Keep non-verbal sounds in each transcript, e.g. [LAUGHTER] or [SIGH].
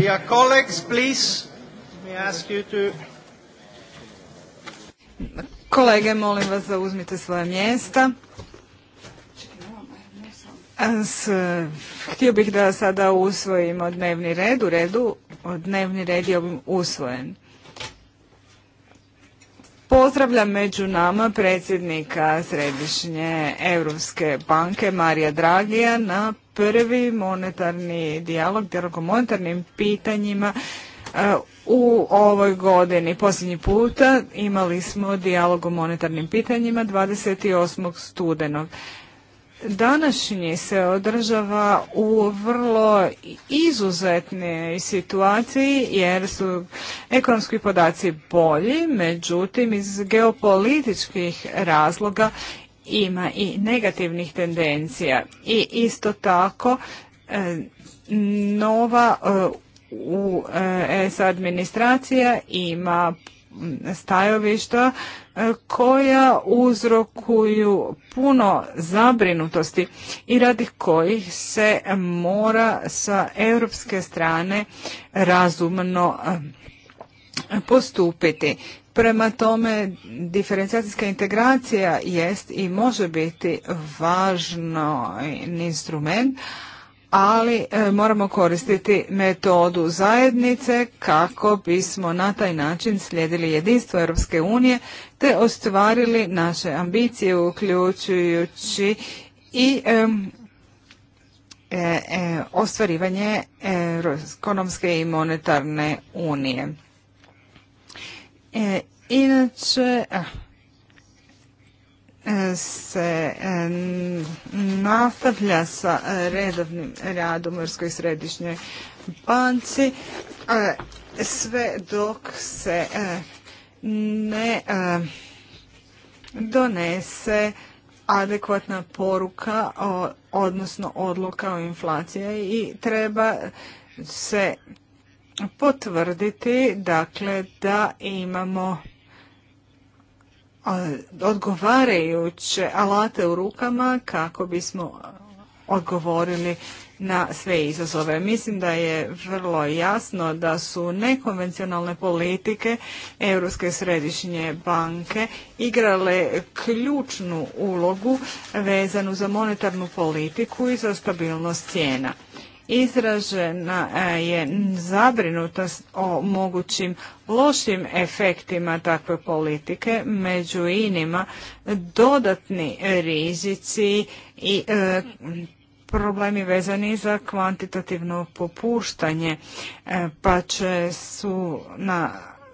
Dear colleagues, please, ask you to... Kolege, molim vas da uzmite svoje mjesta. htio bih da sada usvojimo dnevni red. U redu, dnevni red je usvojen. Pozdravljam među nama predsjednika Središnje Europske banke Marija Dragija na prvi monetarni dijalog, dijalog o monetarnim pitanjima e, u ovoj godini. Posljednji puta imali smo dijalog o monetarnim pitanjima 28. studenog današnji se održava u vrlo izuzetnoj situaciji jer su ekonomski podaci bolji, međutim iz geopolitičkih razloga ima i negativnih tendencija i isto tako e, nova e, u e, S administracija ima stajališta e, koja uzrokuju puno zabrinutosti i radi kojih se mora sa europske strane razumno e, postupiti. Prema tome, diferencijacijska integracija jest i može biti važan instrument, ali e, moramo koristiti metodu zajednice kako bismo na taj način slijedili jedinstvo Europske unije te ostvarili naše ambicije uključujući i e, e, ostvarivanje ekonomske i monetarne unije. E, inače, ah, se e, nastavlja sa redovnim radom Morskoj središnjoj banci e, sve dok se e, ne donese adekvatna poruka odnosno odluka o inflaciji i treba se potvrditi dakle da imamo odgovarajuće alate u rukama kako bismo odgovorili na sve izazove. Mislim da je vrlo jasno da su nekonvencionalne politike Europske središnje banke igrale ključnu ulogu vezanu za monetarnu politiku i za stabilnost cijena. Izražena e, je zabrinutost o mogućim lošim efektima takve politike, među inima dodatni rizici i e, problemi vezani za kvantitativno popuštanje, e, pa će su na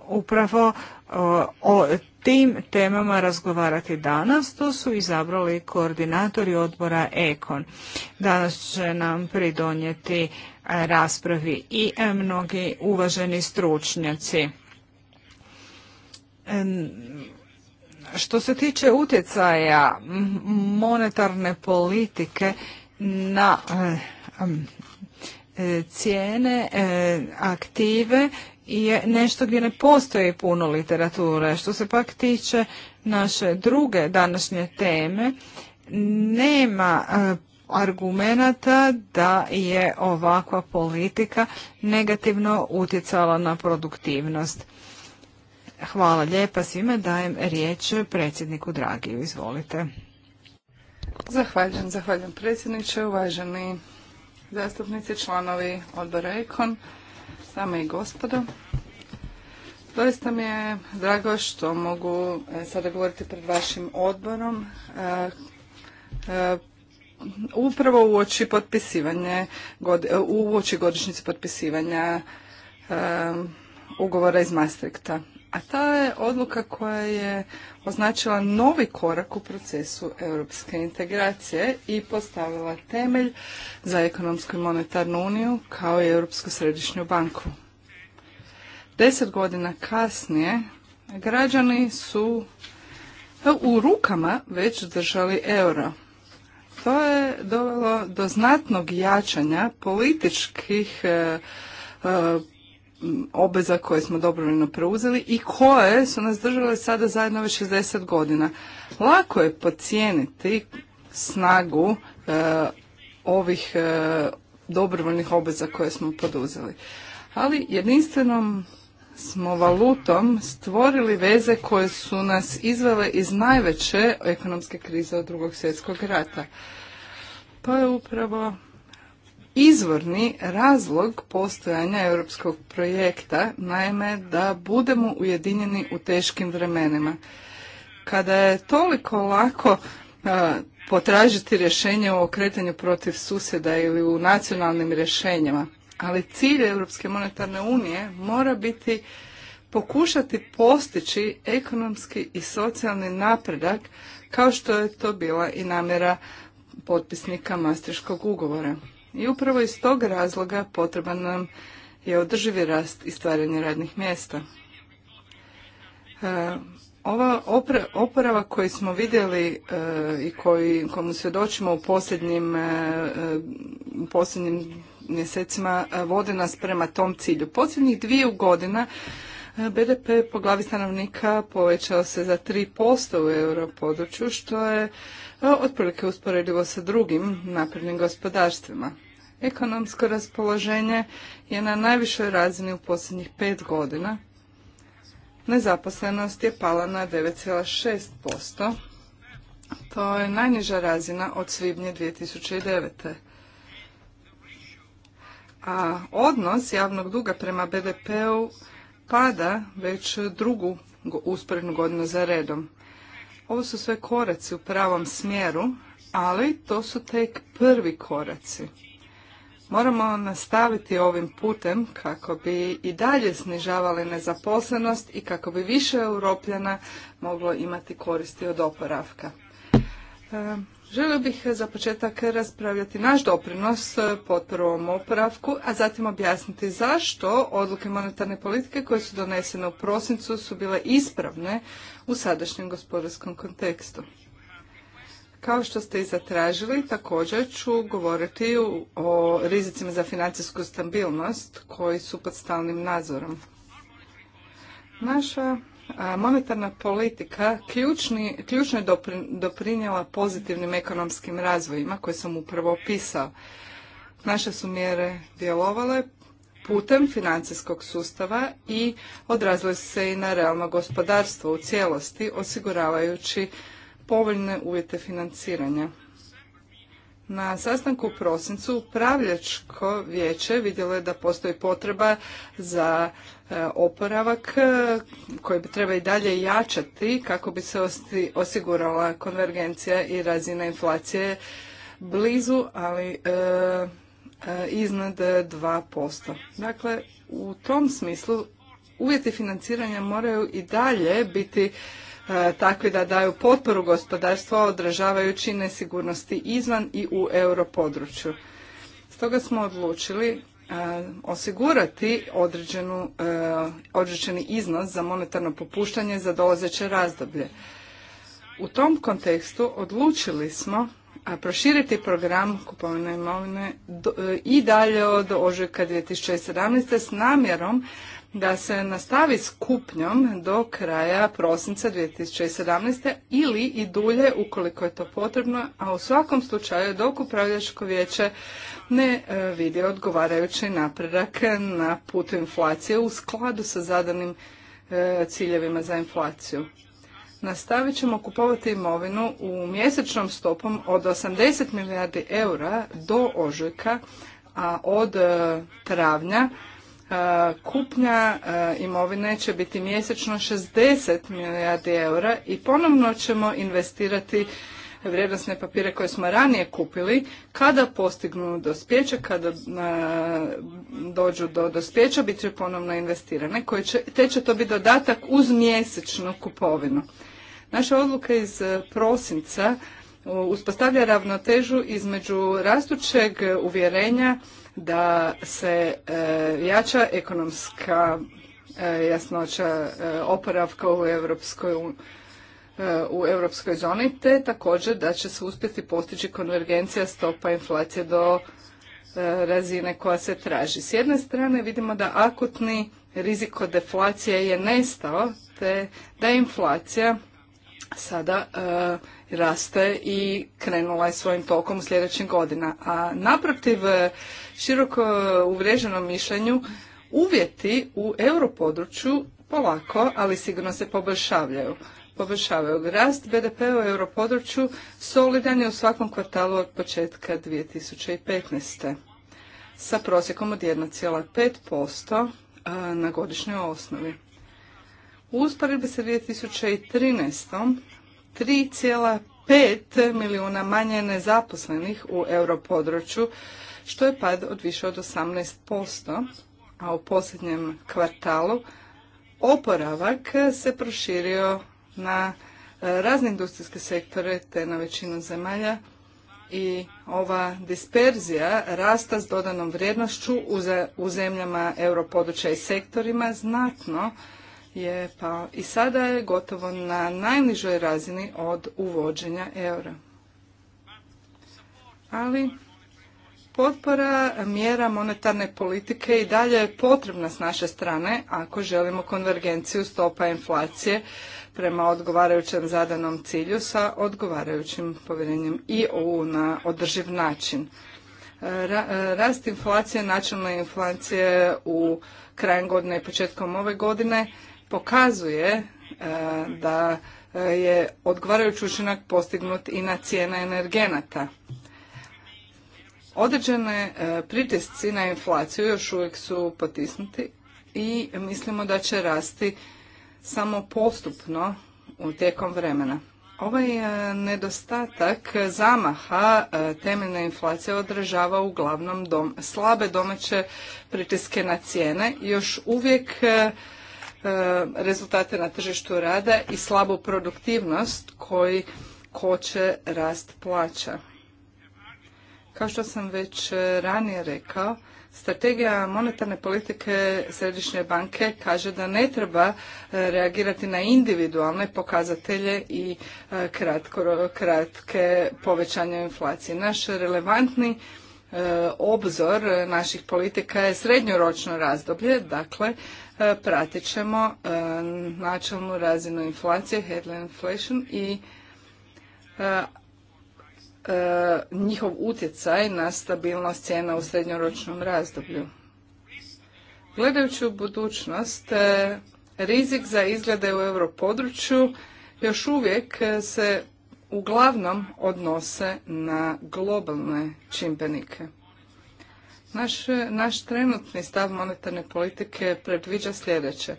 upravo o, o tim temama razgovarati danas. To su izabrali koordinatori odbora Ekon. Danas će nam pridonijeti e, raspravi i e, mnogi uvaženi stručnjaci. E, što se tiče utjecaja monetarne politike na cijene aktive je nešto gdje ne postoji puno literature. Što se pak tiče naše druge današnje teme, nema e, argumenata da je ovakva politika negativno utjecala na produktivnost. Hvala lijepa svima. Dajem riječ predsjedniku Dragiju. Izvolite. Zahvaljujem, zahvaljujem predsjedniče, uvaženi zastupnici, članovi odbora EKON dame i gospodo. Doista mi je drago što mogu e, sada govoriti pred vašim odborom e, e, upravo u oči potpisivanje, u oči godišnjice potpisivanja ugovora iz Maastrichta a ta je odluka koja je označila novi korak u procesu europske integracije i postavila temelj za ekonomsku i monetarnu uniju kao i Europsku središnju banku. Deset godina kasnije građani su u rukama već držali euro. To je dovelo do znatnog jačanja političkih eh, eh, obveza koje smo dobrovoljno preuzeli i koje su nas držale sada zajedno već 60 godina. Lako je pocijeniti snagu e, ovih e, dobrovoljnih obveza koje smo poduzeli. Ali jedinstvenom smo valutom stvorili veze koje su nas izvele iz najveće ekonomske krize od drugog svjetskog rata. To pa je upravo izvorni razlog postojanja europskog projekta, naime da budemo ujedinjeni u teškim vremenima. Kada je toliko lako e, potražiti rješenje u okretanju protiv susjeda ili u nacionalnim rješenjima, ali cilj Europske monetarne unije mora biti pokušati postići ekonomski i socijalni napredak kao što je to bila i namjera potpisnika Mastriškog ugovora. I upravo iz tog razloga potreban nam je održivi rast i stvaranje radnih mjesta. E, ova oporava koju smo vidjeli e, i koji, komu svjedočimo u posljednjim, e, posljednjim mjesecima vode nas prema tom cilju. Posljednjih dviju godina BDP po glavi stanovnika povećao se za 3% u europodručju, što je otprilike usporedivo sa drugim naprednim gospodarstvima. Ekonomsko raspoloženje je na najvišoj razini u posljednjih pet godina. Nezaposlenost je pala na 9,6%. To je najniža razina od svibnje 2009. A odnos javnog duga prema BDP-u pada već drugu usporednu godinu za redom. Ovo su sve koraci u pravom smjeru, ali to su tek prvi koraci. Moramo nastaviti ovim putem kako bi i dalje snižavali nezaposlenost i kako bi više europljana moglo imati koristi od oporavka. E, želio bih za početak raspravljati naš doprinos potporom oporavku, a zatim objasniti zašto odluke monetarne politike koje su donesene u prosincu su bile ispravne u sadašnjem gospodarskom kontekstu. Kao što ste i zatražili, također ću govoriti o rizicima za financijsku stabilnost koji su pod stalnim nadzorom. Naša monetarna politika ključni, ključno je doprinjela pozitivnim ekonomskim razvojima koje sam upravo opisao. Naše su mjere djelovale putem financijskog sustava i odrazile se i na realno gospodarstvo u cijelosti, osiguravajući povoljne uvjete financiranja. Na sastanku u prosincu upravljačko vijeće vidjelo je da postoji potreba za e, oporavak e, koji bi treba i dalje jačati kako bi se osigurala konvergencija i razina inflacije blizu, ali e, iznad iznad 2%. Dakle, u tom smislu uvjeti financiranja moraju i dalje biti E, takvi da daju potporu gospodarstvu odražavajući nesigurnosti izvan i u europodručju. Stoga smo odlučili e, osigurati određenu, e, određeni iznos za monetarno popuštanje za dolazeće razdoblje. U tom kontekstu odlučili smo proširiti program kupovne imovine i dalje od ožujka 2017. s namjerom da se nastavi s kupnjom do kraja prosinca 2017. ili i dulje ukoliko je to potrebno, a u svakom slučaju dok upravljačko vijeće ne e, vidi odgovarajući napredak na putu inflacije u skladu sa zadanim e, ciljevima za inflaciju. Nastavit ćemo kupovati imovinu u mjesečnom stopom od 80 milijardi eura do ožujka, a od e, travnja E, kupnja e, imovine će biti mjesečno 60 milijardi eura i ponovno ćemo investirati vrijednosne papire koje smo ranije kupili, kada postignu dospjeće, kada e, dođu do dospjeća, bit će ponovno investirane, koje će, te će to biti dodatak uz mjesečnu kupovinu. Naša odluka iz prosinca uspostavlja ravnotežu između rastućeg uvjerenja da se e, jača ekonomska e, jasnoća e, oporavka u Europskoj u europskoj zoni, te također da će se uspjeti postići konvergencija stopa inflacije do razine koja se traži. S jedne strane vidimo da akutni rizik deflacije je nestao, te da je inflacija sada e, raste i krenula je svojim tokom u sljedećim godina. A naprotiv e, široko uvriježenom mišljenju uvjeti u europodručju polako, ali sigurno se poboljšavljaju. Poboljšavaju. Rast BDP u europodručju solidan je u svakom kvartalu od početka 2015. sa prosjekom od 1,5% e, na godišnjoj osnovi. U usporedbi sa 2013. 3,5 milijuna manje nezaposlenih u europodručju, što je pad od više od 18%, a u posljednjem kvartalu oporavak se proširio na razne industrijske sektore te na većinu zemalja i ova disperzija rasta s dodanom vrijednošću u zemljama europodručja i sektorima znatno je pao i sada je gotovo na najnižoj razini od uvođenja eura. Ali potpora mjera monetarne politike i dalje je potrebna s naše strane ako želimo konvergenciju stopa inflacije prema odgovarajućem zadanom cilju sa odgovarajućim povjerenjem i na održiv način. rast inflacije, načelne inflacije u krajem godine i početkom ove godine pokazuje e, da e, je odgovarajući učinak postignut i na cijena energenata. Određene e, pritisci na inflaciju još uvijek su potisnuti i mislimo da će rasti samo postupno u tijekom vremena. Ovaj nedostatak zamaha temeljna inflacija odražava uglavnom dom, slabe domaće pritiske na cijene. Još uvijek E, rezultate na tržištu rada i slabu produktivnost koji koče rast plaća. Kao što sam već ranije rekao, strategija monetarne politike Središnje banke kaže da ne treba e, reagirati na individualne pokazatelje i e, kratko, kratke povećanje inflacije. Naš relevantni obzor naših politika je srednjoročno razdoblje, dakle E, pratit ćemo e, načelnu razinu inflacije, headline inflation i e, njihov utjecaj na stabilnost cijena u srednjoročnom razdoblju. Gledajući u budućnost, rizik za izglede u europodručju još uvijek se uglavnom odnose na globalne čimbenike. Naš, trenutni stav monetarne politike predviđa sljedeće.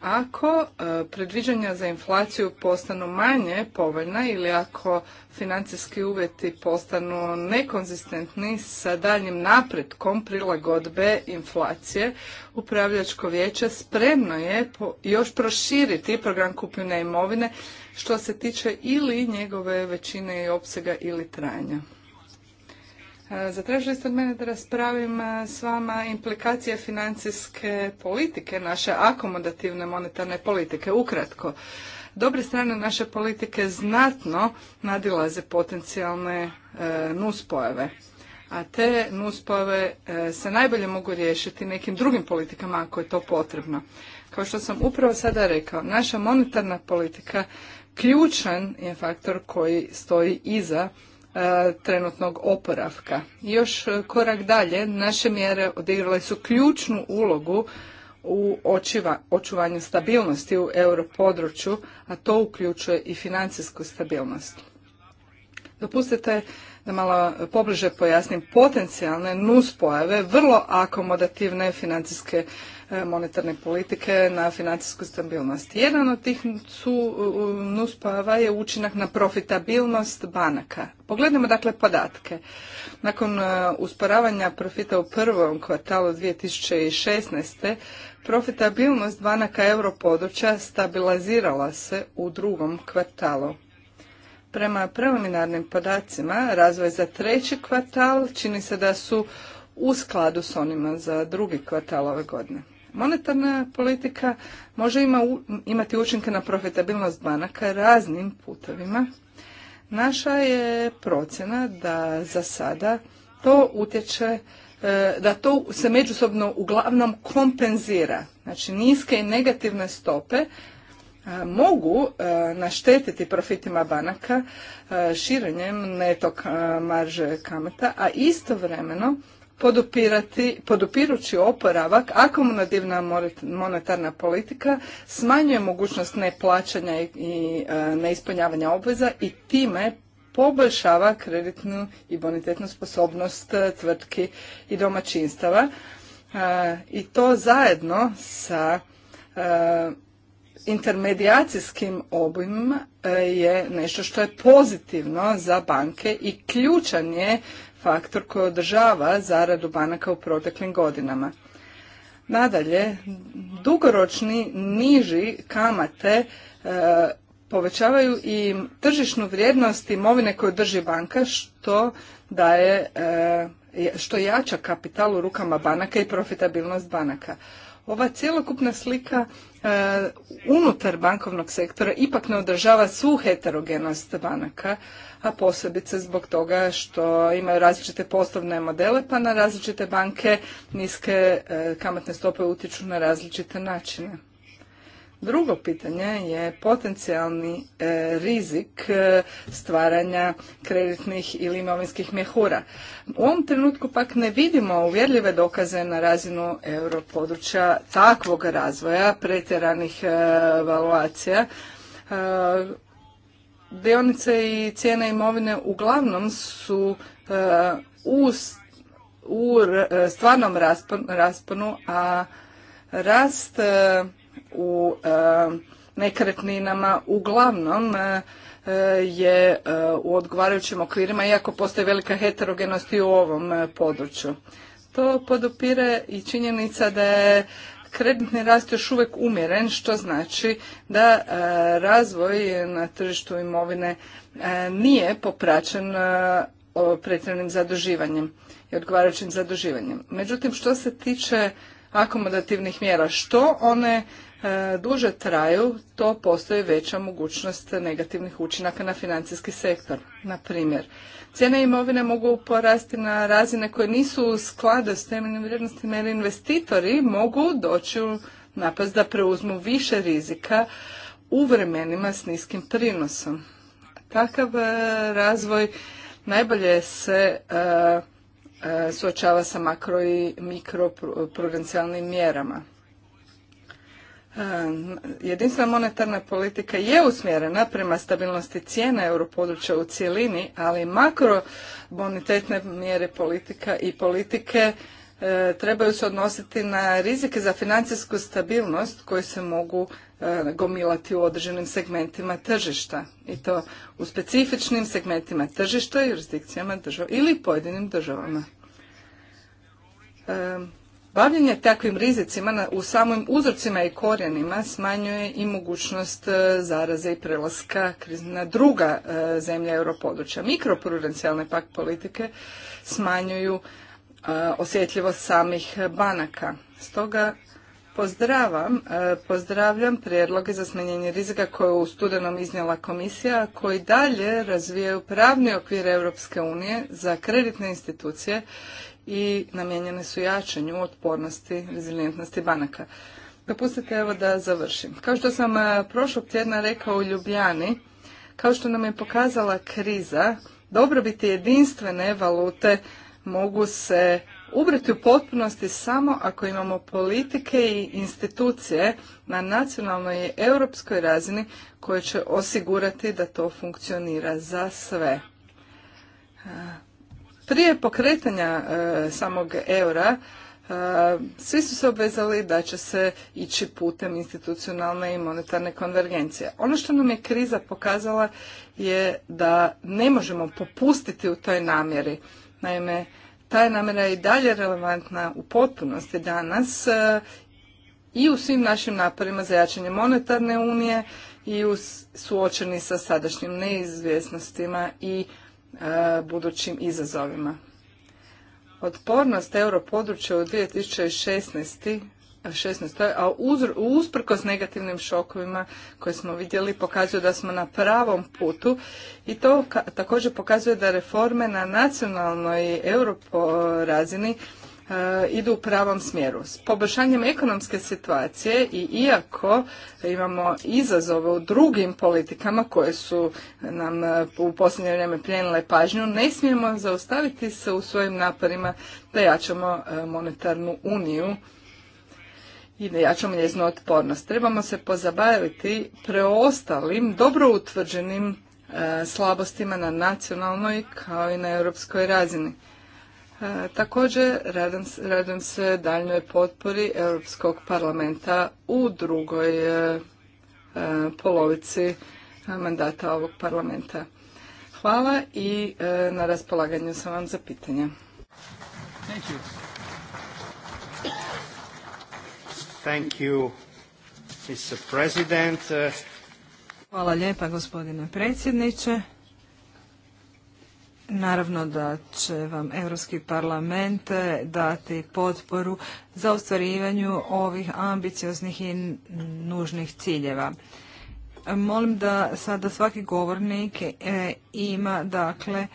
Ako e, predviđanja za inflaciju postanu manje povoljna ili ako financijski uvjeti postanu nekonzistentni sa daljnjim napretkom prilagodbe inflacije, upravljačko vijeće spremno je još proširiti program kupljene imovine što se tiče ili njegove većine i opsega ili trajanja. E, zatražili ste od mene da raspravim e, s vama implikacije financijske politike, naše akomodativne monetarne politike. Ukratko, dobre strane naše politike znatno nadilaze potencijalne e, nuspojave a te nuspojave se najbolje mogu riješiti nekim drugim politikama ako je to potrebno. Kao što sam upravo sada rekao, naša monetarna politika ključan je faktor koji stoji iza E, trenutnog oporavka. Još korak dalje, naše mjere odigrale su ključnu ulogu u očiva, očuvanju stabilnosti u europodručju, a to uključuje i financijsku stabilnost. Dopustite da malo pobliže pojasnim potencijalne nuspojave vrlo akomodativne financijske e, monetarne politike na financijsku stabilnost. Jedan od tih su nuspojava je učinak na profitabilnost banaka. Pogledajmo dakle podatke. Nakon e, usporavanja profita u prvom kvartalu 2016. profitabilnost banaka europodručja stabilizirala se u drugom kvartalu. Prema preliminarnim podacima, razvoj za treći kvartal čini se da su u skladu s onima za drugi kvartal ove godine. Monetarna politika može imati učinke na profitabilnost banaka raznim putovima. Naša je procjena da za sada to utječe e, da to se međusobno uglavnom kompenzira. Znači niske i negativne stope E, mogu e, naštetiti profitima banaka e, širenjem netog marže kamata, a istovremeno podupirati, podupirući oporavak, akumulativna monetarna politika smanjuje mogućnost neplaćanja i neispunjavanja obveza i time poboljšava kreditnu i bonitetnu sposobnost tvrtki i domaćinstava i to zajedno sa intermedijacijskim obim e, je nešto što je pozitivno za banke i ključan je faktor koji održava zaradu banaka u proteklim godinama. Nadalje, dugoročni niži kamate e, povećavaju i tržišnu vrijednost imovine koju drži banka što daje e, što jača kapital u rukama banaka i profitabilnost banaka ova cjelokupna slika e, unutar bankovnog sektora ipak ne održava svu heterogenost banaka, a posebice zbog toga što imaju različite poslovne modele, pa na različite banke niske e, kamatne stope utječu na različite načine. Drugo pitanje je potencijalni e, rizik e, stvaranja kreditnih ili imovinskih mjehura. U ovom trenutku pak ne vidimo uvjerljive dokaze na razinu europodručja takvog razvoja, pretjeranih e, valuacija. Dionice i cijene imovine uglavnom su u, u stvarnom rasponu, a rast u eh, nekretninama uglavnom eh, je eh, u odgovarajućim okvirima, iako postoji velika heterogenost i u ovom području. To podupire i činjenica da je kreditni rast još uvijek umjeren, što znači da razvoj na tržištu imovine nije popraćen pretrenim zaduživanjem i odgovarajućim zaduživanjem. Međutim, što se tiče akomodativnih mjera, što one E, duže traju, to postoji veća mogućnost negativnih učinaka na financijski sektor. Na primjer, cijene imovine mogu porasti na razine koje nisu u skladu s temeljnim vrijednostima jer investitori mogu doći u napast da preuzmu više rizika u vremenima s niskim prinosom. Takav e, razvoj najbolje se e, suočava sa makro i mikroprudencijalnim mjerama. Jedinstvena monetarna politika je usmjerena prema stabilnosti cijena europodručja u cjelini, ali makrobonitetne mjere politika i politike e, trebaju se odnositi na rizike za financijsku stabilnost koji se mogu e, gomilati u određenim segmentima tržišta i to u specifičnim segmentima tržišta, jurisdikcijama država ili pojedinim državama. Bavljenje takvim rizicima u samim uzorcima i korijenima smanjuje i mogućnost e, zaraze i prelaska na druga e, zemlja europodručja. Mikroprudencijalne pak politike smanjuju e, osjetljivost samih banaka. Stoga Pozdravam, pozdravljam prijedloge za smanjenje rizika koje je u studenom iznijela komisija, koji dalje razvijaju pravni okvir Europske unije za kreditne institucije i namijenjene su jačanju otpornosti, rezilijentnosti banaka. Dopustite evo da završim. Kao što sam e, prošlog tjedna rekao u Ljubljani, kao što nam je pokazala kriza, dobrobiti jedinstvene valute mogu se ubrati u potpunosti samo ako imamo politike i institucije na nacionalnoj i europskoj razini koje će osigurati da to funkcionira za sve. Prije pokretanja e, samog eura e, svi su se obvezali da će se ići putem institucionalne i monetarne konvergencije. Ono što nam je kriza pokazala je da ne možemo popustiti u toj namjeri. Naime, ta je namjera i dalje relevantna u potpunosti danas e, i u svim našim naporima za jačanje monetarne unije i u suočeni sa sadašnjim neizvjesnostima i E, budućim izazovima. Otpornost europodručja u 2016. a usprkos negativnim šokovima koje smo vidjeli pokazuje da smo na pravom putu i to također pokazuje da reforme na nacionalnoj europo razini E, idu u pravom smjeru. S poboljšanjem ekonomske situacije i iako imamo izazove u drugim politikama koje su nam e, u posljednje vrijeme prijenile pažnju, ne smijemo zaustaviti se u svojim naporima da jačamo e, monetarnu uniju i da jačamo njeznu otpornost. Trebamo se pozabaviti preostalim, dobro utvrđenim slabostima na nacionalnoj kao i na europskoj razini. E, također radim, radim se daljnoj potpori Europskog parlamenta u drugoj e, e, polovici mandata ovog parlamenta. Hvala i na raspolaganju sam vam za pitanja. Thank you. Thank President. Hvala lijepa gospodine predsjedniče. Naravno da će vam Europski parlament eh, dati potporu za ostvarivanju ovih ambicioznih i nužnih ciljeva. Molim da sada svaki govornik eh, ima dakle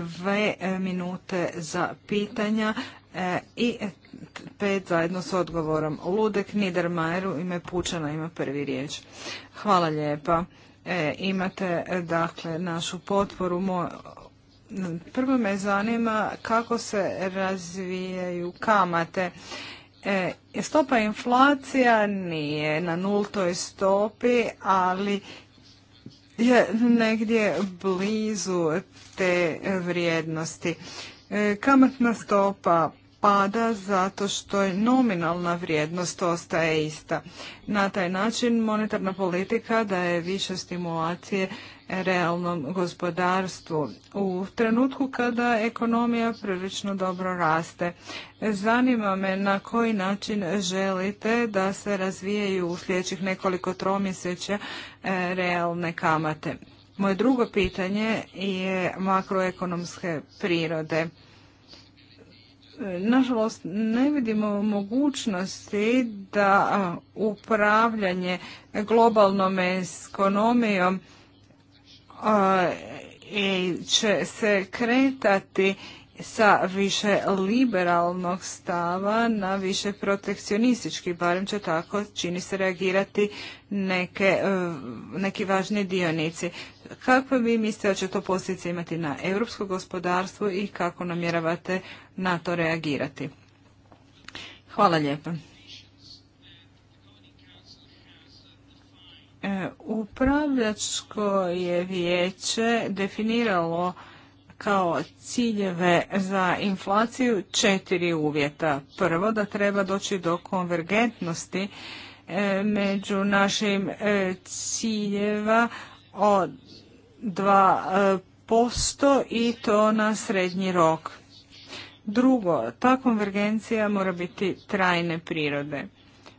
dve eh, minute za pitanja i pet zajedno s odgovorom. Ludek u ime Pučana ima prvi riječ. Hvala lijepa. imate dakle našu potporu. Mo Prvo me zanima kako se razvijaju kamate. E, stopa inflacija nije na nultoj stopi, ali je negdje blizu te vrijednosti. E, kamatna stopa pada zato što je nominalna vrijednost ostaje ista. Na taj način monetarna politika daje više stimulacije realnom gospodarstvu u trenutku kada ekonomija prilično dobro raste. Zanima me na koji način želite da se razvijaju u sljedećih nekoliko tromjeseća e, realne kamate. Moje drugo pitanje je makroekonomske prirode. Nažalost, ne vidimo mogućnosti da upravljanje globalnom ekonomijom i će se kretati sa više liberalnog stava na više protekcionistički, barem će tako čini se reagirati neke, e, neki važni dionici. Kako vi mislite da će to posljedice imati na europsko gospodarstvo i kako namjeravate na to reagirati? Hvala lijepa. E, upravljačko je vijeće definiralo kao ciljeve za inflaciju četiri uvjeta. Prvo, da treba doći do konvergentnosti e, među našim e, ciljeva od posto i to na srednji rok. Drugo, ta konvergencija mora biti trajne prirode,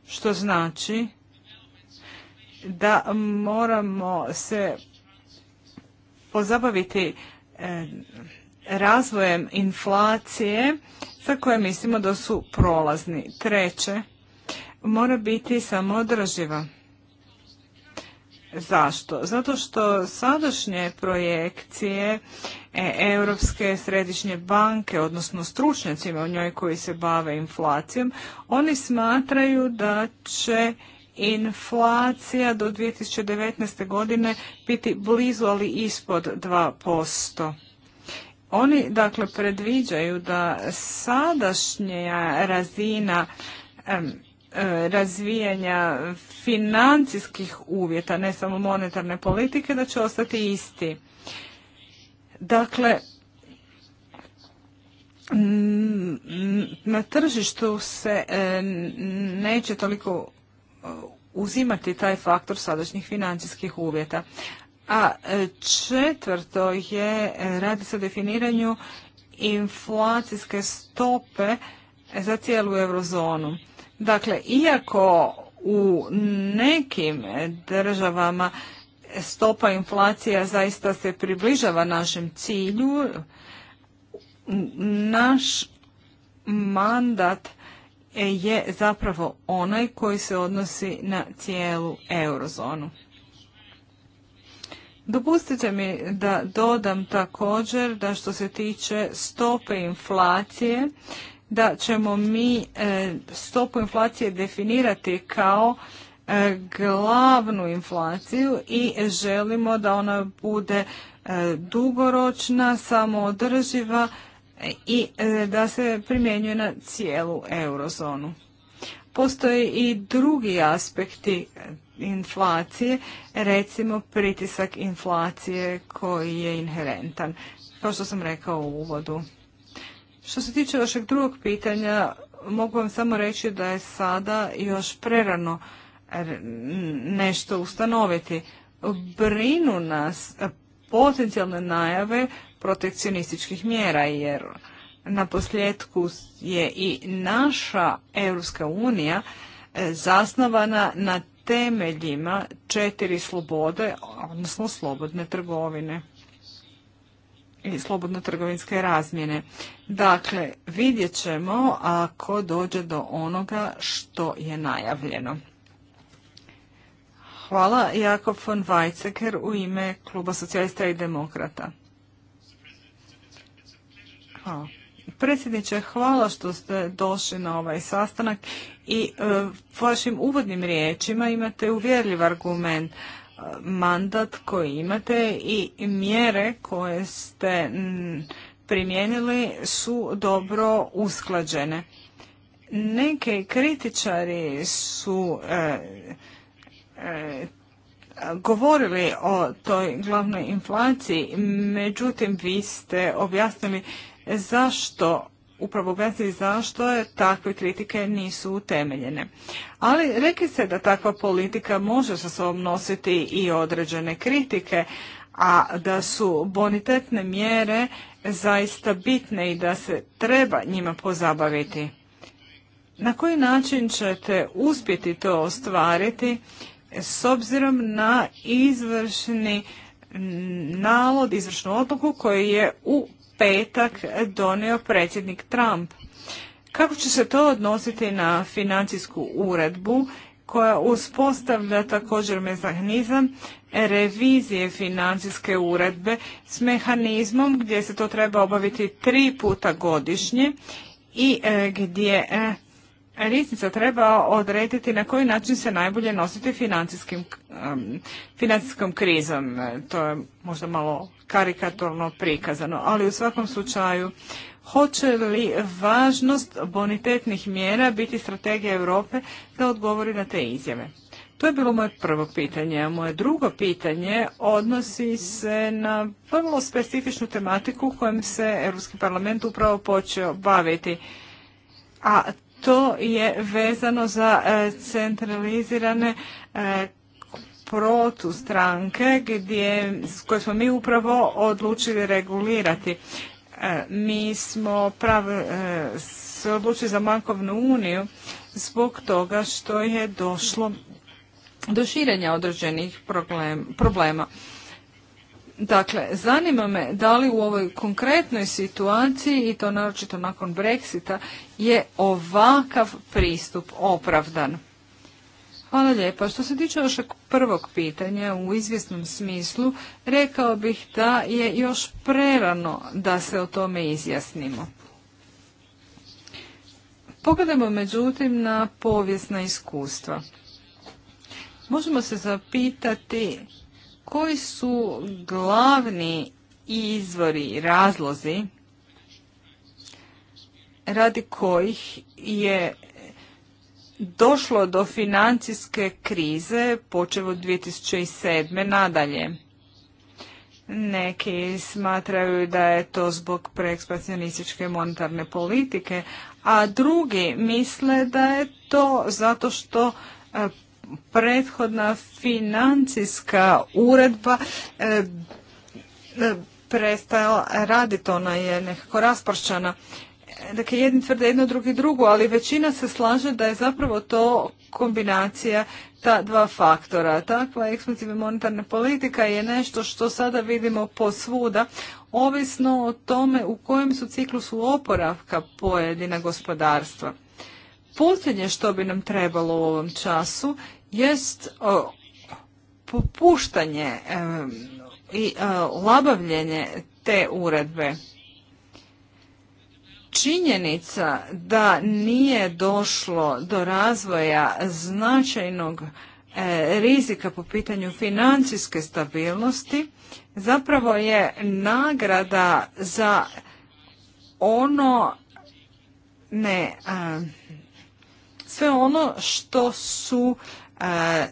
što znači da moramo se pozabaviti e, razvojem inflacije za koje mislimo da su prolazni. Treće, mora biti samoodrživa. Zašto? Zato što sadašnje projekcije e, Europske središnje banke, odnosno stručnjacima u njoj koji se bave inflacijom, oni smatraju da će inflacija do 2019. godine biti blizu ali ispod 2%. Oni dakle predviđaju da sadašnja razina eh, razvijanja financijskih uvjeta, ne samo monetarne politike, da će ostati isti. Dakle, na tržištu se eh, neće toliko Uh, uzimati taj faktor sadašnjih financijskih uvjeta. A e, četvrto je, e, radi se o definiranju inflacijske stope za cijelu eurozonu. Dakle, iako u nekim državama stopa inflacija zaista se približava našem cilju, naš mandat E, je zapravo onaj koji se odnosi na cijelu eurozonu. Dopustite mi da dodam također da što se tiče stope inflacije, da ćemo mi e, stopu inflacije definirati kao e, glavnu inflaciju i želimo da ona bude dugoročna, samoodrživa, i e, da se primjenjuje na cijelu eurozonu. Postoje i drugi aspekti e, inflacije, recimo pritisak inflacije koji je inherentan, kao što sam rekao u uvodu. Što se tiče vašeg drugog pitanja, mogu vam samo reći da je sada još prerano e, nešto ustanoviti. Brinu nas potencijalne najave protekcionističkih mjera jer na posljedku je i naša Europska unija e, zasnovana na temeljima četiri slobode, odnosno slobodne trgovine i slobodno trgovinske razmjene. Dakle, vidjet ćemo ako dođe do onoga što je najavljeno. Hvala, Jakob von Weizsäcker u ime Kluba socijalista i demokrata. Hvala. Predsjedniče, hvala što ste došli na ovaj sastanak i po e, vašim uvodnim riječima imate uvjerljiv argument e, mandat koji imate i mjere koje ste primijenili su dobro usklađene. Neke kritičari su e, govorili o toj glavnoj inflaciji, međutim vi ste objasnili zašto upravo i zašto je takve kritike nisu utemeljene. Ali reki se da takva politika može sa sobom nositi i određene kritike, a da su bonitetne mjere zaista bitne i da se treba njima pozabaviti. Na koji način ćete uspjeti to ostvariti s obzirom na izvršni nalod, izvršnu odluku koji je u petak donio predsjednik Trump. Kako će se to odnositi na financijsku uredbu koja uspostavlja također mehanizam revizije financijske uredbe s mehanizmom gdje se to treba obaviti tri puta godišnje i e, gdje e, Riznica treba odrediti na koji način se najbolje nositi financijskim, financijskom krizom. E, to je možda malo karikatorno prikazano, ali u svakom slučaju hoće li važnost bonitetnih mjera biti strategija Europe da odgovori na te izjave? To je bilo moje prvo pitanje. A moje drugo pitanje odnosi se na vrlo specifičnu tematiku kojom se Europski parlament upravo počeo baviti. A to je vezano za e, centralizirane e, protustranke gdje, koje smo mi upravo odlučili regulirati. E, mi smo se odlučili za bankovnu uniju zbog toga što je došlo do širenja određenih problema. Dakle, zanima me da li u ovoj konkretnoj situaciji, i to naročito nakon Brexita, je ovakav pristup opravdan. Hvala lijepa. Što se tiče vašeg prvog pitanja u izvjesnom smislu, rekao bih da je još prerano da se o tome izjasnimo. Pogledajmo međutim na povijesna iskustva. Možemo se zapitati koji su glavni izvori, razlozi radi kojih je došlo do financijske krize počevo od 2007. nadalje. Neki smatraju da je to zbog preekspansionističke monetarne politike, a drugi misle da je to zato što e, prethodna financijska uredba e, e, prestala raditi, ona je nekako raspršana. Dakle, jedni tvrde jedno, drugi drugo, ali većina se slaže da je zapravo to kombinacija ta dva faktora. Takva eksplozivna monetarna politika je nešto što sada vidimo posvuda, ovisno o tome u kojem su ciklusu oporavka pojedina gospodarstva. Posljednje što bi nam trebalo u ovom času jest popuštanje i e, labavljenje te uredbe. Činjenica da nije došlo do razvoja značajnog e, rizika po pitanju financijske stabilnosti zapravo je nagrada za ono ne sve ono što su E,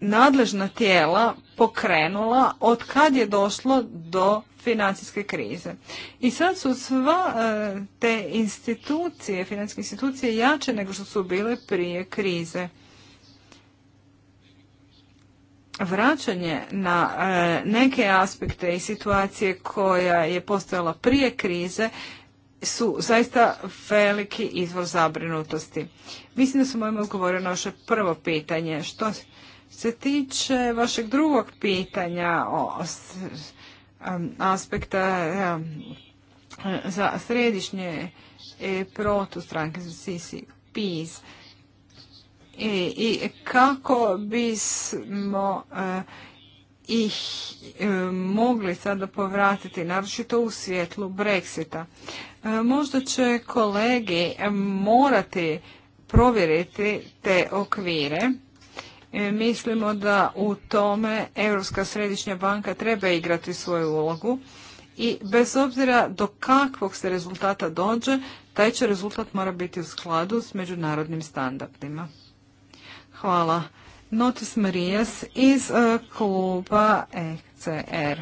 nadležna tijela pokrenula od kad je došlo do financijske krize. I sad su sva e, te institucije, financijske institucije jače nego što su bile prije krize. Vraćanje na e, neke aspekte i situacije koja je postojala prije krize su zaista veliki izvor zabrinutosti. Mislim da sam ovime odgovorio na vaše prvo pitanje. Što se tiče vašeg drugog pitanja o aspekta za središnje protustranke za CCPs i kako bismo eh, ih eh, mogli sada povratiti, naročito u svjetlu Brexita. Eh, možda će kolege morati provjeriti te okvire. E, mislimo da u tome Europska središnja banka treba igrati svoju ulogu i bez obzira do kakvog se rezultata dođe, taj će rezultat mora biti u skladu s međunarodnim standardima. Hvala. Notis Marijas iz e, kluba ECR.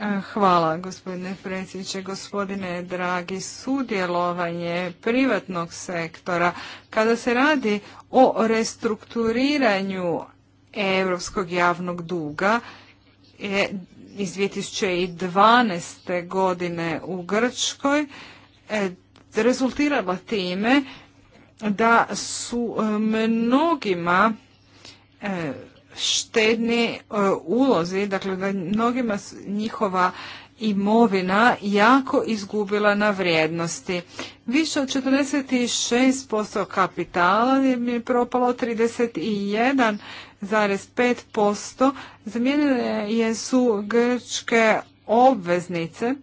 Eh, hvala gospodine predsjedniče, gospodine dragi. Sudjelovanje privatnog sektora kada se radi o restrukturiranju europskog javnog duga iz 2012. godine u Grčkoj eh, rezultirala time da su eh, mnogima štedni e, ulozi, dakle da mnogima njihova imovina jako izgubila na vrijednosti. Više od 46% kapitala je propalo 31,5%. Zamijenile je su grčke obveznice.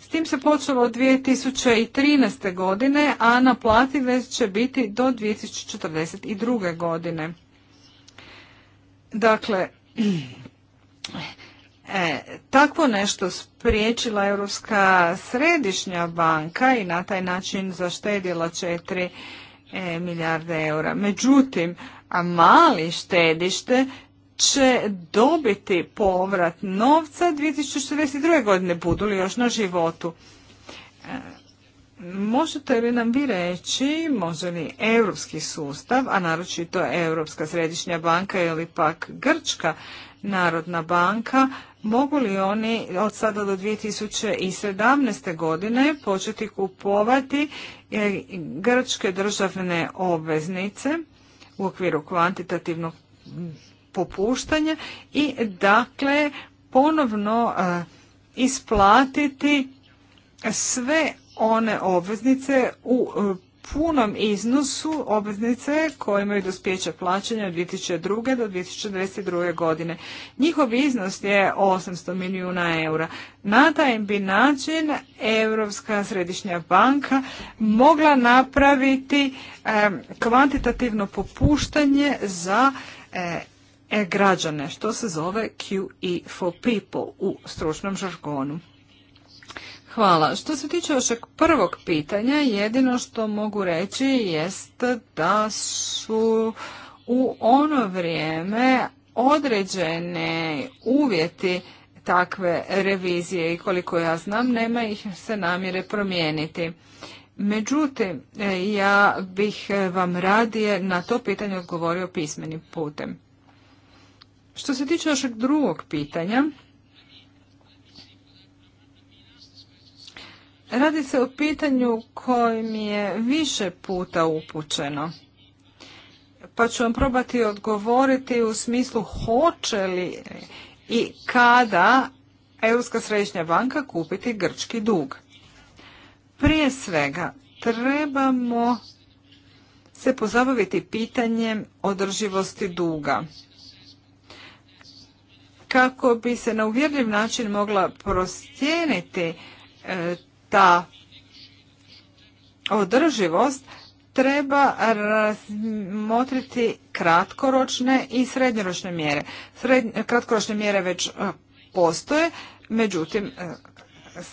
S tim se počelo od 2013. godine, a naplative će biti do 2042. godine. Dakle, [CLEARS THROAT] e, takvo nešto spriječila Europska središnja banka i na taj način zaštedila 4 e, milijarde eura. Međutim, a mali štedište će dobiti povrat novca 2042. godine, budu li još na životu. E, Možete li nam vi reći, može li europski sustav, a naročito Europska središnja banka ili pak Grčka narodna banka, mogu li oni od sada do 2017. godine početi kupovati e, grčke državne obveznice u okviru kvantitativnog popuštanja i dakle ponovno e, isplatiti sve one obveznice u e, punom iznosu obveznice koje imaju dospjeća plaćanja od 2002. do 2022. godine. Njihov iznos je 800 milijuna eura. Na taj bi način Europska središnja banka mogla napraviti e, kvantitativno popuštanje za e, građane, što se zove QE for people u stručnom žargonu. Hvala. Što se tiče vašeg prvog pitanja, jedino što mogu reći jest da su u ono vrijeme određene uvjeti takve revizije i koliko ja znam nema ih se namjere promijeniti. Međutim, ja bih vam radije na to pitanje odgovorio pismenim putem. Što se tiče vašeg drugog pitanja, Radi se o pitanju kojim je više puta upućeno. Pa ću vam probati odgovoriti u smislu hoće li i kada Europska središnja banka kupiti grčki dug. Prije svega trebamo se pozabaviti pitanjem održivosti duga kako bi se na uvjerljiv način mogla procijeniti e, ta održivost treba razmotriti kratkoročne i srednjoročne mjere. kratkoročne mjere već e, postoje, međutim e,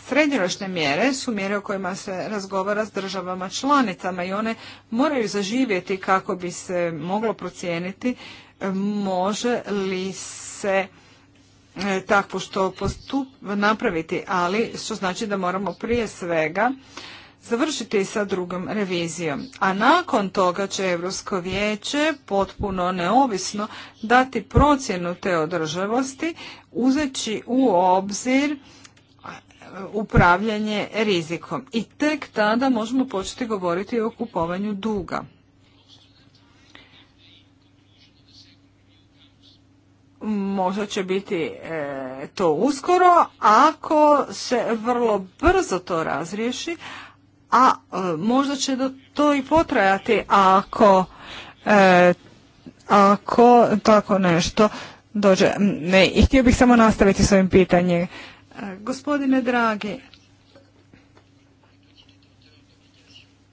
srednjoročne mjere su mjere o kojima se razgovara s državama članicama i one moraju zaživjeti kako bi se moglo procijeniti e, može li se E, takvu što postup, napraviti, ali što znači da moramo prije svega završiti sa drugom revizijom. A nakon toga će Europsko vijeće potpuno neovisno dati procjenu te održavosti uzeći u obzir upravljanje rizikom. I tek tada možemo početi govoriti o kupovanju duga. možda će biti e, to uskoro ako se vrlo brzo to razriješi a e, možda će to i potrajati ako e, ako tako nešto dođe ne i htio bih samo nastaviti s ovim pitanjem gospodine dragi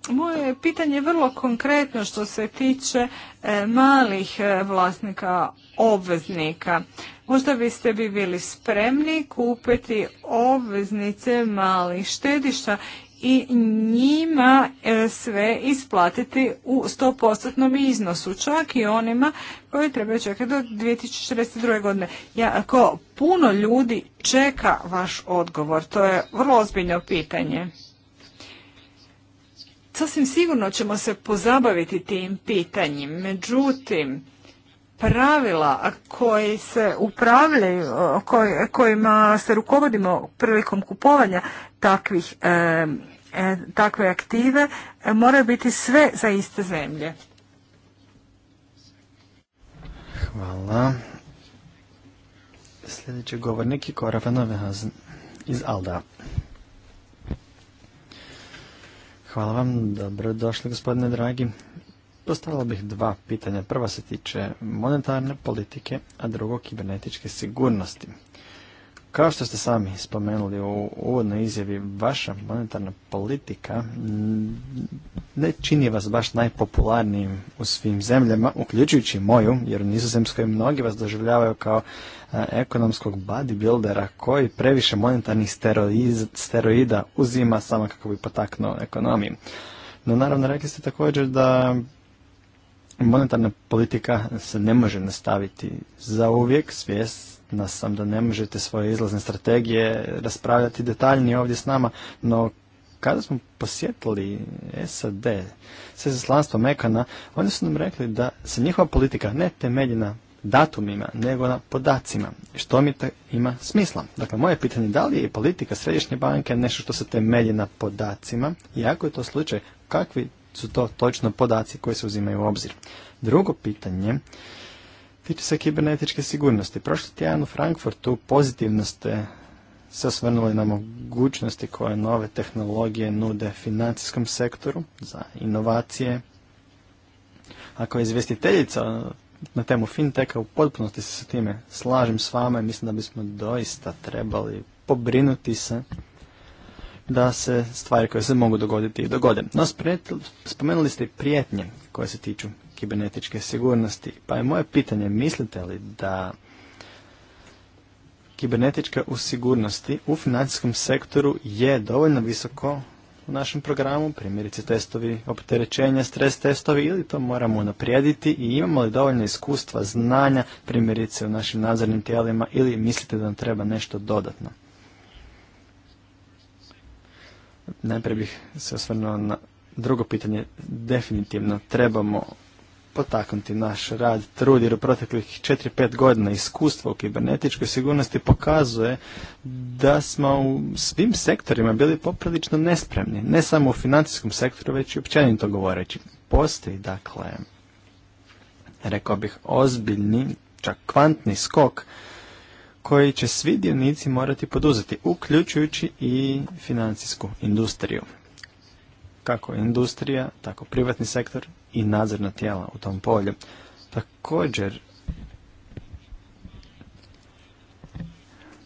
moje pitanje je vrlo konkretno što se tiče malih vlasnika obveznika. Možda biste bi bili spremni kupiti obveznice malih štedišta i njima e, sve isplatiti u 100% iznosu, čak i onima koji trebaju čekati do 2042. godine. ako puno ljudi čeka vaš odgovor, to je vrlo ozbiljno pitanje. Sasvim sigurno ćemo se pozabaviti tim pitanjem, međutim, pravila koji se upravljaju, kojima se rukovodimo prilikom kupovanja takvih, e, e, takve aktive moraju biti sve za iste zemlje. Hvala. Sljedeći govornik je Koravanove iz Alda. Hvala vam, dobrodošli gospodine dragi. Postavila bih dva pitanja. Prva se tiče monetarne politike, a drugo kibernetičke sigurnosti. Kao što ste sami spomenuli u uvodnoj izjavi, vaša monetarna politika ne čini vas baš najpopularnijim u svim zemljama, uključujući moju, jer u Nizozemskoj mnogi vas doživljavaju kao ekonomskog bodybuildera koji previše monetarnih steroida uzima samo kako bi potaknuo ekonomiju. No naravno rekli ste također da monetarna politika se ne može nastaviti za uvijek, svjesna sam da ne možete svoje izlazne strategije raspravljati detaljnije ovdje s nama, no kada smo posjetili SAD sve slanstvo Mekana, oni su nam rekli da se njihova politika ne temelji na datumima, nego na podacima, što mi ima smisla. Dakle, moje pitanje je da li je politika Središnje banke nešto što se temelji na podacima i ako je to slučaj, kakvi su to točno podaci koji se uzimaju u obzir. Drugo pitanje tiče se kibernetičke sigurnosti. Prošli tjedan u Frankfurtu pozitivno ste se osvrnuli na mogućnosti koje nove tehnologije nude financijskom sektoru za inovacije. Ako je izvjestiteljica na temu finteka u potpunosti se sa time slažem s vama i mislim da bismo doista trebali pobrinuti se da se stvari koje se mogu dogoditi i dogode. No, spomenuli ste prijetnje koje se tiču kibernetičke sigurnosti. Pa je moje pitanje, mislite li da kibernetička u u financijskom sektoru je dovoljno visoko u našem programu, primjerice testovi opterećenja, stres testovi ili to moramo unaprijediti i imamo li dovoljno iskustva, znanja, primjerice u našim nadzornim tijelima ili mislite da nam treba nešto dodatno? Najprije bih se osvrnuo na drugo pitanje. Definitivno trebamo potaknuti naš rad, trud, jer u proteklih 4-5 godina iskustva u kibernetičkoj sigurnosti pokazuje da smo u svim sektorima bili poprilično nespremni. Ne samo u financijskom sektoru, već i općenito govoreći. Postoji, dakle, rekao bih, ozbiljni, čak kvantni skok koji će svi dionici morati poduzeti, uključujući i financijsku industriju. Kako industrija, tako privatni sektor i nadzorna tijela u tom polju. Također,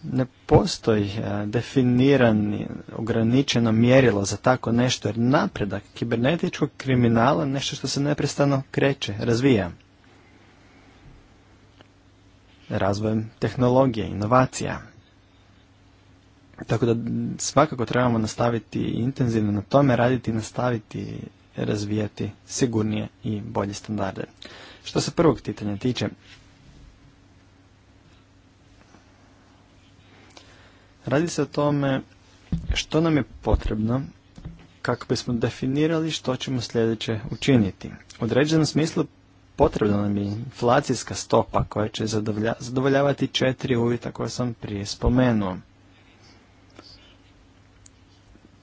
ne postoji e, definirani, ograničeno mjerilo za tako nešto, jer napredak kibernetičkog kriminala nešto što se neprestano kreće, razvija razvojem tehnologije, inovacija. Tako da svakako trebamo nastaviti intenzivno na tome, raditi i nastaviti razvijati sigurnije i bolje standarde. Što se prvog pitanja tiče, radi se o tome što nam je potrebno kako bismo definirali što ćemo sljedeće učiniti. U određenom smislu potrebna nam je inflacijska stopa koja će zadovoljavati četiri uvjeta koje sam prije spomenuo.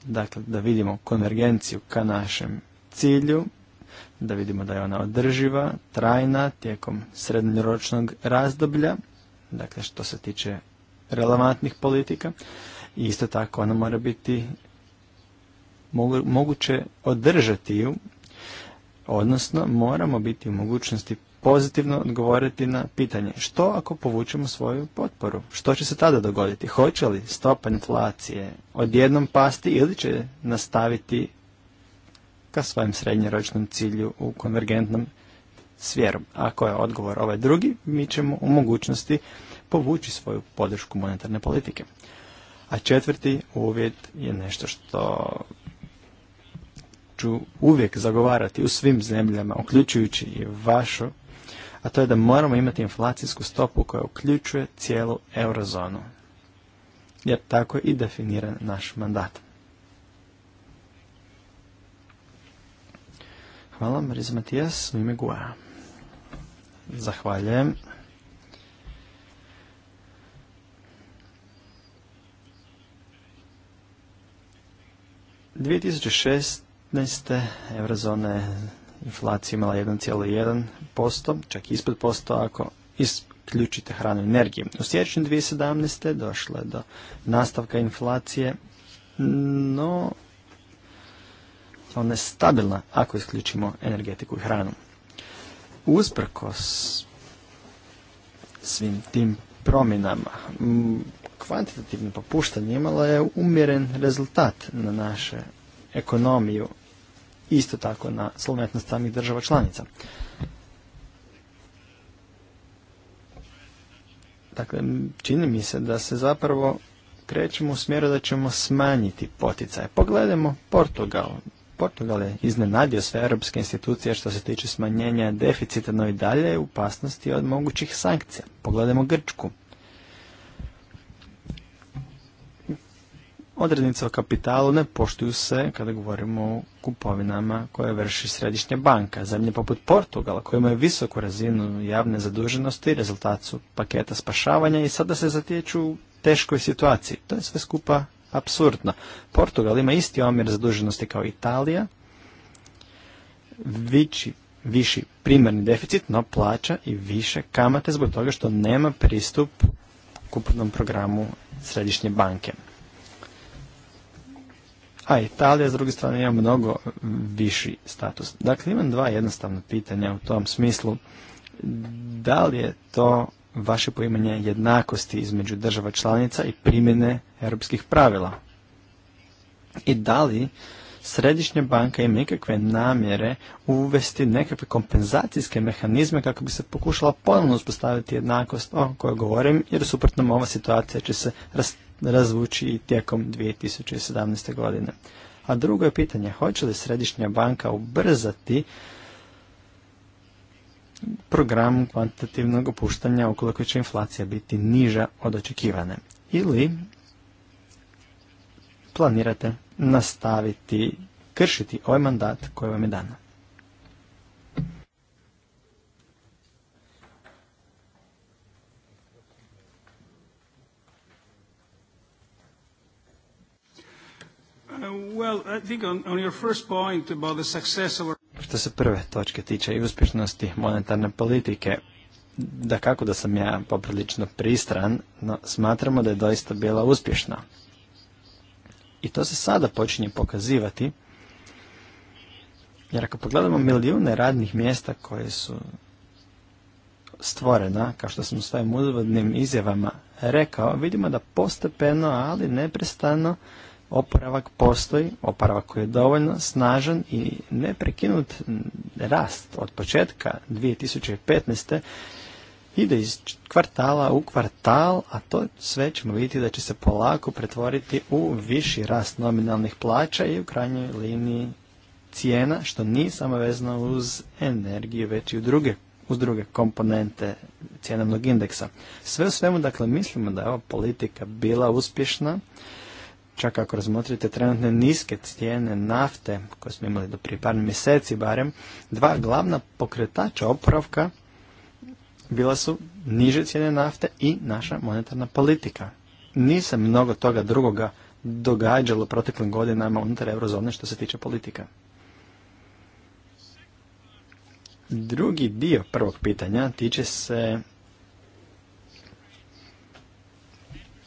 Dakle, da vidimo konvergenciju ka našem cilju, da vidimo da je ona održiva, trajna tijekom srednjoročnog razdoblja, dakle što se tiče relevantnih politika, i isto tako ona mora biti moguće održati ju Odnosno, moramo biti u mogućnosti pozitivno odgovoriti na pitanje što ako povučemo svoju potporu? Što će se tada dogoditi? Hoće li stopa inflacije odjednom pasti ili će nastaviti ka svojem srednjeročnom cilju u konvergentnom svjeru? Ako je odgovor ovaj drugi, mi ćemo u mogućnosti povući svoju podršku monetarne politike. A četvrti uvjet je nešto što ću uvijek zagovarati u svim zemljama, uključujući i vašu, a to je da moramo imati inflacijsku stopu koja uključuje cijelu eurozonu. Jer tako je i definiran naš mandat. Hvala, Mariz Matijas, u ime Gua. Zahvaljujem. Dvije 2015. eurozona je inflacija imala 1,1%, čak ispod posto ako isključite hranu i energiju. U siječnju 2017. došlo je do nastavka inflacije, no ona je stabilna ako isključimo energetiku i hranu. Usprkos svim tim promjenama, kvantitativno popuštanje imala je umjeren rezultat na naše ekonomiju, isto tako na solventnost samih država članica. Dakle, čini mi se da se zapravo krećemo u smjeru da ćemo smanjiti poticaje. Pogledajmo Portugal. Portugal je iznenadio sve europske institucije što se tiče smanjenja deficita, no i dalje je u opasnosti od mogućih sankcija. Pogledajmo Grčku. odrednice o kapitalu ne poštuju se kada govorimo o kupovinama koje vrši središnja banka. Zemlje poput Portugala koje imaju visoku razinu javne zaduženosti, rezultat su paketa spašavanja i sada se zatječu u teškoj situaciji. To je sve skupa apsurdno. Portugal ima isti omjer zaduženosti kao Italija, vići viši primarni deficit, no plaća i više kamate zbog toga što nema pristup kupnom programu središnje banke a Italija s druge strane ima mnogo viši status. Dakle, imam dva jednostavna pitanja u tom smislu. Da li je to vaše poimanje jednakosti između država članica i primjene europskih pravila? I da li središnja banka ima nekakve namjere uvesti nekakve kompenzacijske mehanizme kako bi se pokušala ponovno uspostaviti jednakost o kojoj govorim, jer suprotno ova situacija će se razvući tijekom 2017. godine. A drugo je pitanje, hoće li središnja banka ubrzati program kvantitativnog opuštanja ukoliko će inflacija biti niža od očekivane? Ili planirate nastaviti kršiti ovaj mandat koji vam je dan. Što se prve točke tiče i uspješnosti monetarne politike, da kako da sam ja poprilično pristran, no smatramo da je doista bila uspješna. I to se sada počinje pokazivati. Jer ako pogledamo milijune radnih mjesta koje su stvorena, kao što sam u svojim uvodnim izjavama rekao, vidimo da postepeno, ali neprestano, oporavak postoji, oporavak koji je dovoljno snažan i neprekinut rast od početka 2015 ide iz kvartala u kvartal, a to sve ćemo vidjeti da će se polako pretvoriti u viši rast nominalnih plaća i u krajnjoj liniji cijena, što nije samo vezano uz energiju, već i u druge uz druge komponente cijenovnog indeksa. Sve u svemu, dakle, mislimo da je ova politika bila uspješna, čak ako razmotrite trenutne niske cijene nafte, koje smo imali do prije par mjeseci barem, dva glavna pokretača opravka bila su niže cijene nafte i naša monetarna politika. Nisam mnogo toga drugoga događalo proteklim godinama unutar eurozone što se tiče politika. Drugi dio prvog pitanja tiče se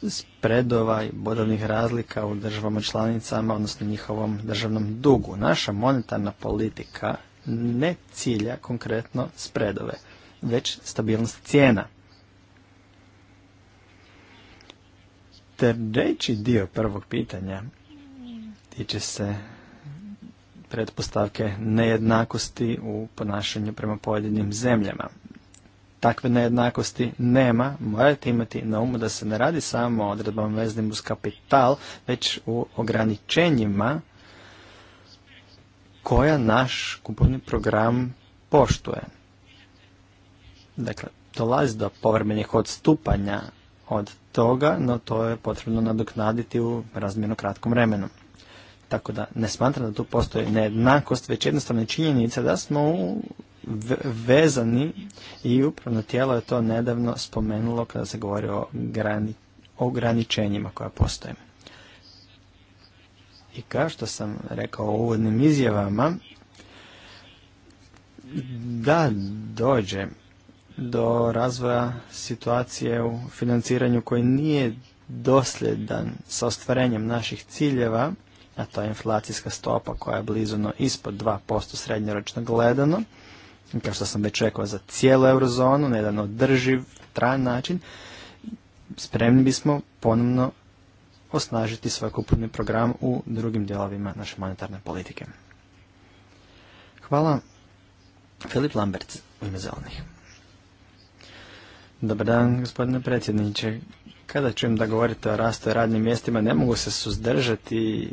spredova i bodovnih razlika u državama članicama, odnosno njihovom državnom dugu. Naša monetarna politika ne cilja konkretno spredove već stabilnost cijena. Treći dio prvog pitanja tiče se pretpostavke nejednakosti u ponašanju prema pojedinim zemljama. Takve nejednakosti nema, morate imati na umu da se ne radi samo o odredbama veznim uz kapital, već u ograničenjima koja naš kupovni program poštuje. Dakle, dolazi do povremenih odstupanja od toga, no to je potrebno nadoknaditi u razmjerno kratkom vremenu. Tako da ne smatram da tu postoji nejednakost, već jednostavna činjenica da smo vezani i upravno tijelo je to nedavno spomenulo kada se govori o ograničenjima koja postoje. I kao što sam rekao u uvodnim izjavama, da dođe do razvoja situacije u financiranju koji nije dosljedan sa ostvarenjem naših ciljeva, a to je inflacijska stopa koja je blizuno ispod 2% srednjoročno gledano, kao što sam već rekao za cijelu eurozonu, na jedan održiv, trajan način, spremni bismo ponovno osnažiti svoj kupovni program u drugim dijelovima naše monetarne politike. Hvala. Filip Lambert u ime zelenih. Dobar dan, gospodine predsjedniče. Kada čujem da govorite o rastu radnim mjestima, ne mogu se suzdržati,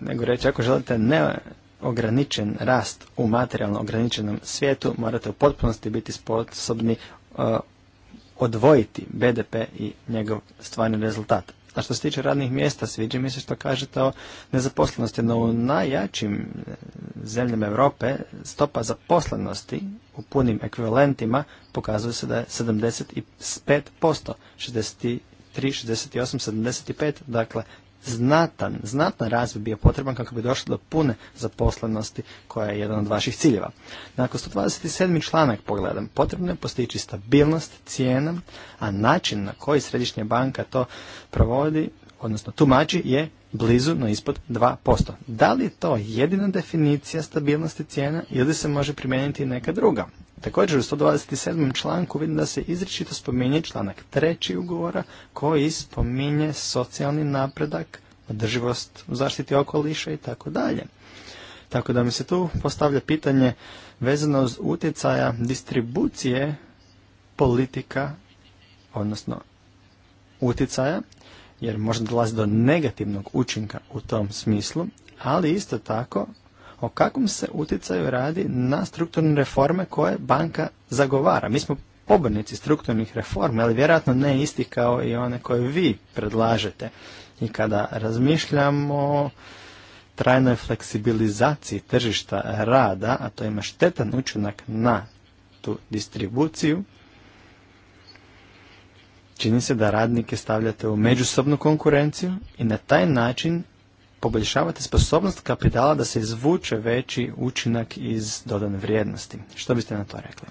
nego reći, ako želite neograničen rast u materijalno ograničenom svijetu, morate u potpunosti biti sposobni e, odvojiti BDP i njegov stvarni rezultat. A što se tiče radnih mjesta, sviđa mi se što kažete o nezaposlenosti, no u najjačim e, zemljama Europe stopa zaposlenosti u punim ekvivalentima pokazuje se da je 75%, 63, 68, 75, dakle znatan, znatan razvoj bio potreban kako bi došlo do pune zaposlenosti koja je jedan od vaših ciljeva. Nakon 127. članak pogledam, potrebno je postići stabilnost cijena, a način na koji središnja banka to provodi, odnosno tumači, je blizu no ispod 2%. Da li je to jedina definicija stabilnosti cijena ili se može primijeniti neka druga? Također u 127. članku vidim da se izričito spominje članak 3. ugovora koji spominje socijalni napredak, održivost u zaštiti okoliša i tako dalje. Tako da mi se tu postavlja pitanje vezano uz utjecaja distribucije politika, odnosno utjecaja, jer možda dolazi do negativnog učinka u tom smislu, ali isto tako o kakvom se utjecaju radi na strukturne reforme koje banka zagovara. Mi smo pobornici strukturnih reformi, ali vjerojatno ne isti kao i one koje vi predlažete. I kada razmišljamo o trajnoj fleksibilizaciji tržišta rada, a to ima štetan učinak na tu distribuciju, čini se da radnike stavljate u međusobnu konkurenciju i na taj način poboljšavate sposobnost kapitala da se izvuče veći učinak iz dodane vrijednosti. Što biste na to rekli?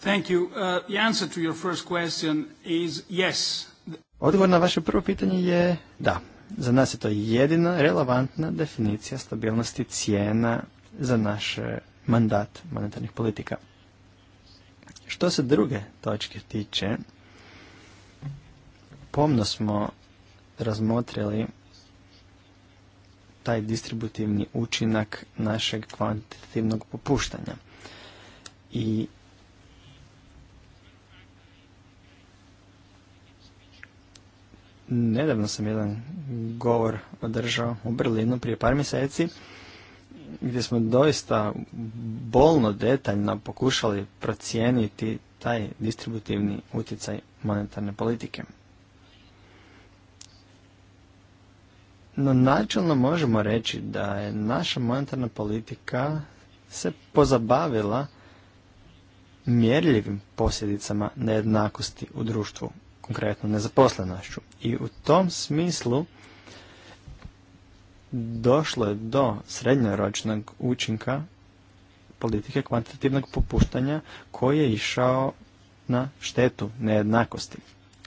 Thank you. Uh, the answer to your first question is yes. Odgovor na vaše prvo pitanje je da. Za nas je to jedina relevantna definicija stabilnosti cijena za naš eh, mandat monetarnih politika. Što se druge točke tiče, pomno smo razmotrili taj distributivni učinak našeg kvantitativnog popuštanja. I nedavno sam jedan govor održao u Berlinu prije par mjeseci gdje smo doista bolno detaljno pokušali procijeniti taj distributivni utjecaj monetarne politike. No načelno možemo reći da je naša monetarna politika se pozabavila mjerljivim posljedicama nejednakosti u društvu, konkretno nezaposlenošću. I u tom smislu došlo je do srednjoročnog učinka politike kvantitativnog popuštanja koji je išao na štetu nejednakosti.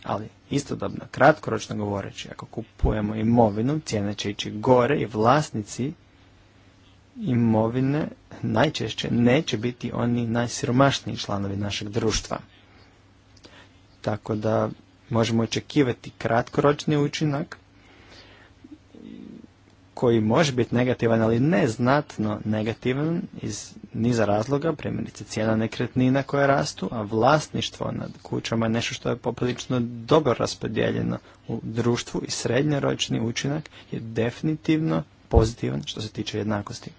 Ali istodobno, kratkoročno govoreći, ako kupujemo imovinu, cijene će ići gore i vlasnici imovine najčešće neće biti oni najsiromašniji članovi našeg društva. Tako da možemo očekivati kratkoročni učinak, koji može biti negativan, ali ne znatno negativan iz niza razloga, primjerice cijena nekretnina koje rastu, a vlasništvo nad kućama je nešto što je poprilično dobro raspodijeljeno u društvu i srednjoročni učinak je definitivno pozitivan što se tiče jednakosti.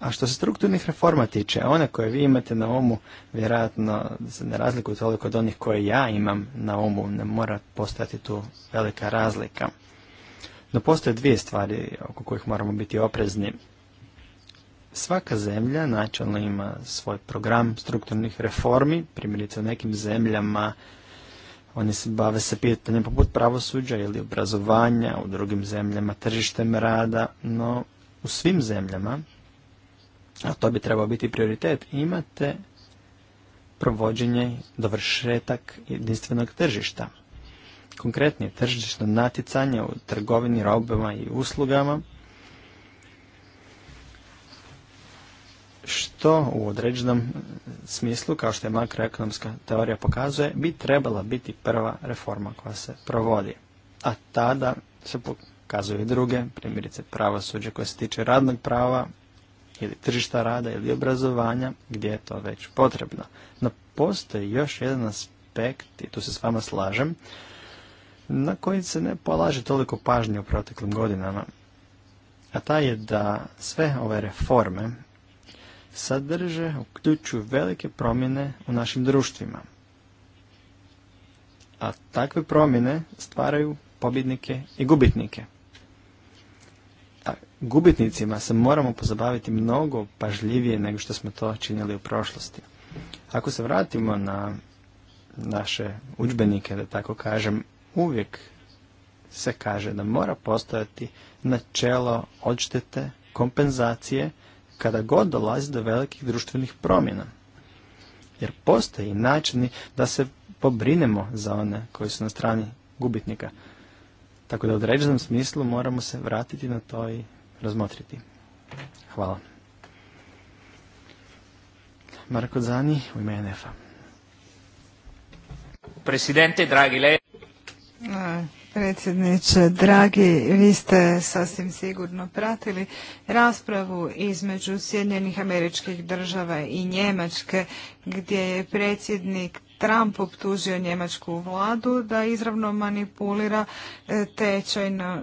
A što se strukturnih reforma tiče, one koje vi imate na umu, vjerojatno se ne razlikuju toliko od onih koje ja imam na umu, ne mora postati tu velika razlika. No postoje dvije stvari oko kojih moramo biti oprezni. Svaka zemlja načalno ima svoj program strukturnih reformi, primjerice u nekim zemljama oni se bave se pitanjem poput pravosuđa ili obrazovanja, u drugim zemljama tržištem rada, no u svim zemljama, a to bi trebao biti prioritet, imate provođenje dovršetak jedinstvenog tržišta konkretnije tržišno natjecanje u trgovini robama i uslugama, što u određenom smislu, kao što je makroekonomska teorija pokazuje, bi trebala biti prva reforma koja se provodi. A tada se pokazuju i druge, primjerice pravosuđe koje se tiče radnog prava ili tržišta rada ili obrazovanja, gdje je to već potrebno. No postoji još jedan aspekt, i tu se s vama slažem, na koji se ne polaže toliko pažnje u proteklim godinama. A taj je da sve ove reforme sadrže, uključuju velike promjene u našim društvima. A takve promjene stvaraju pobjednike i gubitnike. A gubitnicima se moramo pozabaviti mnogo pažljivije nego što smo to činili u prošlosti. Ako se vratimo na naše udžbenike, da tako kažem, uvijek se kaže da mora postojati načelo odštete, kompenzacije, kada god dolazi do velikih društvenih promjena. Jer postoji načini da se pobrinemo za one koji su na strani gubitnika. Tako da u određenom smislu moramo se vratiti na to i razmotriti. Hvala. Marko Zani u ime NF-a. Presidente, dragi Predsjedniče, dragi, vi ste sasvim sigurno pratili raspravu između Sjedinjenih američkih država i Njemačke, gdje je predsjednik Trump optužio njemačku vladu da izravno manipulira e, tečajnom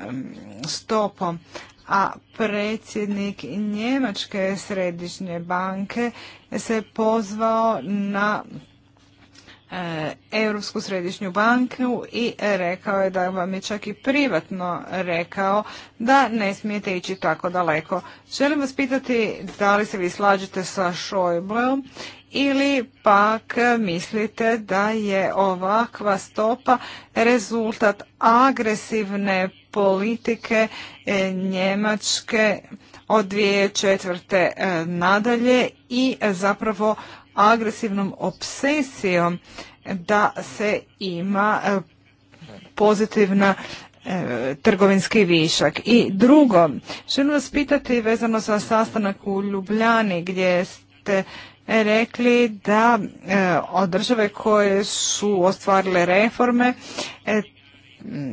stopom, a predsjednik Njemačke središnje banke se pozvao na E, Europsku središnju banku i rekao je da vam je čak i privatno rekao da ne smijete ići tako daleko. Želim vas pitati da li se vi slažete sa Šojbleom ili pak mislite da je ovakva stopa rezultat agresivne politike e, Njemačke od četvrte e, nadalje i zapravo agresivnom obsesijom da se ima e, pozitivna e, trgovinski višak. I drugo, želim vas pitati vezano za sastanak u Ljubljani gdje ste rekli da e, od države koje su ostvarile reforme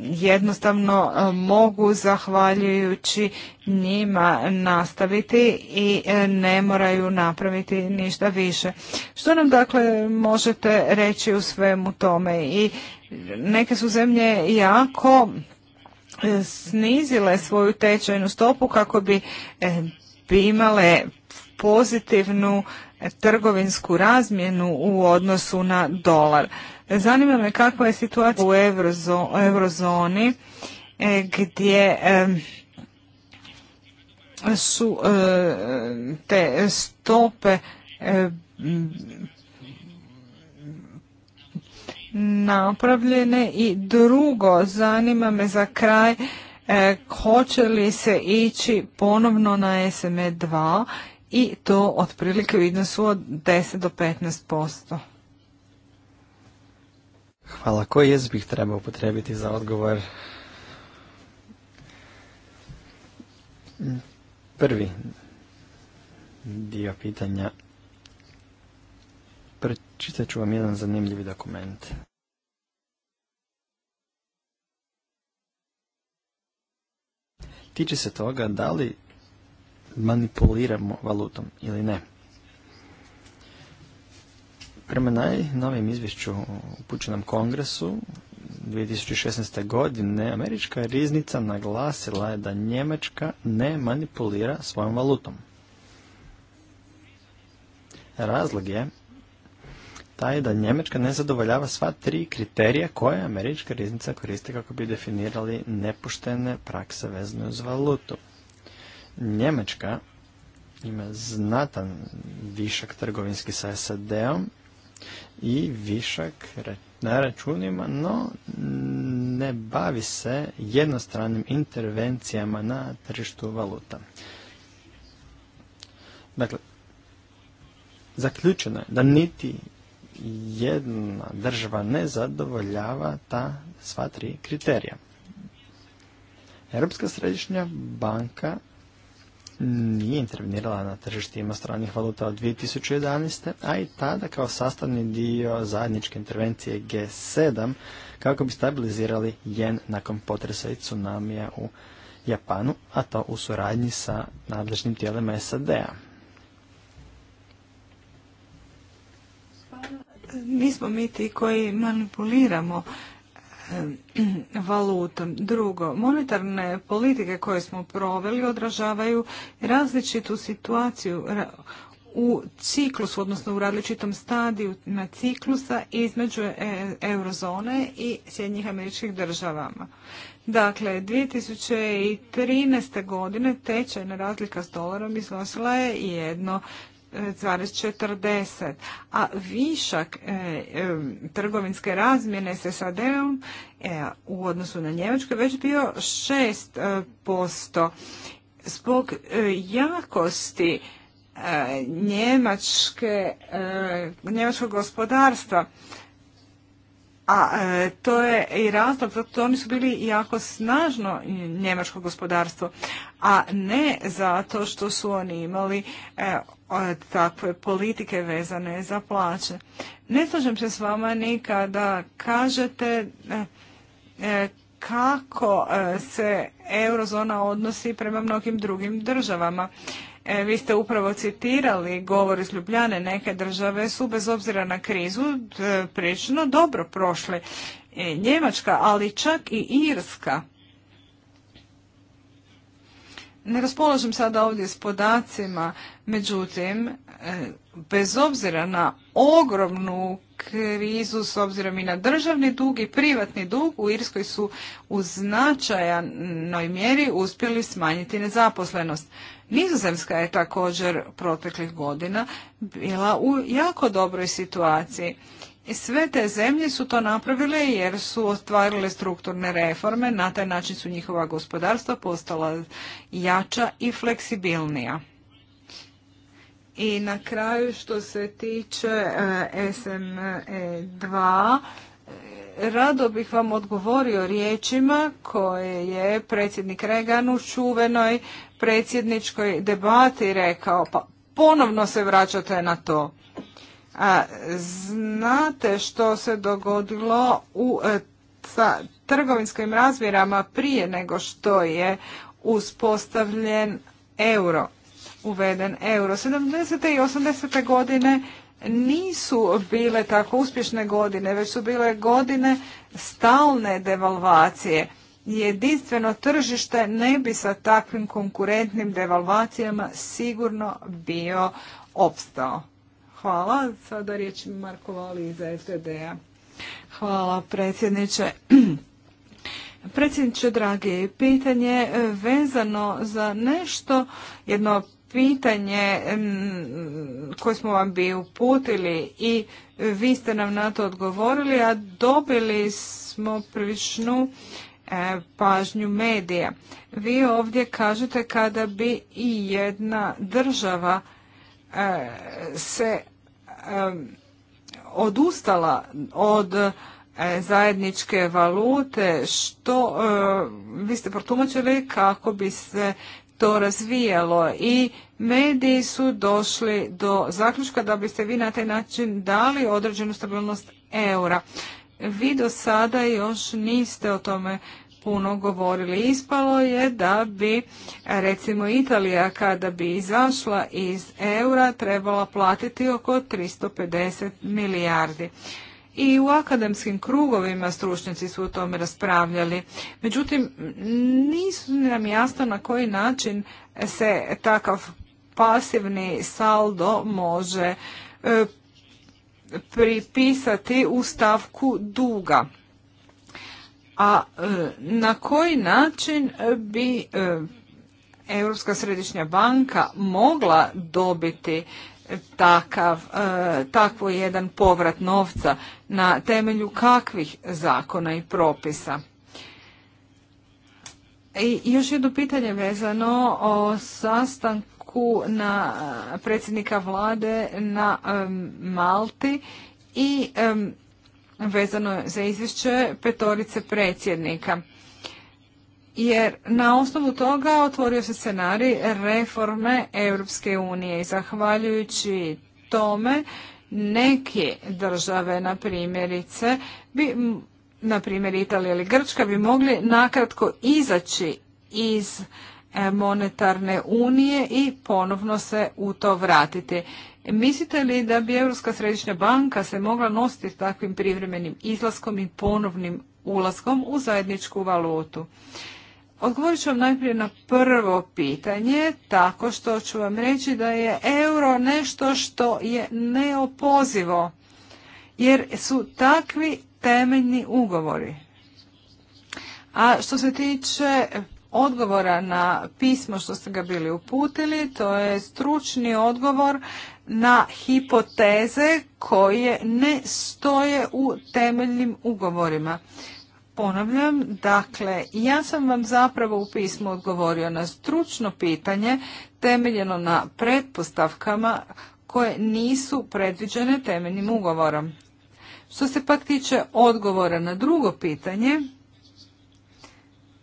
jednostavno e, mogu zahvaljujući njima nastaviti i e, ne moraju napraviti ništa više. Što nam dakle možete reći u svemu tome? I neke su zemlje jako e, snizile svoju tečajnu stopu kako bi imale pozitivnu trgovinsku razmjenu u odnosu na dolar. Zanima me kakva je situacija u eurozoni e, gdje su e, te stope e, napravljene i drugo zanima me za kraj hoće li se ići ponovno na SME 2 i to otprilike u iznosu od 10 do 15%. Hvala. Koji jezik bih trebao upotrebiti za odgovor? Prvi dio pitanja. Pročitat ću vam jedan zanimljivi dokument. Tiče se toga da li manipuliramo valutom ili ne. Prema najnovijem izvješću upućenom kongresu 2016. godine američka riznica naglasila je da Njemačka ne manipulira svojom valutom. Razlog je taj da Njemačka ne zadovoljava sva tri kriterija koje američka riznica koriste kako bi definirali nepoštene prakse vezane uz valutu. Njemačka ima znatan višak trgovinski sa SAD-om i višak na računima, no ne bavi se jednostranim intervencijama na tržištu valuta. Dakle, zaključeno je da niti jedna država ne zadovoljava ta sva tri kriterija. Europska središnja banka nije intervenirala na tržištima stranih valuta od 2011. a i tada kao sastavni dio zajedničke intervencije G7 kako bi stabilizirali jen nakon potresa i tsunamija u Japanu, a to u suradnji sa nadležnim tijelima SAD-a. Nismo mi ti koji manipuliramo [CLEARS THROAT] valutom. Drugo, monetarne politike koje smo proveli odražavaju različitu situaciju u ciklusu, odnosno u različitom stadiju na ciklusa između e, eurozone i Sjednjih američkih državama. Dakle, 2013. godine tečajna razlika s dolarom iznosila je jedno 40, a višak e, e, trgovinske razmjene s SAD-om e, u odnosu na Njemačku već bio 6% zbog jakosti njemačkog gospodarstva a e, to je i razlog, zato oni su bili jako snažno njemačko gospodarstvo, a ne zato što su oni imali e, takve politike vezane za plaće. Ne slažem se s vama nikada kažete e, kako se eurozona odnosi prema mnogim drugim državama. E, vi ste upravo citirali govor iz Ljubljane, neke države su bez obzira na krizu e, prilično dobro prošle. E, Njemačka, ali čak i Irska. Ne raspolažem sada ovdje s podacima, međutim, bez obzira na ogromnu krizu s obzirom i na državni dug i privatni dug u Irskoj su u značajanoj mjeri uspjeli smanjiti nezaposlenost. Nizozemska je također proteklih godina bila u jako dobroj situaciji. Sve te zemlje su to napravile jer su ostvarile strukturne reforme, na taj način su njihova gospodarstva postala jača i fleksibilnija. I na kraju što se tiče eh, SME2, Rado bih vam odgovorio riječima koje je predsjednik Reagan u čuvenoj predsjedničkoj debati rekao, pa ponovno se vraćate na to. A, znate što se dogodilo u e, sa trgovinskim razmjerama prije nego što je uspostavljen euro, uveden euro. 70. i 80. godine nisu bile tako uspješne godine, već su bile godine stalne devalvacije. Jedinstveno tržište ne bi sa takvim konkurentnim devalvacijama sigurno bio opstao. Hvala. Sada riječ Marko Vali iz a Hvala predsjedniče. Predsjedniče dragi, pitanje vezano za nešto, jedno pitanje koje smo vam bi uputili i vi ste nam na to odgovorili, a dobili smo priličnu e, pažnju medija. Vi ovdje kažete kada bi i jedna država e, se odustala od e, zajedničke valute, što vi ste protumačili kako bi se to razvijalo i mediji su došli do zaključka da biste vi na taj način dali određenu stabilnost eura. Vi do sada još niste o tome puno govorili. Ispalo je da bi recimo Italija kada bi izašla iz eura trebala platiti oko 350 milijardi i u akademskim krugovima stručnjaci su o tome raspravljali. Međutim, nisu nam jasno na koji način se takav pasivni saldo može e, pripisati u stavku duga. A e, na koji način bi e, Europska središnja banka mogla dobiti takav, e, takvo jedan povrat novca na temelju kakvih zakona i propisa. I još jedno pitanje vezano o sastanku na predsjednika vlade na e, Malti i e, vezano za izvješće petorice predsjednika jer na osnovu toga otvorio se scenarij reforme Europske unije i zahvaljujući tome neke države, na primjerice, bi, na primjer Italija ili Grčka, bi mogli nakratko izaći iz e, monetarne unije i ponovno se u to vratiti. Mislite li da bi Europska središnja banka se mogla nositi s takvim privremenim izlaskom i ponovnim ulaskom u zajedničku valutu? Odgovorit ću vam najprije na prvo pitanje tako što ću vam reći da je euro nešto što je neopozivo jer su takvi temeljni ugovori. A što se tiče odgovora na pismo što ste ga bili uputili, to je stručni odgovor na hipoteze koje ne stoje u temeljnim ugovorima ponavljam, dakle, ja sam vam zapravo u pismu odgovorio na stručno pitanje temeljeno na pretpostavkama koje nisu predviđene temeljnim ugovorom. Što se pak tiče odgovora na drugo pitanje,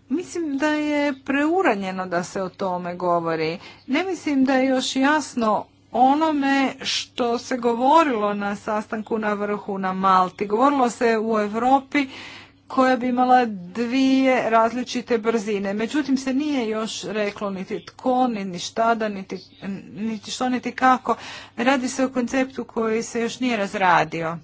mislim da je preuranjeno da se o tome govori. Ne mislim da je još jasno onome što se govorilo na sastanku na vrhu na Malti. Govorilo se u Europi koja bi imala dvije različite brzine. Međutim, se nije još reklo niti tko, niti šta da, niti, što, niti kako. Radi se o konceptu koji se još nije razradio.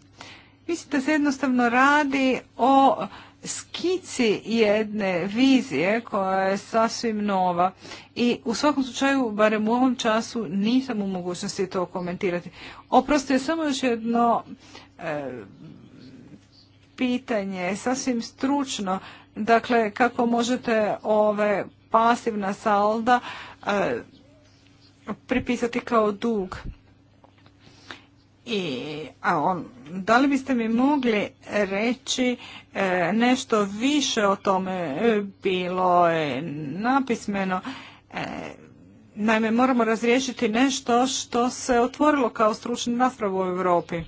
Mislim da se jednostavno radi o skici jedne vizije koja je sasvim nova i u svakom slučaju, barem u ovom času, nisam u mogućnosti to komentirati. Oprosto je samo još jedno e, pitanje, sasvim stručno, dakle kako možete ove pasivna salda e, pripisati kao dug. I, a on, da li biste mi mogli reći e, nešto više o tome e, bilo je napismeno? E, naime, moramo razriješiti nešto što se otvorilo kao stručnu raspravu u Europi.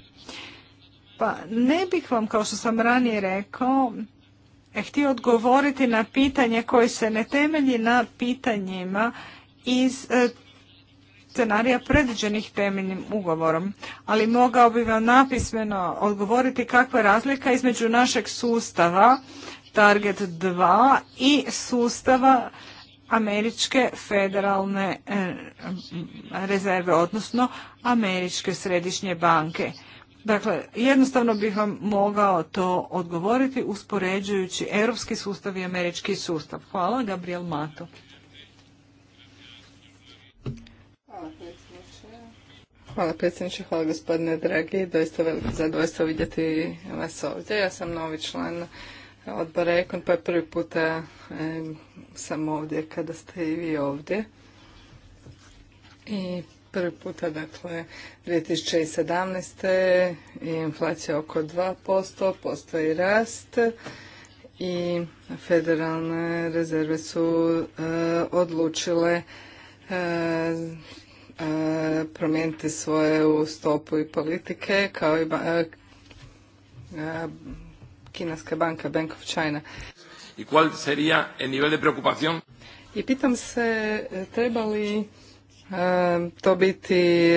Pa ne bih vam, kao što sam ranije rekao, e, htio odgovoriti na pitanje koje se ne temelji na pitanjima iz e, scenarija predviđenih temeljnim ugovorom, ali mogao bi vam napismeno odgovoriti kakva je razlika između našeg sustava Target 2 i sustava američke federalne e, rezerve, odnosno američke središnje banke. Dakle, jednostavno bih vam mogao to odgovoriti uspoređujući europski sustav i američki sustav. Hvala, Gabriel Mato. Hvala predsjedniče. Hvala hvala gospodine dragi. Doista veliko zadovoljstvo vidjeti vas ovdje. Ja sam novi član odbora Ekon, pa prvi puta sam ovdje kada ste i vi ovdje. I prvi puta, dakle 2017. je inflacija oko 2%, postoji rast i federalne rezerve su e, odlučile e, e promijeniti svoju stopu i politike kao i e, kineska banka Bank of China. I nivel de I pitam se treba li E, to biti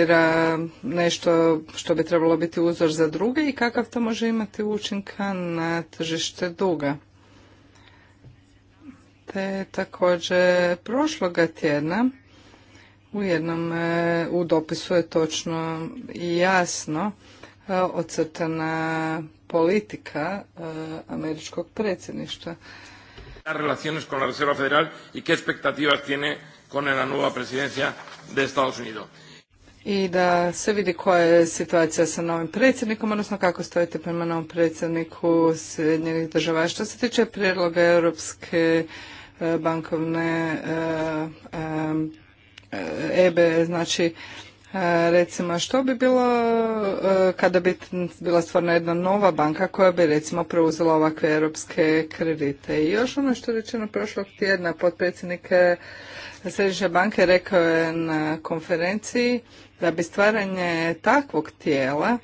nešto što bi trebalo biti uzor za druge i kakav to može imati učinka na tržište duga. Te također prošloga tjedna u jednom e, u dopisu je točno i jasno e, ocrtana politika američkog predsjedništva. Relaciones con la Reserva Federal i qué expectativas tiene con la nueva presidencia de Estados I da se vidi koja je situacija sa novim predsjednikom, odnosno kako stojite prema novom predsjedniku Sjedinjenih država. Što se tiče prijedloga Europske e, bankovne EBE, e, e znači recimo što bi bilo kada bi bila stvarno jedna nova banka koja bi recimo preuzela ovakve europske kredite. I još ono što je rečeno prošlog tjedna potpredsjednike Središnje banke rekao je na konferenciji da bi stvaranje takvog tijela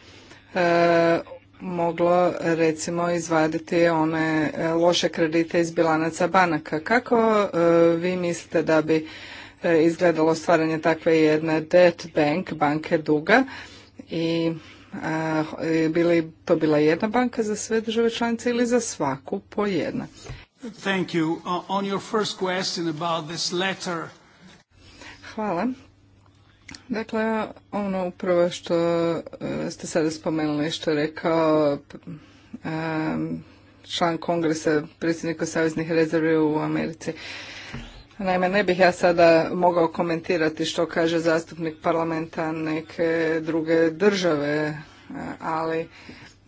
e, moglo recimo izvaditi one loše kredite iz bilanaca banaka. Kako e, vi mislite da bi e, izgledalo stvaranje takve jedne debt bank, banke duga i bili to bila jedna banka za sve države članice ili za svaku po jedna? Thank you. Uh, on your first question about this letter. Hvala. Dakle, ono upravo što eh, ste sada spomenuli što je rekao član kongresa predsjednika Saveznih rezervi u Americi. Naime, ne bih ja sada mogao komentirati što kaže zastupnik parlamenta neke druge države, eh, ali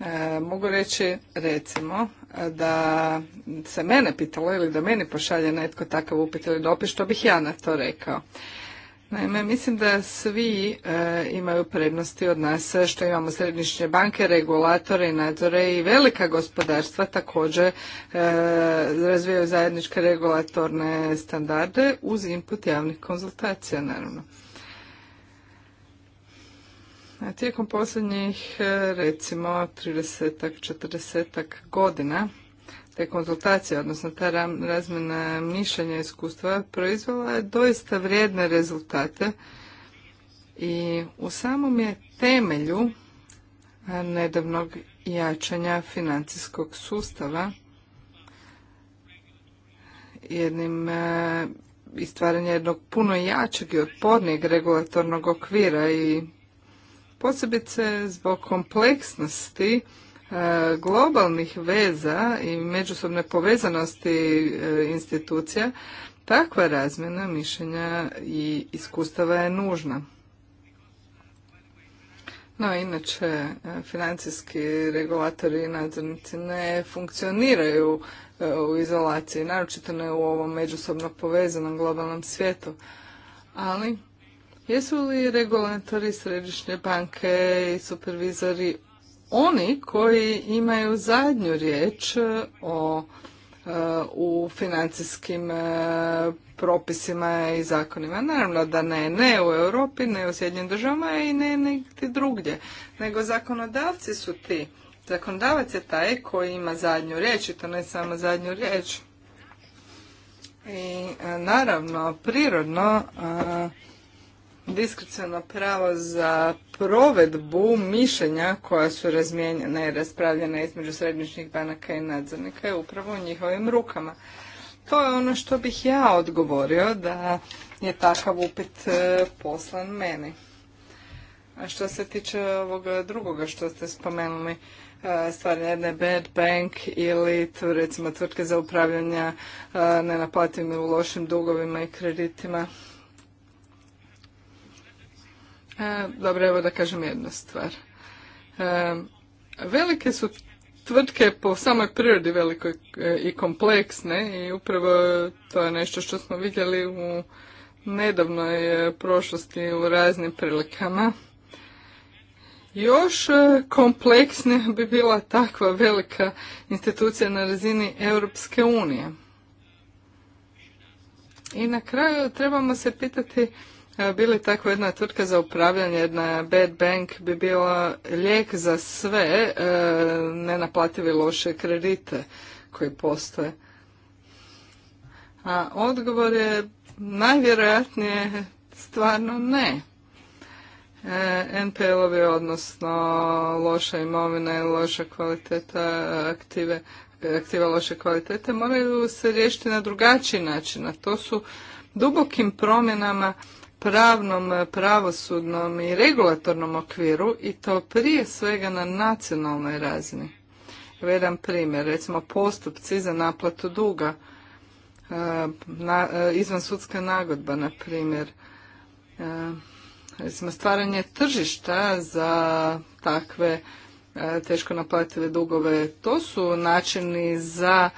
E, mogu reći recimo da se mene pitalo ili da meni pošalje netko takav upit ili dopis što bih ja na to rekao. Naime, mislim da svi e, imaju prednosti od nas što imamo središnje banke, regulatore i nadzore i velika gospodarstva također e, razvijaju zajedničke regulatorne standarde uz input javnih konzultacija naravno. Tijekom posljednjih e, recimo 30 40 godina te konzultacije, odnosno ta razmjena mišljenja i iskustva proizvela je doista vrijedne rezultate i u samom je temelju nedavnog jačanja financijskog sustava jednim e, i stvaranje jednog puno jačeg i otpornijeg regulatornog okvira i posebice zbog kompleksnosti e, globalnih veza i međusobne povezanosti e, institucija, takva razmjena mišljenja i iskustava je nužna. No, inače, e, financijski regulatori i nadzornici ne funkcioniraju u izolaciji, naročito ne u ovom međusobno povezanom globalnom svijetu. Ali, Jesu li regulatori središnje banke i supervizori oni koji imaju zadnju riječ e, o, e, u financijskim e, propisima i zakonima? Naravno da ne, ne u Europi, ne u Sjedinjenim državama i ne negdje drugdje, nego zakonodavci su ti. Zakonodavac je taj koji ima zadnju riječ i to ne samo zadnju riječ. I naravno, prirodno, diskreciono pravo za provedbu mišljenja koja su razmijenjena i raspravljena između središnjih banaka i nadzornika je upravo u njihovim rukama. To je ono što bih ja odgovorio da je takav upit e, poslan meni. A što se tiče ovoga drugoga što ste spomenuli, e, stvarne jedne bad bank ili tu recimo tvrtke za upravljanje nenaplativim u lošim dugovima i kreditima, E, dobro, evo da kažem jednu stvar. E, velike su tvrtke po samoj prirodi velikoj e, i kompleksne i upravo to je nešto što smo vidjeli u nedavnoj prošlosti u raznim prilikama. Još kompleksnija bi bila takva velika institucija na razini Europske unije. I na kraju trebamo se pitati E, bili tako jedna tvrtka za upravljanje, jedna bad bank bi bila lijek za sve e, nenaplativi loše kredite koji postoje. A odgovor je najvjerojatnije stvarno ne. E, NPL-ovi, odnosno loša imovina i loša kvaliteta aktive, aktiva loše kvalitete, moraju se riješiti na drugačiji način. A to su dubokim promjenama pravnom, e, pravosudnom i regulatornom okviru i to prije svega na nacionalnoj razini. Evo jedan primjer, recimo postupci za naplatu duga, e, na, e, sudska nagodba na primjer, recimo stvaranje tržišta za takve teško naplative dugove, to su načini za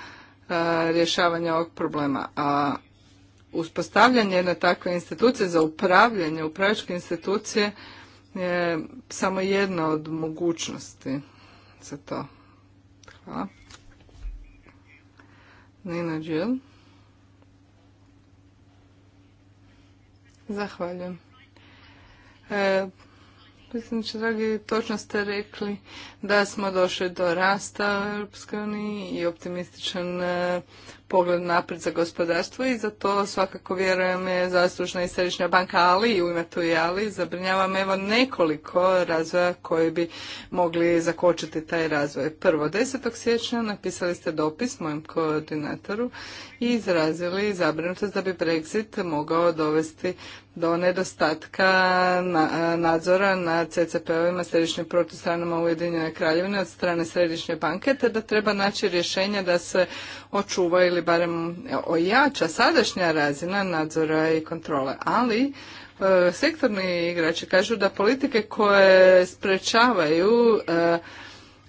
rješavanje ovog problema. A uspostavljanje jedne takve institucije za upravljanje, upravljačke institucije je samo jedna od mogućnosti za to. Hvala. Nina Đil. Zahvaljujem. E, dragi, točno ste rekli da smo došli do rasta u Europskoj i optimističan e, pogled naprijed za gospodarstvo i za to svakako vjerujem je zaslužna i Središnja banka, ali i u ime tu i ali zabrinjavam evo nekoliko razvoja koji bi mogli zakočiti taj razvoj. Prvo, 10. siječnja napisali ste dopis mojem koordinatoru i izrazili zabrinutost da bi Brexit mogao dovesti do nedostatka nadzora na CCP-ovima središnjim protustranama Ujedinjene kraljevine od strane Središnje banke, te da treba naći rješenje da se očuva ili ili barem ojača sadašnja razina nadzora i kontrole, ali e, sektorni igrači kažu da politike koje sprečavaju e,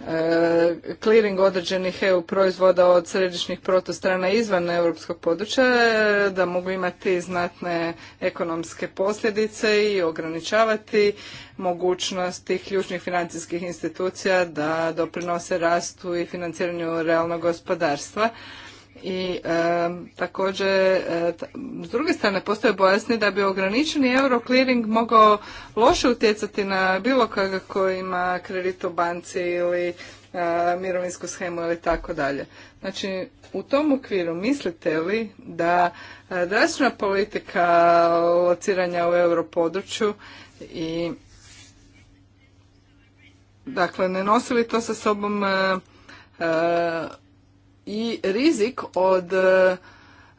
e, clearing određenih EU proizvoda od središnjih protostrana izvan europskog područja da mogu imati znatne ekonomske posljedice i ograničavati mogućnost tih ključnih financijskih institucija da doprinose rastu i financiranju realnog gospodarstva i e, također s druge strane postoje bojasni da bi ograničeni euro clearing mogao loše utjecati na bilo koga koji ima kredit u banci ili e, mirovinsku schemu ili tako dalje. Znači u tom okviru mislite li da e, drastična politika lociranja u euro području i dakle ne nosili to sa sobom e, i rizik od e,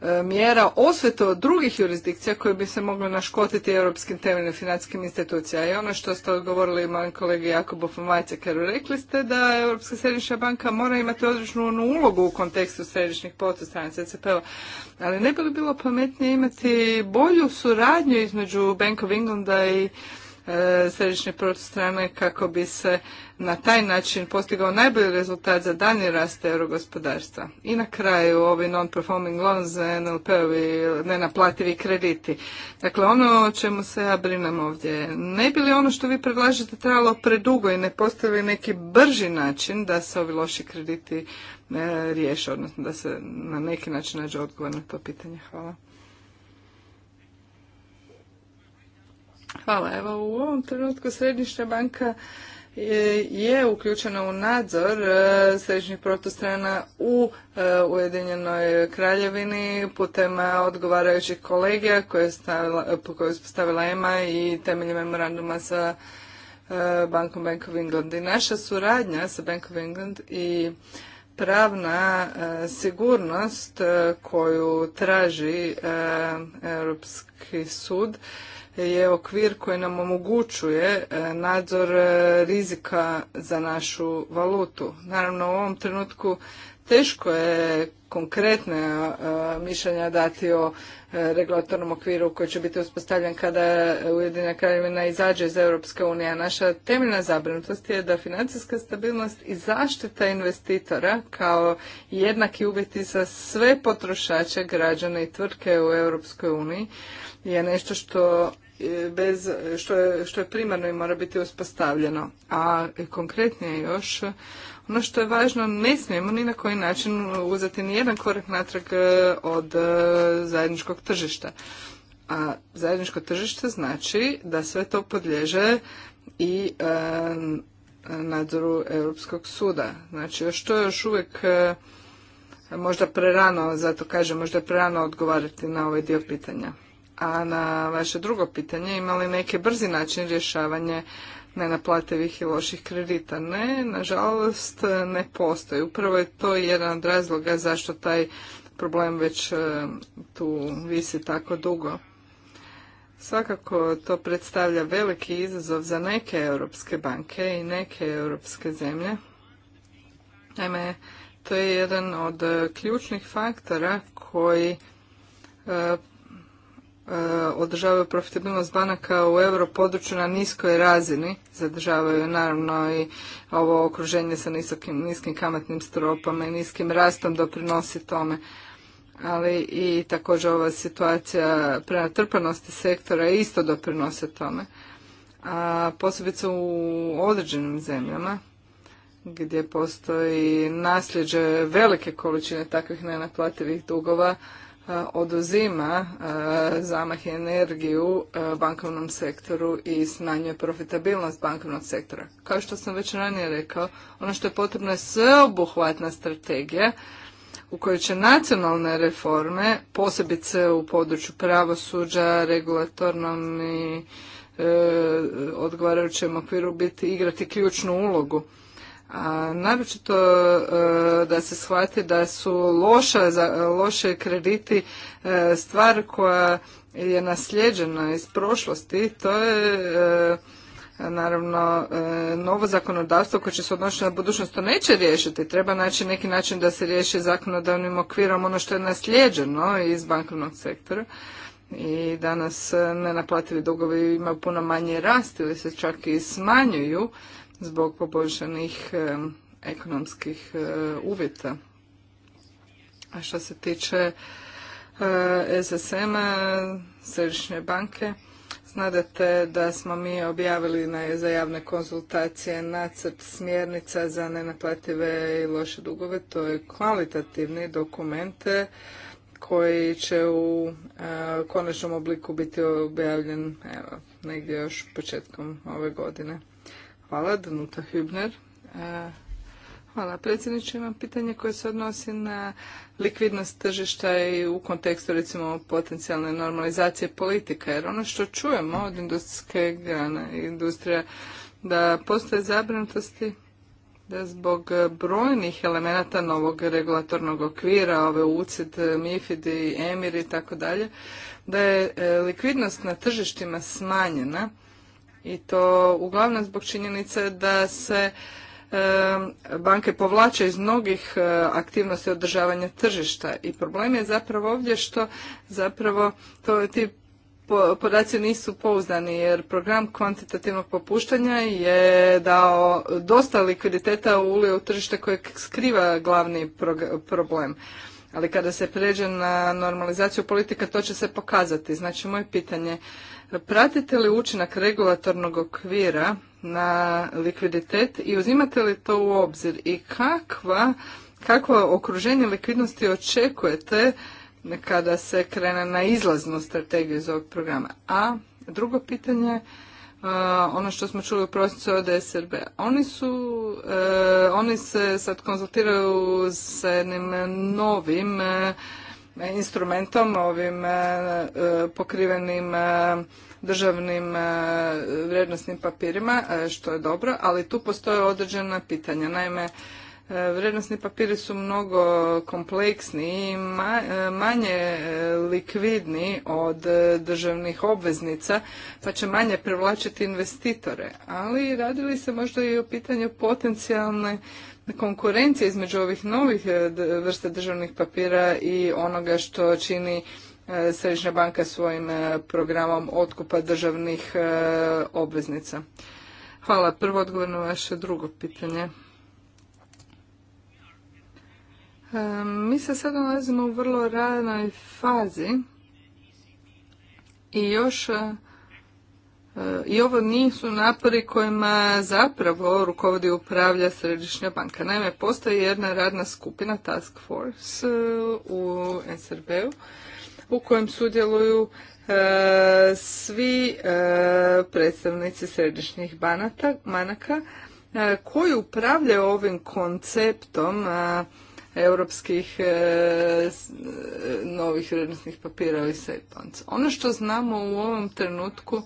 e, mjera osvete od drugih jurisdikcija koje bi se mogle naškotiti europskim temeljnim financijskim institucijama. I ono što ste odgovorili mojim kolegi Jakobu jer rekli ste da Europska središnja banka mora imati određenu ulogu u kontekstu središnjih protustranica CCP-a, ali ne bi li bilo pametnije imati bolju suradnju između Bank of Englanda i e, središnje protostrane kako bi se na taj način postigao najbolji rezultat za daljnji rast eurogospodarstva. I na kraju ovi non-performing loans, NLP-ovi, nenaplativi krediti. Dakle, ono o čemu se ja brinem ovdje, ne bi li ono što vi predlažete trebalo predugo i ne postoji neki brži način da se ovi loši krediti e, riješe, odnosno da se na neki način nađe odgovor na to pitanje. Hvala. Hvala. Evo, u ovom trenutku Središnja banka je uključena u nadzor e, središnjih protostrana u e, Ujedinjenoj kraljevini putem odgovarajućih kolegija koje je stavila, EMA e i temeljem memoranduma sa bankom Bank of England. I naša suradnja sa Bank of England i pravna sigurnost koju traži Europski sud je okvir koji nam omogućuje e, nadzor e, rizika za našu valutu. Naravno u ovom trenutku teško je konkretne mišljenja dati o e, regulatornom okviru koji će biti uspostavljen kada Ujedinjena kraljevina izađe iz Europske unije. Naša temeljna zabrinutost je da financijska stabilnost i zaštita investitora kao jednaki uvjeti za sve potrošače, građane i tvrtke u Europskoj uniji je nešto što e, bez, što, je, što je primarno i mora biti uspostavljeno. A konkretnije još ono što je važno, ne smijemo ni na koji način uzeti ni jedan korak natrag e, od e, zajedničkog tržišta. A zajedničko tržište znači da sve to podliježe i e, nadzoru Europskog suda. Znači, što je još uvijek možda prerano, zato kažem, možda je prerano odgovarati na ovaj dio pitanja. A na vaše drugo pitanje, imali li neki brzi način rješavanje nenaplativih i loših kredita. Ne, nažalost ne postoji. Upravo je to jedan od razloga zašto taj problem već e, tu visi tako dugo. Svakako to predstavlja veliki izazov za neke europske banke i neke europske zemlje. Naime, to je jedan od ključnih faktora koji e, Eh, održavaju profitabilnost banaka u području na niskoj razini, zadržavaju naravno i ovo okruženje sa niskim kamatnim stropama i niskim rastom doprinosi tome. Ali i također ova situacija prenatrpanosti sektora isto doprinose tome. A posebice u određenim zemljama gdje postoji nasljeđe velike količine takvih nenaplativih dugova, oduzima e, zamah i energiju e, bankovnom sektoru i smanjuje profitabilnost bankovnog sektora. Kao što sam već ranije rekao, ono što je potrebno je sveobuhvatna strategija u kojoj će nacionalne reforme, posebice u području pravosuđa, regulatornom i e, odgovarajućem okviru biti igrati ključnu ulogu. A naročito e, da se shvati da su loša, loše krediti e, stvar koja je nasljeđena iz prošlosti, to je e, naravno novo zakonodavstvo koje će se odnositi na budućnost to neće riješiti. Treba naći neki način da se riješi zakonodavnim okvirom ono što je nasljeđeno iz bankovnog sektora i danas nenaplativi dugovi imaju puno manje rast ili se čak i smanjuju zbog poboljšanih ekonomskih e, uvjeta. A što se tiče e, SSM-a, Središnje banke, Znadete da smo mi objavili na, za javne konzultacije nacrt smjernica za nenaplative i loše dugove. To je kvalitativni dokument e, koji će u konačnom obliku biti objavljen evo, negdje još početkom ove godine. Hvala, Danuta Hübner. E, hvala predsjedniče. Imam pitanje koje se odnosi na likvidnost tržišta i u kontekstu recimo potencijalne normalizacije politika. Jer ono što čujemo od industrijske grana industrija da postoje zabrinutosti da zbog brojnih elemenata novog regulatornog okvira, ove UCID, MIFID i EMIR i tako dalje, da je e, likvidnost na tržištima smanjena i to uglavnom zbog činjenice da se banke povlače iz mnogih e, aktivnosti održavanja tržišta i problem je zapravo ovdje što zapravo to, ti podaci nisu pouzdani jer program kvantitativnog popuštanja je dao dosta likviditeta u ulije u tržište koje skriva glavni problem. Ali kada se pređe na normalizaciju politika to će se pokazati. Znači moje pitanje pratite li učinak regulatornog okvira na likviditet i uzimate li to u obzir i kakva, kakvo okruženje likvidnosti očekujete kada se krene na izlaznu strategiju iz ovog programa? A drugo pitanje e, ono što smo čuli u prosincu od SRB. Oni su, e, oni se sad konzultiraju s jednim novim e, instrumentom, ovim e, e, pokrivenim e, državnim vrijednosnim papirima, što je dobro, ali tu postoje određena pitanja. Naime, vrijednosni papiri su mnogo kompleksni i manje likvidni od državnih obveznica, pa će manje privlačiti investitore. Ali radili se možda i o pitanju potencijalne konkurencija između ovih novih e, vrsta državnih papira i onoga što čini e, Središnja banka svojim e, programom otkupa državnih obveznica. Hvala. Prvo odgovor na vaše drugo pitanje. Mi se sada nalazimo u vrlo ranoj fazi i još i ovo nisu napori kojima zapravo rukovodi upravlja Središnja banka. Naime, postoji jedna radna skupina Task Force e, u SRB-u u kojem sudjeluju e, svi e, predstavnici središnjih banaka manaka koji upravljaju ovim konceptom europskih novih vrijednosnih papira i setons. Ono što znamo u ovom trenutku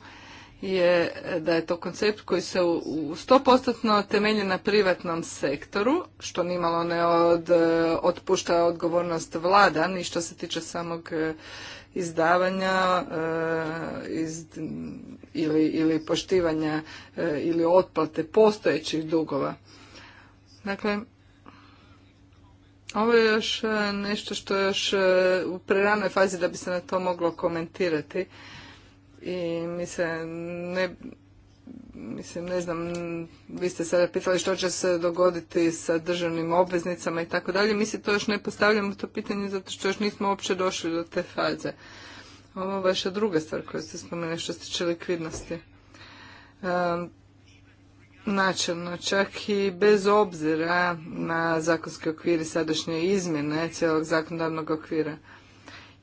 je da je to koncept koji se u stopostotno temelji na privatnom sektoru, što nimalo ne od, e, otpušta odgovornost vlada, ni što se tiče samog e, izdavanja e, ili, ili poštivanja ili otplate postojećih dugova. Dakle, ovo je još nešto što je još u preranoj fazi da bi se na to moglo komentirati i mi se ne, mislim, ne znam, vi ste sada pitali što će se dogoditi sa državnim obveznicama i tako dalje. Mi se to još ne postavljamo, to pitanje, zato što još nismo uopće došli do te faze. Ovo je vaša druga stvar koju ste spomenuli što se tiče likvidnosti. načelno, čak i bez obzira na zakonske okvire sadašnje izmjene cijelog zakonodavnog okvira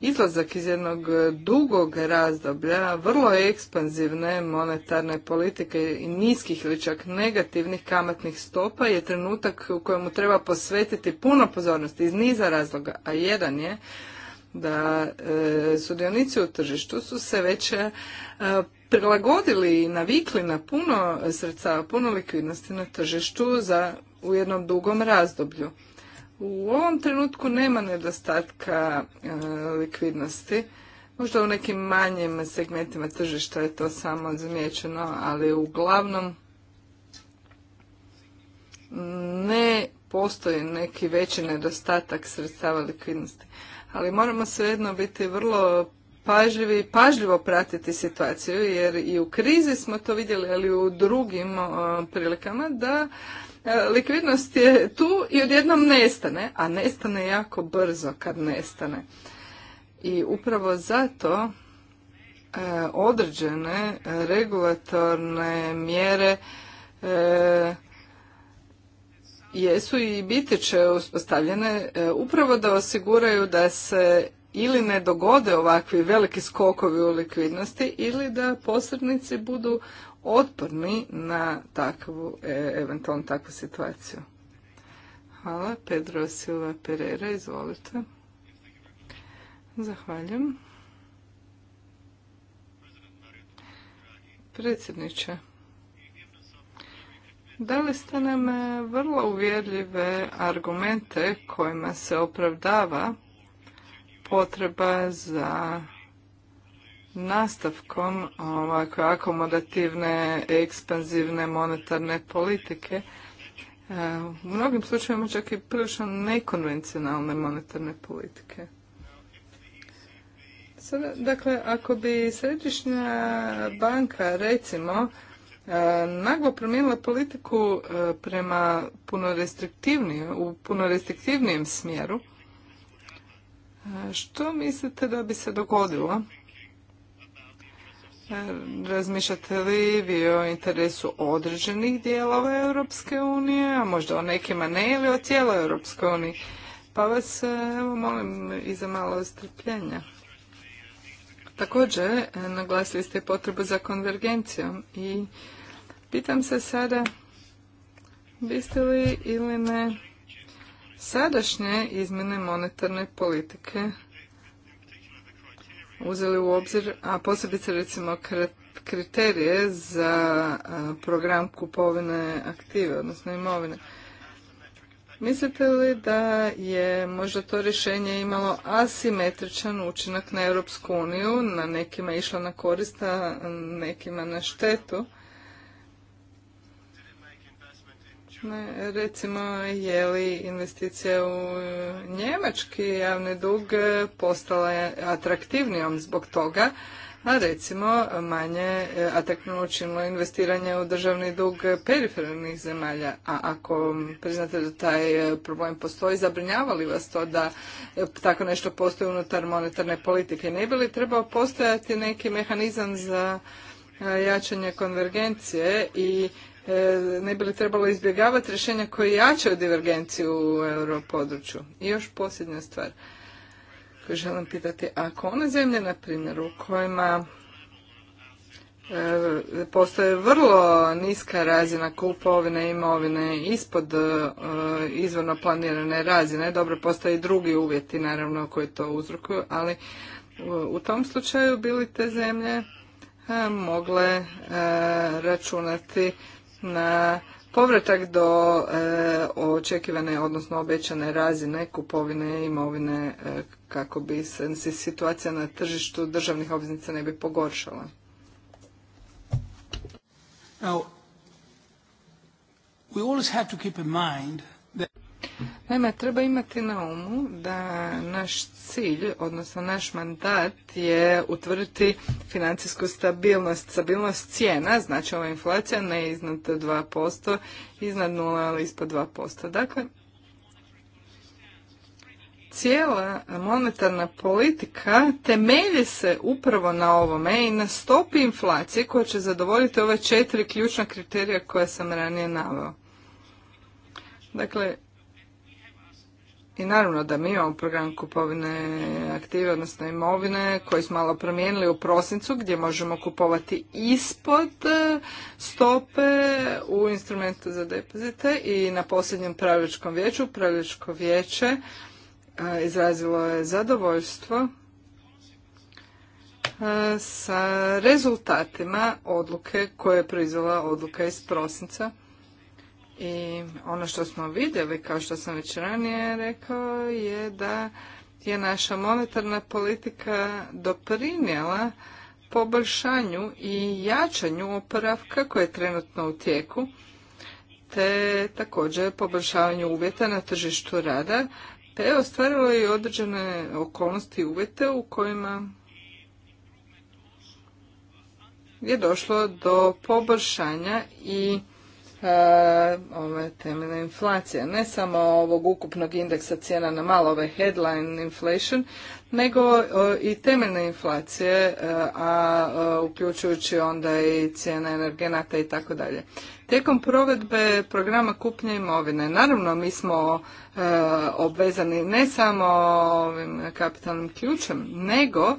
izlazak iz jednog dugog razdoblja vrlo ekspanzivne monetarne politike i niskih ili čak negativnih kamatnih stopa je trenutak u kojemu treba posvetiti puno pozornosti iz niza razloga, a jedan je da e, sudionici u tržištu su se već e, prilagodili i navikli na puno sredstava, puno likvidnosti na tržištu za u jednom dugom razdoblju. U ovom trenutku nema nedostatka e, likvidnosti. Možda u nekim manjim segmentima tržišta je to samo zamijećeno, ali uglavnom ne postoji neki veći nedostatak sredstava likvidnosti. Ali moramo svejedno biti vrlo pažljivi i pažljivo pratiti situaciju jer i u krizi smo to vidjeli, ali i u drugim e, prilikama da E, likvidnost je tu i odjednom nestane, a nestane jako brzo kad nestane. I upravo zato e, određene regulatorne mjere e, jesu i biti će uspostavljene upravo da osiguraju da se ili ne dogode ovakvi veliki skokovi u likvidnosti ili da posrednici budu otporni na takvu, e, eventualno takvu situaciju. Hvala. Pedro Silva Pereira, izvolite. Zahvaljujem. Predsjedniče, dali ste nam e, vrlo uvjerljive argumente kojima se opravdava potreba za nastavkom ovako akomodativne, ekspanzivne monetarne politike. E, u mnogim slučajevima čak i prilično nekonvencionalne monetarne politike. Sada, dakle, ako bi središnja banka, recimo, e, naglo promijenila politiku e, prema puno u puno restriktivnijem smjeru, što mislite da bi se dogodilo? Razmišljate li vi o interesu određenih dijelova Europske unije, a možda o nekima ne ili o cijeloj Europskoj uniji? Pa vas evo, molim i za malo strpljenja. Također, naglasili ste potrebu za konvergencijom i pitam se sada biste li ili ne sadašnje izmjene monetarne politike uzeli u obzir, a posebice recimo kriterije za program kupovine aktive, odnosno imovine. Mislite li da je možda to rješenje imalo asimetričan učinak na Europsku uniju, na nekima išla na korista, a nekima na štetu? recimo je li investicija u e, njemački javni dug e, postala atraktivnijom zbog toga, a recimo manje e, atraktivno učinilo investiranje u državni dug perifernih zemalja. A ako priznate da taj problem postoji, zabrinjava li vas to da tako nešto postoji unutar monetarne politike? Ne bi li trebao postojati neki mehanizam za jačanje konvergencije i E, ne bi li trebalo izbjegavati rješenja koje jačaju divergenciju u europodručju. I još posljednja stvar koju želim pitati. Ako one zemlje, na primjer, u kojima e, postoje vrlo niska razina kupovine imovine ispod e, izvorno planirane razine. Dobro, postoje i drugi uvjeti naravno koji to uzrokuju, ali u tom slučaju bili te zemlje mogle računati na povratak do e, očekivane, odnosno obećane razine kupovine imovine e, kako bi se, situacija na tržištu državnih obveznica ne bi pogoršala. we to keep in mind that... Naime, treba imati na umu da naš cilj, odnosno naš mandat je utvrditi financijsku stabilnost, stabilnost cijena, znači ova inflacija ne iznad 2%, iznad 0, ali ispod 2%. Dakle, cijela monetarna politika temelji se upravo na ovome i na stopi inflacije koja će zadovoljiti ove četiri ključna kriterija koja sam ranije naveo. Dakle, i naravno da mi imamo program kupovine aktive, odnosno imovine, koji smo malo promijenili u prosincu, gdje možemo kupovati ispod e, stope u instrumentu za depozite i na posljednjem pravičkom vijeću, pravičko vijeće e, izrazilo je zadovoljstvo e, sa rezultatima odluke koje je proizvela odluka iz prosinca i ono što smo vidjeli, kao što sam već ranije rekao, je da je naša monetarna politika doprinijela poboljšanju i jačanju oporavka koje je trenutno u tijeku, te također poboljšavanju uvjeta na tržištu rada, te je ostvarilo i određene okolnosti i uvjete u kojima je došlo do poboljšanja i E, ove temeljne inflacije. Ne samo ovog ukupnog indeksa cijena na malo, ove headline inflation, nego e, i temeljne inflacije, e, a uključujući onda i cijene energenata i tako dalje. Tijekom provedbe programa kupnje imovine, naravno mi smo obvezani ne samo ovim kapitalnim ključem, nego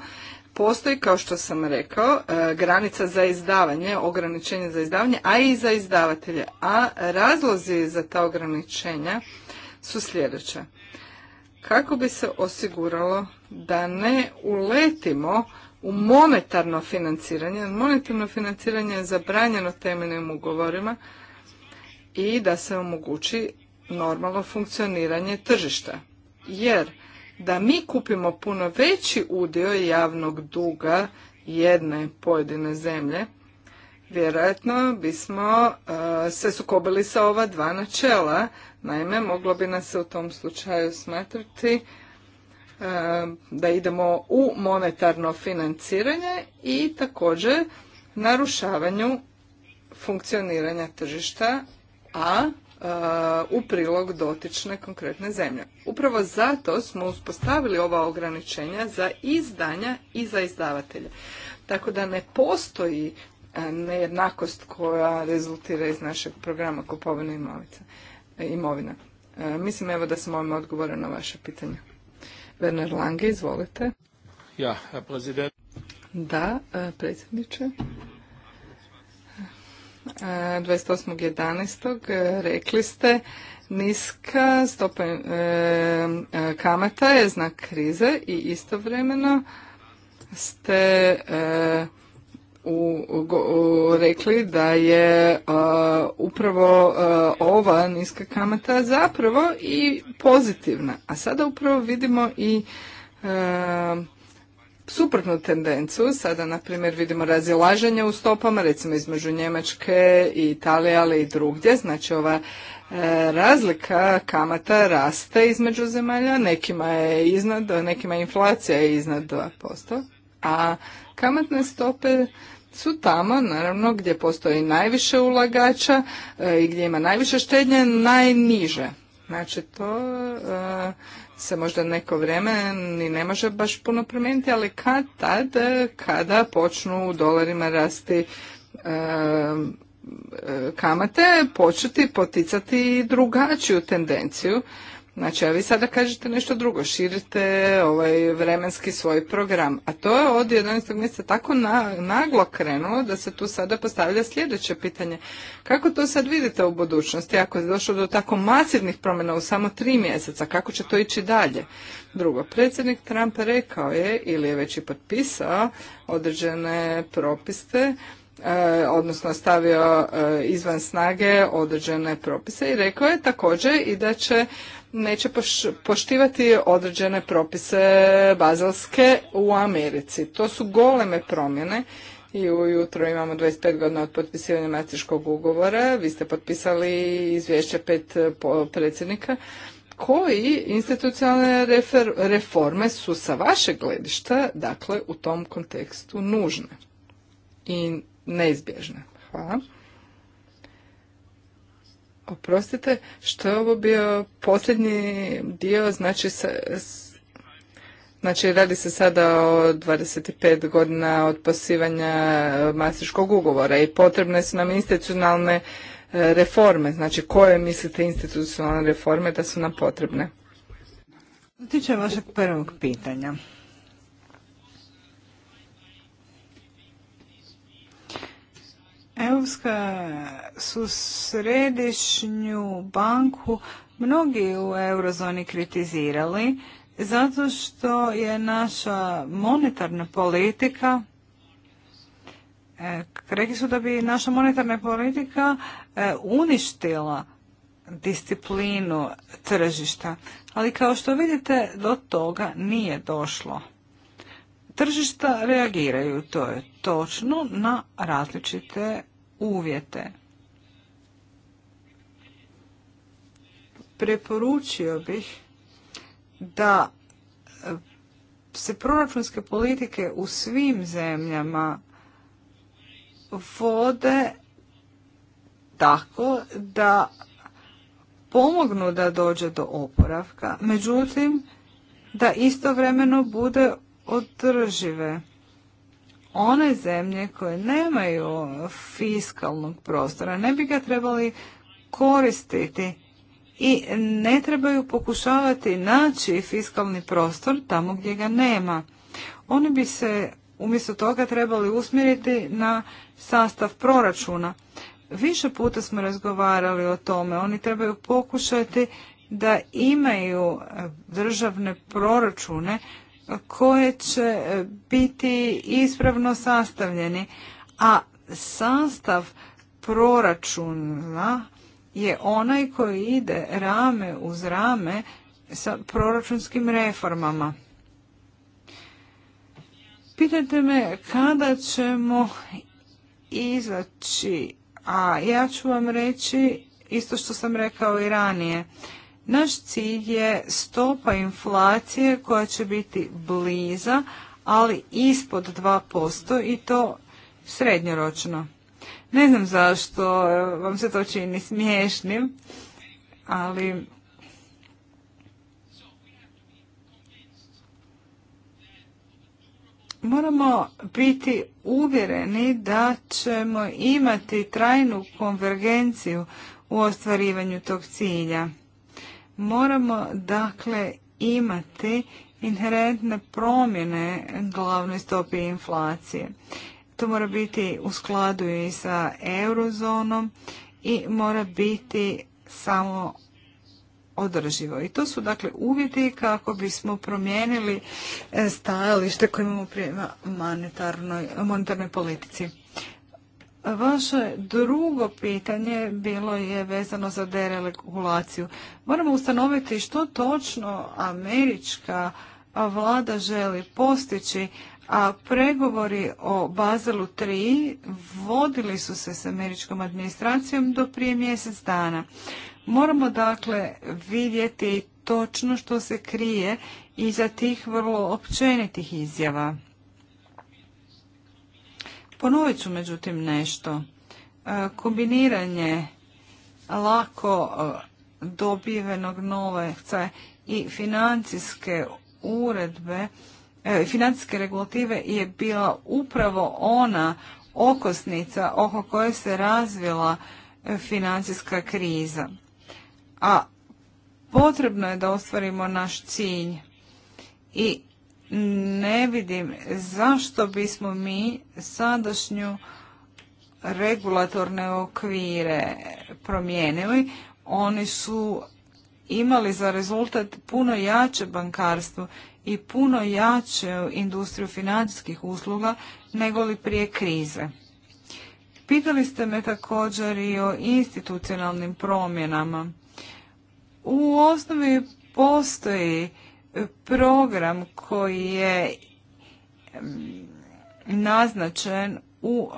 Postoji, kao što sam rekao, e, granica za izdavanje, ograničenje za izdavanje, a i za izdavatelje. A razlozi za ta ograničenja su sljedeće. Kako bi se osiguralo da ne uletimo u monetarno financiranje, monetarno financiranje je zabranjeno temeljnim ugovorima i da se omogući normalno funkcioniranje tržišta. Jer da mi kupimo puno veći udio javnog duga jedne pojedine zemlje, vjerojatno bismo e, se sukobili sa ova dva načela. Naime, moglo bi nas se u tom slučaju smatrati e, da idemo u monetarno financiranje i također narušavanju funkcioniranja tržišta, a u prilog dotične konkretne zemlje. Upravo zato smo uspostavili ova ograničenja za izdanja i za izdavatelje. Tako da ne postoji e, nejednakost koja rezultira iz našeg programa kupovine e, imovina. E, mislim evo da sam ovim odgovorila na vaše pitanje. Werner Lange, izvolite. Ja, prezident. Da, predsjedniče. 28.11. E, rekli ste niska stopa e, e, kamata je znak krize i istovremeno ste rekli da je upravo ova niska kamata zapravo i pozitivna. A sada upravo vidimo i suprotnu tendenciju. Sada, na primjer, vidimo razilaženje u stopama, recimo između Njemačke i Italije, ali i drugdje. Znači, ova e, razlika kamata raste između zemalja. Nekima je iznad, nekima je inflacija je iznad 2%. A kamatne stope su tamo, naravno, gdje postoji najviše ulagača e, i gdje ima najviše štednje, najniže. Znači, to... E, se možda neko vrijeme ni ne može baš puno promijeniti, ali kad tad, kada počnu u dolarima rasti kamate, početi poticati drugačiju tendenciju Znači, a vi sada kažete nešto drugo, širite ovaj vremenski svoj program. A to je od 11. mjeseca tako naglo krenulo da se tu sada postavlja sljedeće pitanje. Kako to sad vidite u budućnosti ako je došlo do tako masivnih promjena u samo tri mjeseca? Kako će to ići dalje? Drugo, predsjednik Trump rekao je ili je već i potpisao određene propiste e, odnosno stavio e, izvan snage određene propise i rekao je također i da će neće poštivati određene propise bazelske u Americi. To su goleme promjene i ujutro imamo 25 godina od potpisivanja matriškog ugovora. Vi ste potpisali izvješće pet predsjednika koji institucionalne reforme su sa vašeg gledišta, dakle, u tom kontekstu nužne i neizbježne. Hvala. Oprostite, što je ovo bio posljednji dio, znači, sa, znači radi se sada o 25 godina od pasivanja e, ugovora i potrebne su nam institucionalne e, reforme, znači koje mislite institucionalne reforme da su nam potrebne? Tiče vašeg prvog pitanja. Europska su središnju banku mnogi u eurozoni kritizirali zato što je naša monetarna politika e, rekli su da bi naša monetarna politika e, uništila disciplinu tržišta. Ali kao što vidite do toga nije došlo. Tržišta reagiraju, to je točno, na različite uvjete. Preporučio bih da se proračunske politike u svim zemljama vode tako da pomognu da dođe do oporavka, međutim da istovremeno bude održive. One zemlje koje nemaju fiskalnog prostora ne bi ga trebali koristiti i ne trebaju pokušavati naći fiskalni prostor tamo gdje ga nema. Oni bi se umjesto toga trebali usmjeriti na sastav proračuna. Više puta smo razgovarali o tome. Oni trebaju pokušati da imaju državne proračune koje će e, biti ispravno sastavljeni, a sastav proračuna je onaj koji ide rame uz rame sa proračunskim reformama. Pitajte me kada ćemo izaći, a ja ću vam reći isto što sam rekao i ranije. Naš cilj je stopa inflacije koja će biti bliza, ali ispod 2% i to srednjoročno. Ne znam zašto vam se to čini smiješnim, ali moramo biti uvjereni da ćemo imati trajnu konvergenciju u ostvarivanju tog cilja. Moramo dakle imati inherentne promjene glavnoj stopi inflacije. To mora biti u skladu i sa eurozonom i mora biti samo održivo. I to su dakle uvjeti kako bismo promijenili e, stajalište koje imamo prema monetarnoj, monetarnoj politici. Vaše drugo pitanje bilo je vezano za deregulaciju. Moramo ustanoviti što točno američka vlada želi postići, a pregovori o Bazelu 3 vodili su se s američkom administracijom do prije mjesec dana. Moramo dakle vidjeti točno što se krije iza tih vrlo općenitih izjava. Ponovit ću međutim nešto. E, kombiniranje lako e, dobivenog novaca i financijske uredbe, e, financijske regulative je bila upravo ona okosnica oko koje se razvila financijska kriza. A potrebno je da ostvarimo naš cilj i ne vidim zašto bismo mi sadašnju regulatorne okvire promijenili. Oni su imali za rezultat puno jače bankarstvo i puno jače industriju financijskih usluga nego li prije krize. Pitali ste me također i o institucionalnim promjenama. U osnovi postoji program koji je naznačen u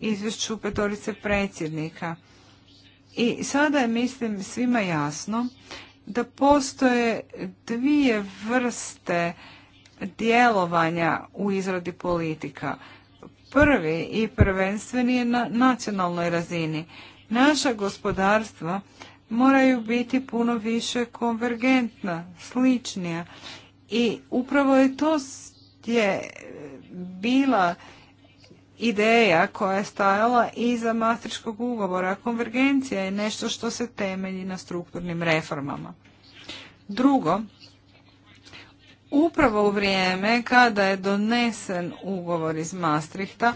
izvješću petorice predsjednika. I sada je, mislim, svima jasno da postoje dvije vrste djelovanja u izradi politika. Prvi i prvenstveni je na nacionalnoj razini. Naša gospodarstva moraju biti puno više konvergentna, sličnija. I upravo je to je e, bila ideja koja je stajala iza mastričkog ugovora. Konvergencija je nešto što se temelji na strukturnim reformama. Drugo, upravo u vrijeme kada je donesen ugovor iz Maastrichta,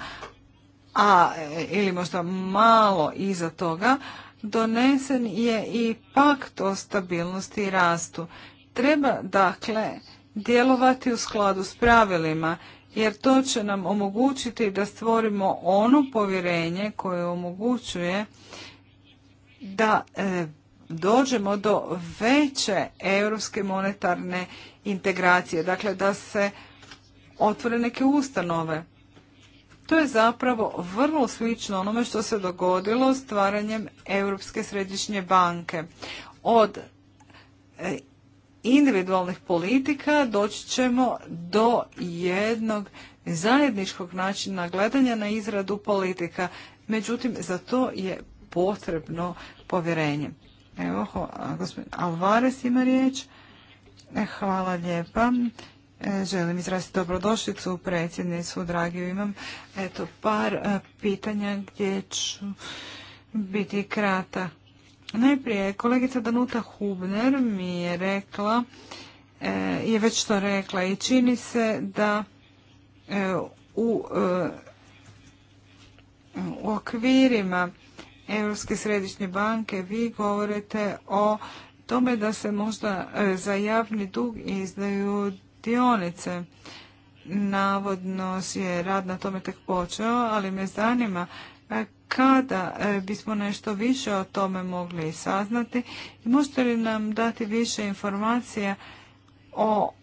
a e, ili možda malo iza toga, donesen je i pakt o stabilnosti i rastu. Treba dakle djelovati u skladu s pravilima jer to će nam omogućiti da stvorimo ono povjerenje koje omogućuje da e, dođemo do veće europske monetarne integracije, dakle da se otvore neke ustanove. To je zapravo vrlo slično onome što se dogodilo stvaranjem Europske središnje banke. Od e, individualnih politika doći ćemo do jednog zajedničkog načina gledanja na izradu politika. Međutim, za to je potrebno povjerenje. Evo, gospodin Alvarez ima riječ. E, hvala lijepa. E, želim izraziti dobrodošlicu predsjednicu dragi, Imam eto par e, pitanja gdje ću biti krata. Najprije kolegica Danuta Hubner mi je rekla, e, je već to rekla i čini se da u, u okvirima Europske središnje banke vi govorite o tome da se možda za javni dug izdaju dionice. Navodno je rad na tome tek počeo, ali me zanima e, kada e, bismo nešto više o tome mogli saznati i možete li nam dati više informacija o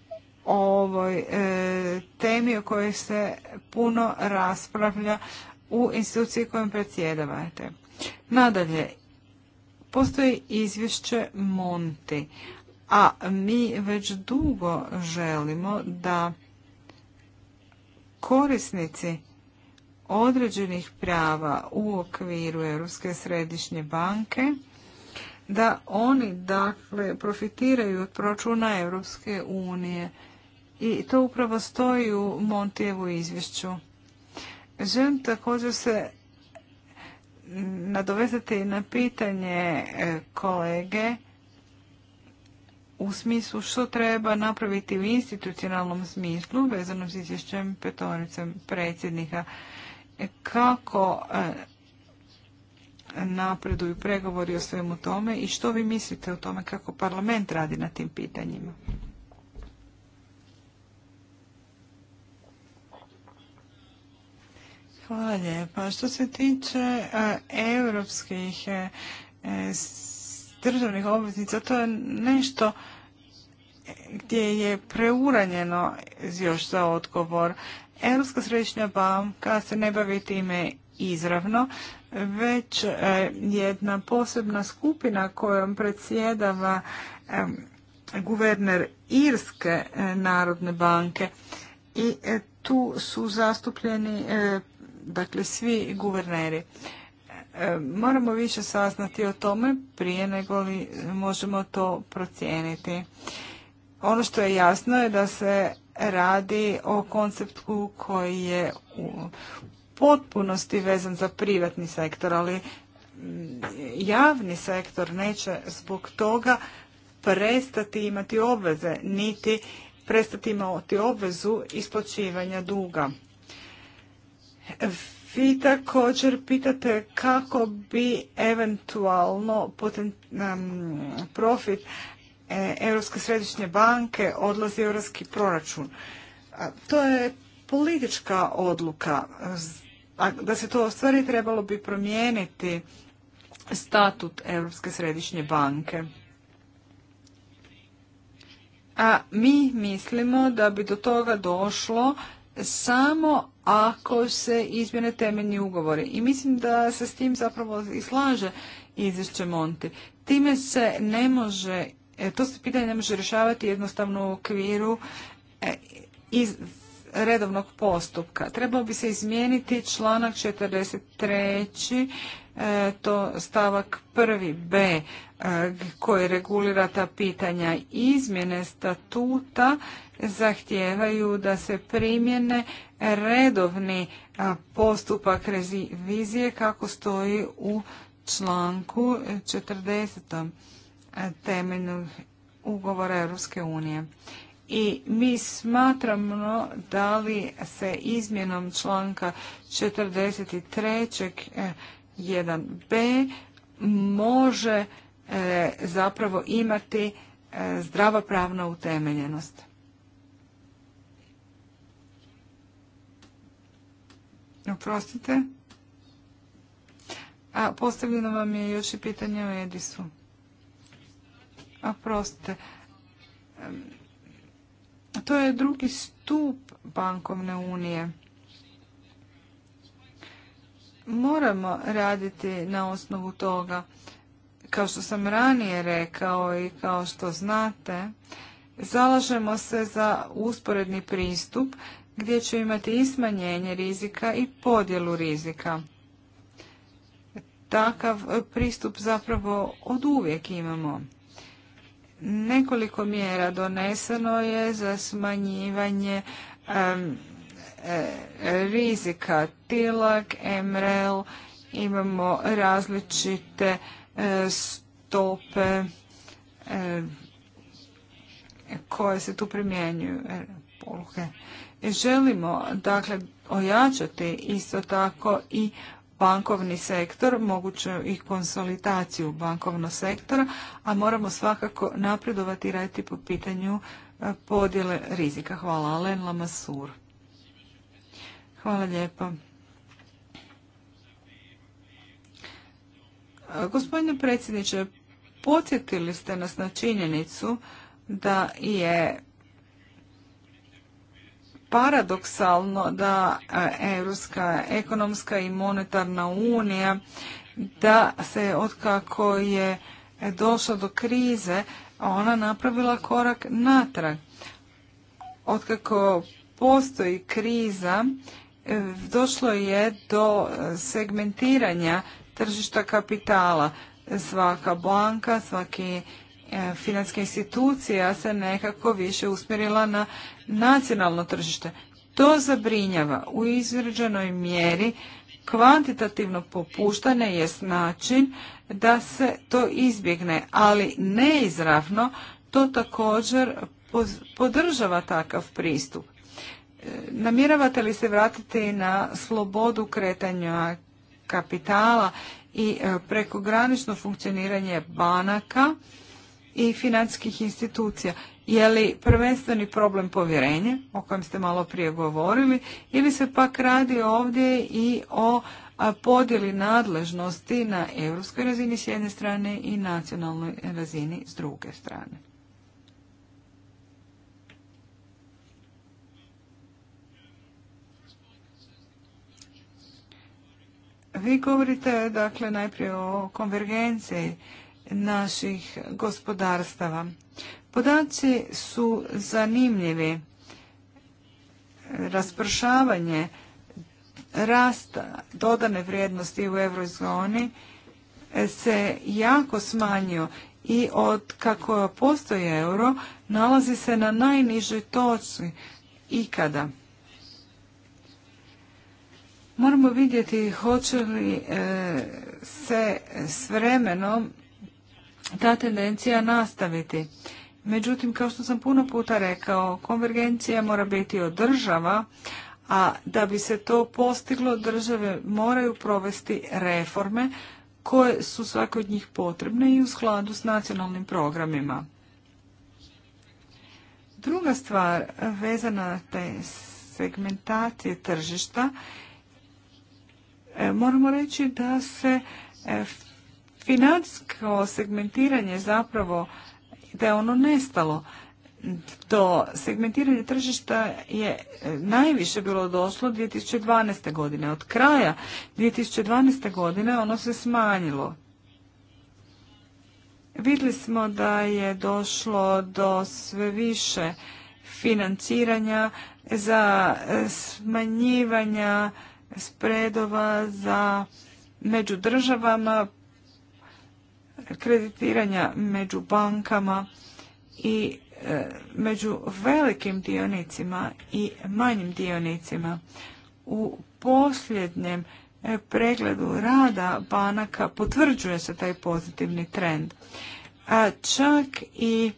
ovoj e, temi o kojoj se puno raspravlja u instituciji kojom predsjedavate. Nadalje, postoji izvješće Monti, a mi već dugo želimo da korisnici određenih prava u okviru Europske središnje banke da oni dakle profitiraju od proračuna Europske unije i to upravo stoji u Montijevu izvješću. Želim također se nadovezati na pitanje e, kolege u smislu što treba napraviti u institucionalnom smislu vezano s izvješćem petoricom predsjednika e, kako e, napreduju pregovori o svemu tome i što vi mislite o tome kako parlament radi na tim pitanjima? Hvala lijepa. Što se tiče e, europskih državnih obveznica, to je nešto gdje je preuranjeno još za odgovor. Europska središnja banka se ne bavi time izravno, već e, jedna posebna skupina kojom predsjedava guverner Irske e, narodne banke i e, tu su zastupljeni dakle svi guverneri. Moramo više saznati o tome prije nego li možemo to procijeniti. Ono što je jasno je da se radi o konceptu koji je u potpunosti vezan za privatni sektor, ali mm, javni sektor neće zbog toga prestati imati obveze, niti prestati imati obvezu isplaćivanja duga. Vi također pitate kako bi eventualno profit E, Europske središnje banke odlazi europski proračun. To je politička odluka. A da se to ostvari trebalo bi promijeniti statut Europske središnje banke. A mi mislimo da bi do toga došlo samo ako se izmjene temeljni ugovori. I mislim da se s tim zapravo i slaže izvješće Monti. Time se ne može E, to se pitanje ne može rješavati jednostavno u okviru e, iz redovnog postupka. Trebao bi se izmijeniti članak 43. E, to stavak 1b koji regulira ta pitanja. Izmjene statuta zahtijevaju da se primjene redovni postupak revizije kako stoji u članku 40 temeljnog ugovora Europske unije. I mi smatramo da li se izmjenom članka 431 b može e, zapravo imati e, zdrava pravna utemeljenost. Oprostite. A postavljeno vam je još i pitanje o Edisu. Oprostite. To je drugi stup bankovne unije. Moramo raditi na osnovu toga. Kao što sam ranije rekao i kao što znate, zalažemo se za usporedni pristup gdje će imati i smanjenje rizika i podjelu rizika. Takav pristup zapravo od uvijek imamo. Nekoliko mjera doneseno je za smanjivanje e, rizika TILAK, MREL, imamo različite e, stope e, koje se tu primjenjuju. Poluke. Želimo dakle ojačati isto tako i bankovni sektor, moguće i konsolidaciju bankovnog sektora, a moramo svakako napredovati i raditi po pitanju e, podjele rizika. Hvala, Alen Lamassur. Hvala lijepo. E, gospodine predsjedniče, podsjetili ste nas na činjenicu da je paradoksalno da Europska ekonomska i monetarna unija da se otkako je došla do krize, ona napravila korak natrag. Otkako postoji kriza, e, došlo je do segmentiranja tržišta kapitala. Svaka banka, svaki E, institucije, institucija se nekako više usmjerila na nacionalno tržište. To zabrinjava u izvrđenoj mjeri kvantitativno popuštane je način da se to izbjegne, ali neizravno to također podržava takav pristup. E, namjeravate li se vratiti na slobodu kretanja kapitala i e, prekogranično funkcioniranje banaka i financijskih institucija. Je li prvenstveni problem povjerenje, o kojem ste malo prije govorili, ili se pak radi ovdje i o podjeli nadležnosti na europskoj razini s jedne strane i nacionalnoj razini s druge strane? Vi govorite dakle najprije o konvergenciji naših gospodarstava. Podaci su zanimljivi. Raspršavanje rasta dodane vrijednosti u eurozoni se jako smanjio i od kako postoji euro nalazi se na najnižoj točci ikada. Moramo vidjeti hoće li e, se s vremenom ta tendencija nastaviti. Međutim, kao što sam puno puta rekao, konvergencija mora biti od država, a da bi se to postiglo, države moraju provesti reforme koje su svake od njih potrebne i u skladu s nacionalnim programima. Druga stvar vezana te segmentacije tržišta, e, moramo reći da se e, financijsko segmentiranje zapravo da je ono nestalo. to segmentiranje tržišta je najviše bilo došlo 2012. godine. Od kraja 2012. godine ono se smanjilo. Vidjeli smo da je došlo do sve više financiranja za smanjivanja spredova za među državama kreditiranja među bankama i e, među velikim dionicima i manjim dionicima. U posljednjem e, pregledu rada banaka potvrđuje se taj pozitivni trend. A čak i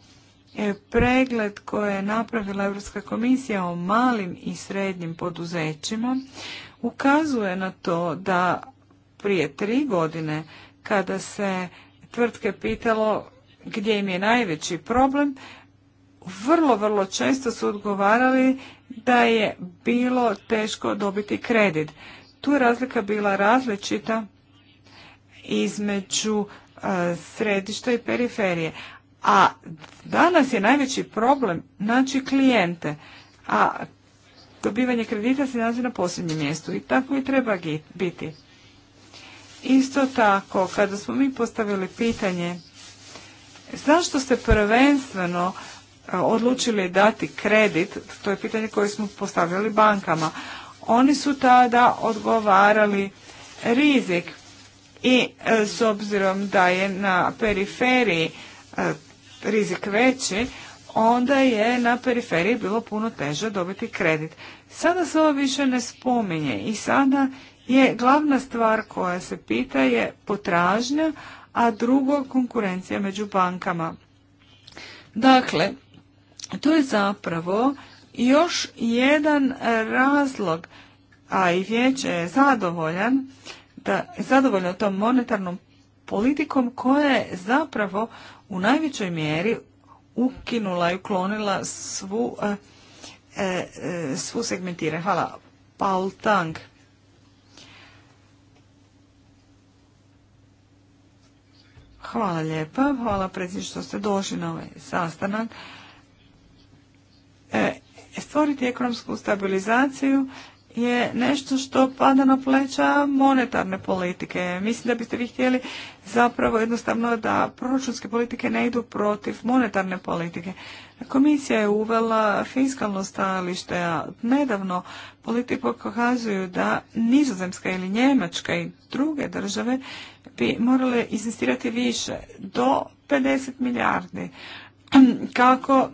e, pregled koje je napravila Europska komisija o malim i srednjim poduzećima ukazuje na to da prije tri godine kada se tvrtke pitalo gdje im je najveći problem, vrlo, vrlo često su odgovarali da je bilo teško dobiti kredit. Tu je razlika bila različita između e, središta i periferije. A danas je najveći problem naći klijente, a dobivanje kredita se nalazi na posljednjem mjestu i tako i treba biti. Isto tako, kada smo mi postavili pitanje zašto ste prvenstveno e, odlučili dati kredit, to je pitanje koje smo postavljali bankama, oni su tada odgovarali rizik i e, s obzirom da je na periferiji e, rizik veći, onda je na periferiji bilo puno teže dobiti kredit. Sada se ovo više ne spominje i sada je glavna stvar koja se pita je potražnja, a drugo konkurencija među bankama. Dakle, to je zapravo još jedan razlog, a i vijeće je zadovoljan, da, zadovoljno tom monetarnom politikom koja je zapravo u najvećoj mjeri ukinula i uklonila svu, e, svu segmentire. Hvala. Paul Tang. Hvala lijepa. Hvala predsjedniče što ste došli na ovaj sastanak. E, stvoriti ekonomsku stabilizaciju je nešto što pada na pleća monetarne politike. Mislim da biste vi htjeli zapravo jednostavno da proračunske politike ne idu protiv monetarne politike. Komisija je uvela fiskalno stajalište, a nedavno politike pokazuju da Nizozemska ili Njemačka i druge države bi morale insistirati više, do 50 milijardi, kako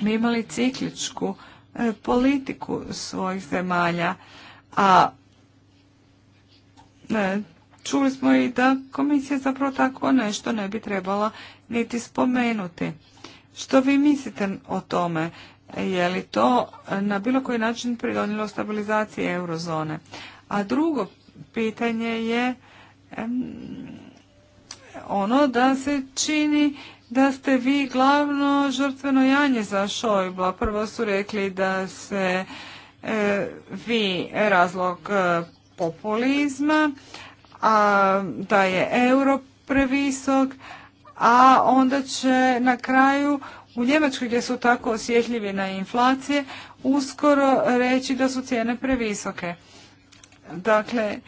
bi imali cikličku E, politiku svojih zemalja. A e, čuli smo i da komisija zapravo tako nešto ne bi trebala niti spomenuti. Što vi mislite o tome? Je li to na bilo koji način pridonijelo stabilizaciji eurozone? A drugo pitanje je ono da se čini da ste vi glavno žrtveno janje za Šojbla. Prvo su rekli da se e, vi razlog e, populizma, a da je euro previsok, a onda će na kraju u Njemačkoj gdje su tako osjetljivi na inflacije uskoro reći da su cijene previsoke. Dakle, e,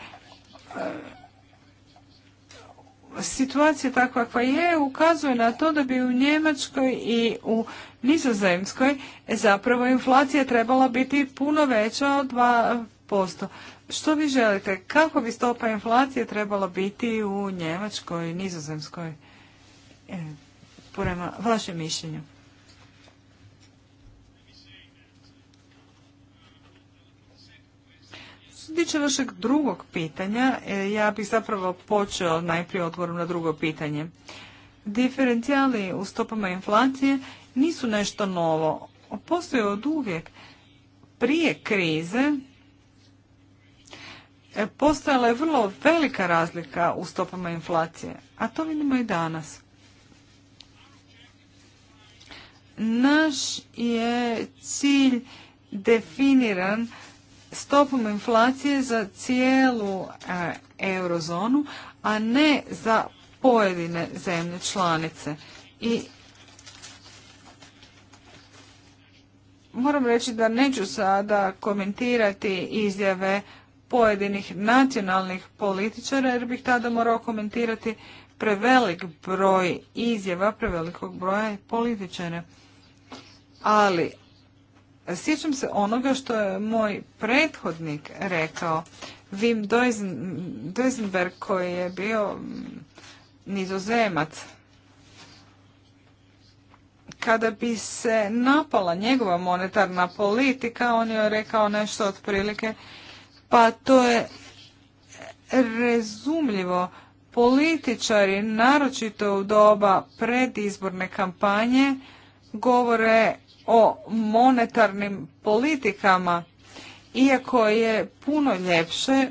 situacija takva kakva je ukazuje na to da bi u Njemačkoj i u Nizozemskoj zapravo inflacija trebala biti puno veća od 2%. Što vi želite? Kako bi stopa inflacije trebala biti u Njemačkoj i Nizozemskoj? E, prema vašem mišljenju. se tiče vašeg drugog pitanja, e, ja bih zapravo počeo najprije odgovorom na drugo pitanje. Diferencijali u stopama inflacije nisu nešto novo. Postoje od uvijek. Prije krize e, postojala je vrlo velika razlika u stopama inflacije, a to vidimo i danas. Naš je cilj definiran stopom inflacije za cijelu e, eurozonu, a ne za pojedine zemlje članice. I moram reći da neću sada komentirati izjave pojedinih nacionalnih političara jer bih tada morao komentirati prevelik broj izjava, prevelikog broja političara. Ali Sjećam se onoga što je moj prethodnik rekao, Wim Duisenberg koji je bio mm, nizozemac. Kada bi se napala njegova monetarna politika, on je rekao nešto otprilike, pa to je rezumljivo. Političari, naročito u doba predizborne kampanje, govore o monetarnim politikama, iako je puno ljepše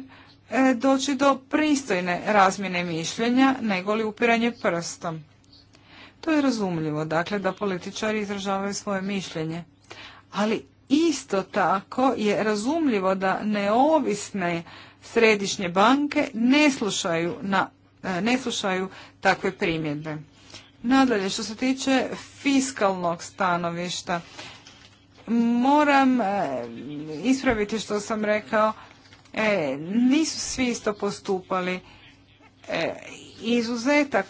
e, doći do pristojne razmjene mišljenja nego li upiranje prstom. To je razumljivo, dakle, da političari izražavaju svoje mišljenje. Ali isto tako je razumljivo da neovisne središnje banke ne slušaju, na, e, ne slušaju takve primjedbe. Nadalje, što se tiče fiskalnog stanovišta, moram e, ispraviti što sam rekao. E, nisu svi isto postupali. E, izuzetak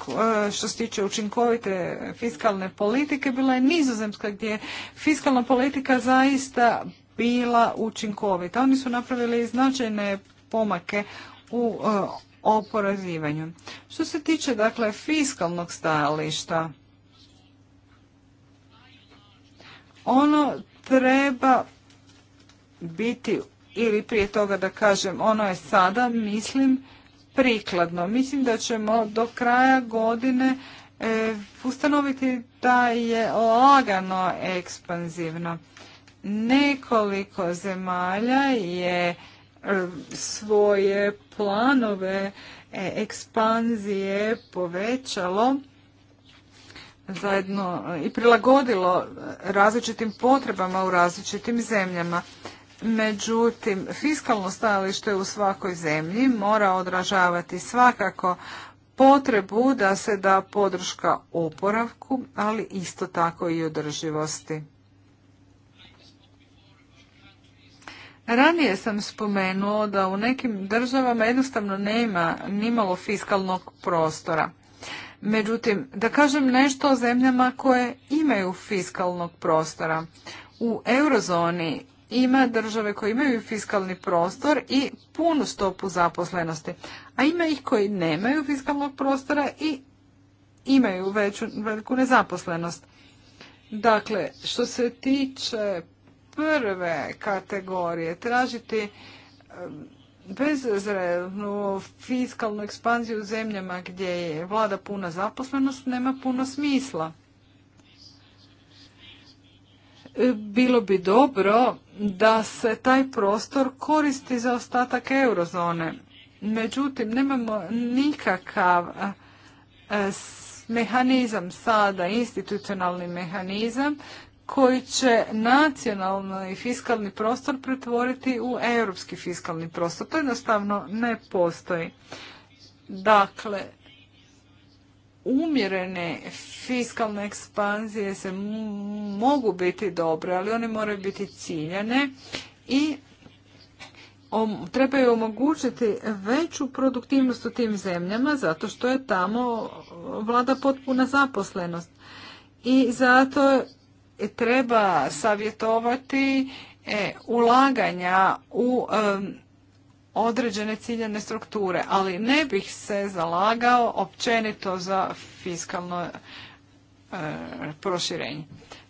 što se tiče učinkovite fiskalne politike bila je nizozemska gdje je fiskalna politika zaista bila učinkovita. Oni su napravili značajne pomake u oporezivanju. Što se tiče dakle fiskalnog stajališta, ono treba biti ili prije toga da kažem ono je sada mislim prikladno. Mislim da ćemo do kraja godine e, ustanoviti da je lagano ekspanzivno. Nekoliko zemalja je svoje planove e, ekspanzije povećalo zajedno i prilagodilo različitim potrebama u različitim zemljama. Međutim, fiskalno stajalište u svakoj zemlji mora odražavati svakako potrebu da se da podrška oporavku, ali isto tako i održivosti. Ranije sam spomenuo da u nekim državama jednostavno nema nimalo fiskalnog prostora. Međutim, da kažem nešto o zemljama koje imaju fiskalnog prostora. U eurozoni ima države koje imaju fiskalni prostor i punu stopu zaposlenosti, a ima ih koji nemaju fiskalnog prostora i imaju veću, veliku nezaposlenost. Dakle, što se tiče prve kategorije, tražiti bezrezrednu fiskalnu ekspanziju u zemljama gdje je vlada puna zaposlenost nema puno smisla. E, bilo bi dobro da se taj prostor koristi za ostatak eurozone. Međutim, nemamo nikakav e, mehanizam sada, institucionalni mehanizam koji će nacionalni fiskalni prostor pretvoriti u europski fiskalni prostor. To jednostavno ne postoji. Dakle, umjerene fiskalne ekspanzije se mogu biti dobre, ali one moraju biti ciljane i trebaju omogućiti veću produktivnost u tim zemljama zato što je tamo vlada potpuna zaposlenost. I zato treba savjetovati e, ulaganja u određene ciljene strukture, ali ne bih se zalagao općenito za fiskalno e, proširenje.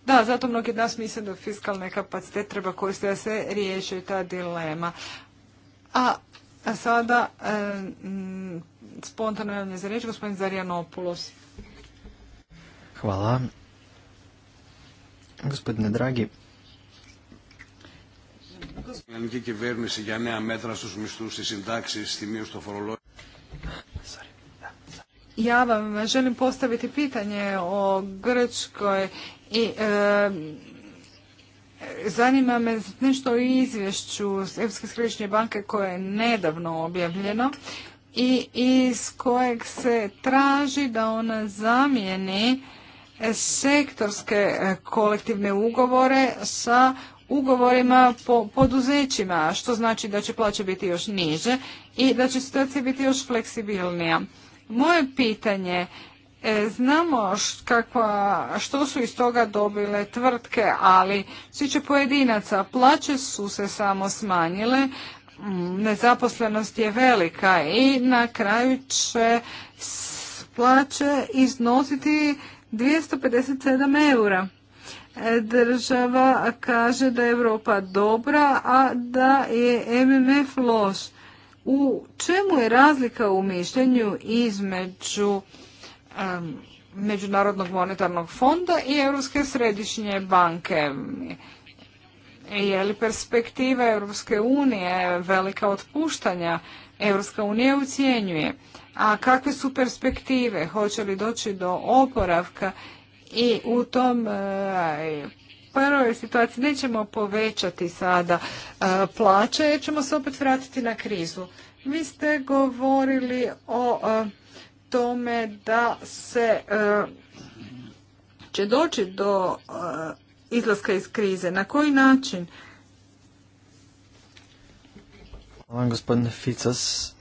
Da, zato mnogi nas misle da fiskalne kapacitet treba koristiti da se riješi ta dilema. A, sada spontano za riječ, gospodin Zarijanopoulos. Hvala. Gospodine Dragi. Ja vam želim postaviti pitanje o Grčkoj i e, zanima me nešto o izvješću Europske središnje banke koje je nedavno objavljeno i iz kojeg se traži da ona zamijeni sektorske e, kolektivne ugovore sa ugovorima po poduzećima, što znači da će plaće biti još niže i da će situacija biti još fleksibilnija. Moje pitanje e, Znamo kakva, što su iz toga dobile tvrtke, ali svi će pojedinaca, plaće su se samo smanjile, nezaposlenost je velika i na kraju će plaće iznositi 257 eura. E, država kaže da je Europa dobra, a da je MMF loš. U čemu je razlika u mišljenju između Međunarodnog monetarnog fonda i Europske središnje banke? Je li perspektiva Europske unije velika otpuštanja? Europska unija ucijenjuje. A kakve su perspektive? Hoće li doći do oporavka? I u tom e, prvoj situaciji nećemo povećati sada e, plaće jer ćemo se opet vratiti na krizu. Vi ste govorili o e, tome da se će doći do izlaska iz krize. Na koji način? Hvala gospodine Ficas.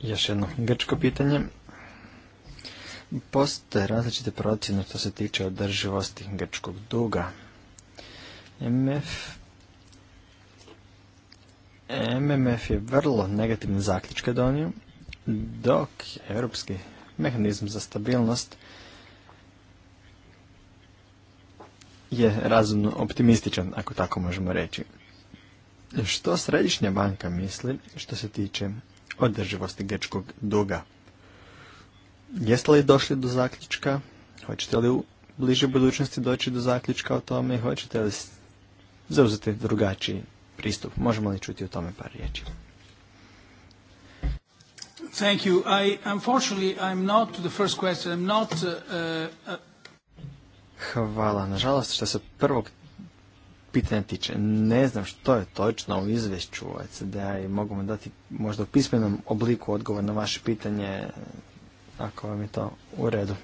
Još jedno grčko pitanje. Postoje različite procjene što se tiče održivosti grčkog duga. MF MMF je vrlo negativne zaključke donio, dok Europski mehanizam za stabilnost je razumno optimističan, ako tako možemo reći. Što središnja banka misli što se tiče održivosti grčkog duga. Jeste li došli do zaključka? Hoćete li u bliže budućnosti doći do zaključka o tome hoćete li zauzeti drugačiji pristup? Možemo li čuti o tome par riječi? Thank you. I, unfortunately, I'm not the first question. I'm not, uh, uh, uh Hvala. Nažalost, što se prvog pitanja tiče, ne znam što je točno u izvješću OECD-a i mogu vam dati možda u pismenom obliku odgovor na vaše pitanje ako vam je to u redu.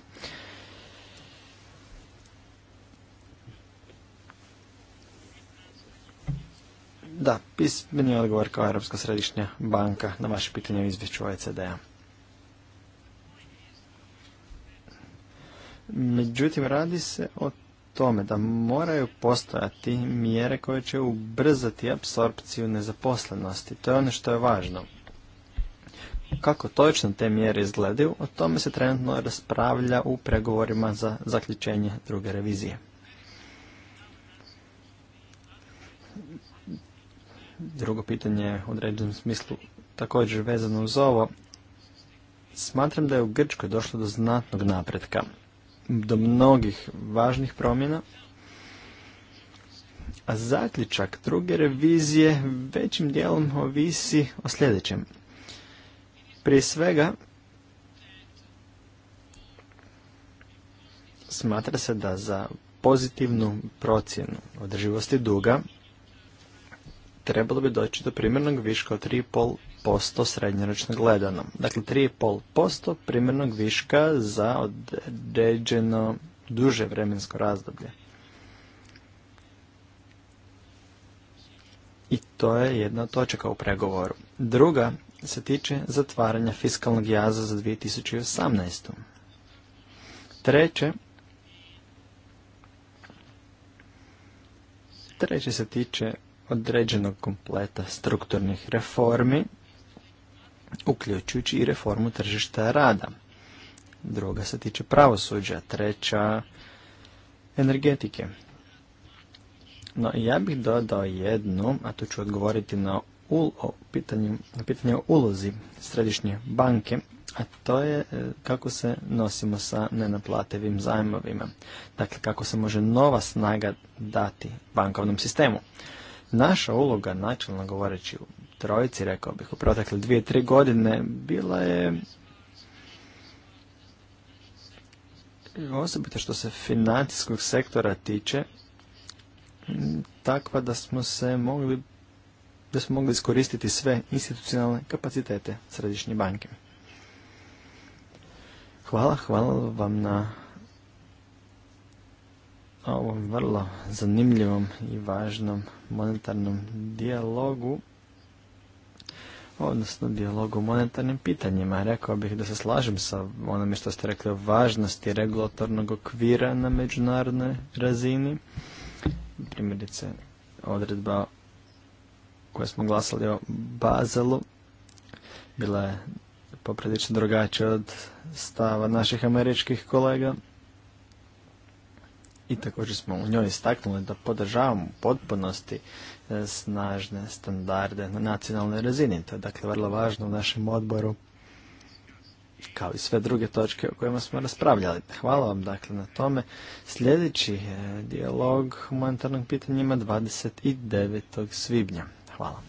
Da, pismeni odgovor kao Europska središnja banka na vaše pitanje u izvješću OECD-a. Međutim, radi se o tome da moraju postojati mjere koje će ubrzati apsorpciju nezaposlenosti. To je ono što je važno. Kako točno te mjere izgledaju, o tome se trenutno raspravlja u pregovorima za zaključenje druge revizije. Drugo pitanje je u određenom smislu također vezano uz ovo. Smatram da je u Grčkoj došlo do znatnog napretka do mnogih važnih promjena. A zaključak druge revizije većim dijelom ovisi o sljedećem. Prije svega, smatra se da za pozitivnu procjenu održivosti duga trebalo bi doći do primjernog viška od 3,5 3,5% srednjoročno gledano. Dakle, 3,5% primjernog viška za određeno duže vremensko razdoblje. I to je jedna od točaka u pregovoru. Druga se tiče zatvaranja fiskalnog jaza za 2018. Treće, treće se tiče određenog kompleta strukturnih reformi uključujući i reformu tržišta rada. Druga se tiče pravosuđa, treća energetike. No, ja bih dodao jednu, a tu ću odgovoriti na, o na pitanje o ulozi središnje banke, a to je e, kako se nosimo sa nenaplativim zajmovima. Dakle, kako se može nova snaga dati bankovnom sistemu. Naša uloga, načelno govoreći, u trojici, rekao bih, u protekle dvije, tri godine bila je osobito što se financijskog sektora tiče, takva da smo se mogli da smo mogli iskoristiti sve institucionalne kapacitete Središnje banke. Hvala, hvala vam na ovom vrlo zanimljivom i važnom monetarnom dijalogu odnosno dijalog o monetarnim pitanjima. Rekao bih da se slažem sa onome što ste rekli o važnosti regulatornog okvira na međunarodnoj razini. Primjerice, odredba koja smo glasali o Bazelu bila je poprilično drugačija od stava naših američkih kolega. I također smo u njoj istaknuli da podržavamo potpunosti E, snažne standarde na nacionalnoj razini. To je dakle vrlo važno u našem odboru kao i sve druge točke o kojima smo raspravljali. Hvala vam dakle na tome. Sljedeći e, dijalog humanitarnog pitanja ima 29. svibnja. Hvala.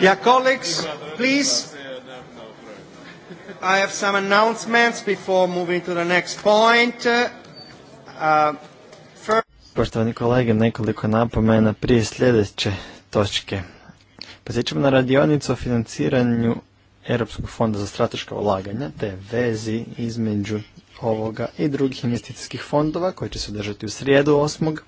Yeah, colleagues, please. I have some announcements before moving to the next point. Uh, Poštovani kolege, nekoliko napomena prije sljedeće točke. Posjećamo na radionicu o financiranju Europskog fonda za strateška ulaganja, te vezi između ovoga i drugih investicijskih fondova koji će se održati u srijedu osmog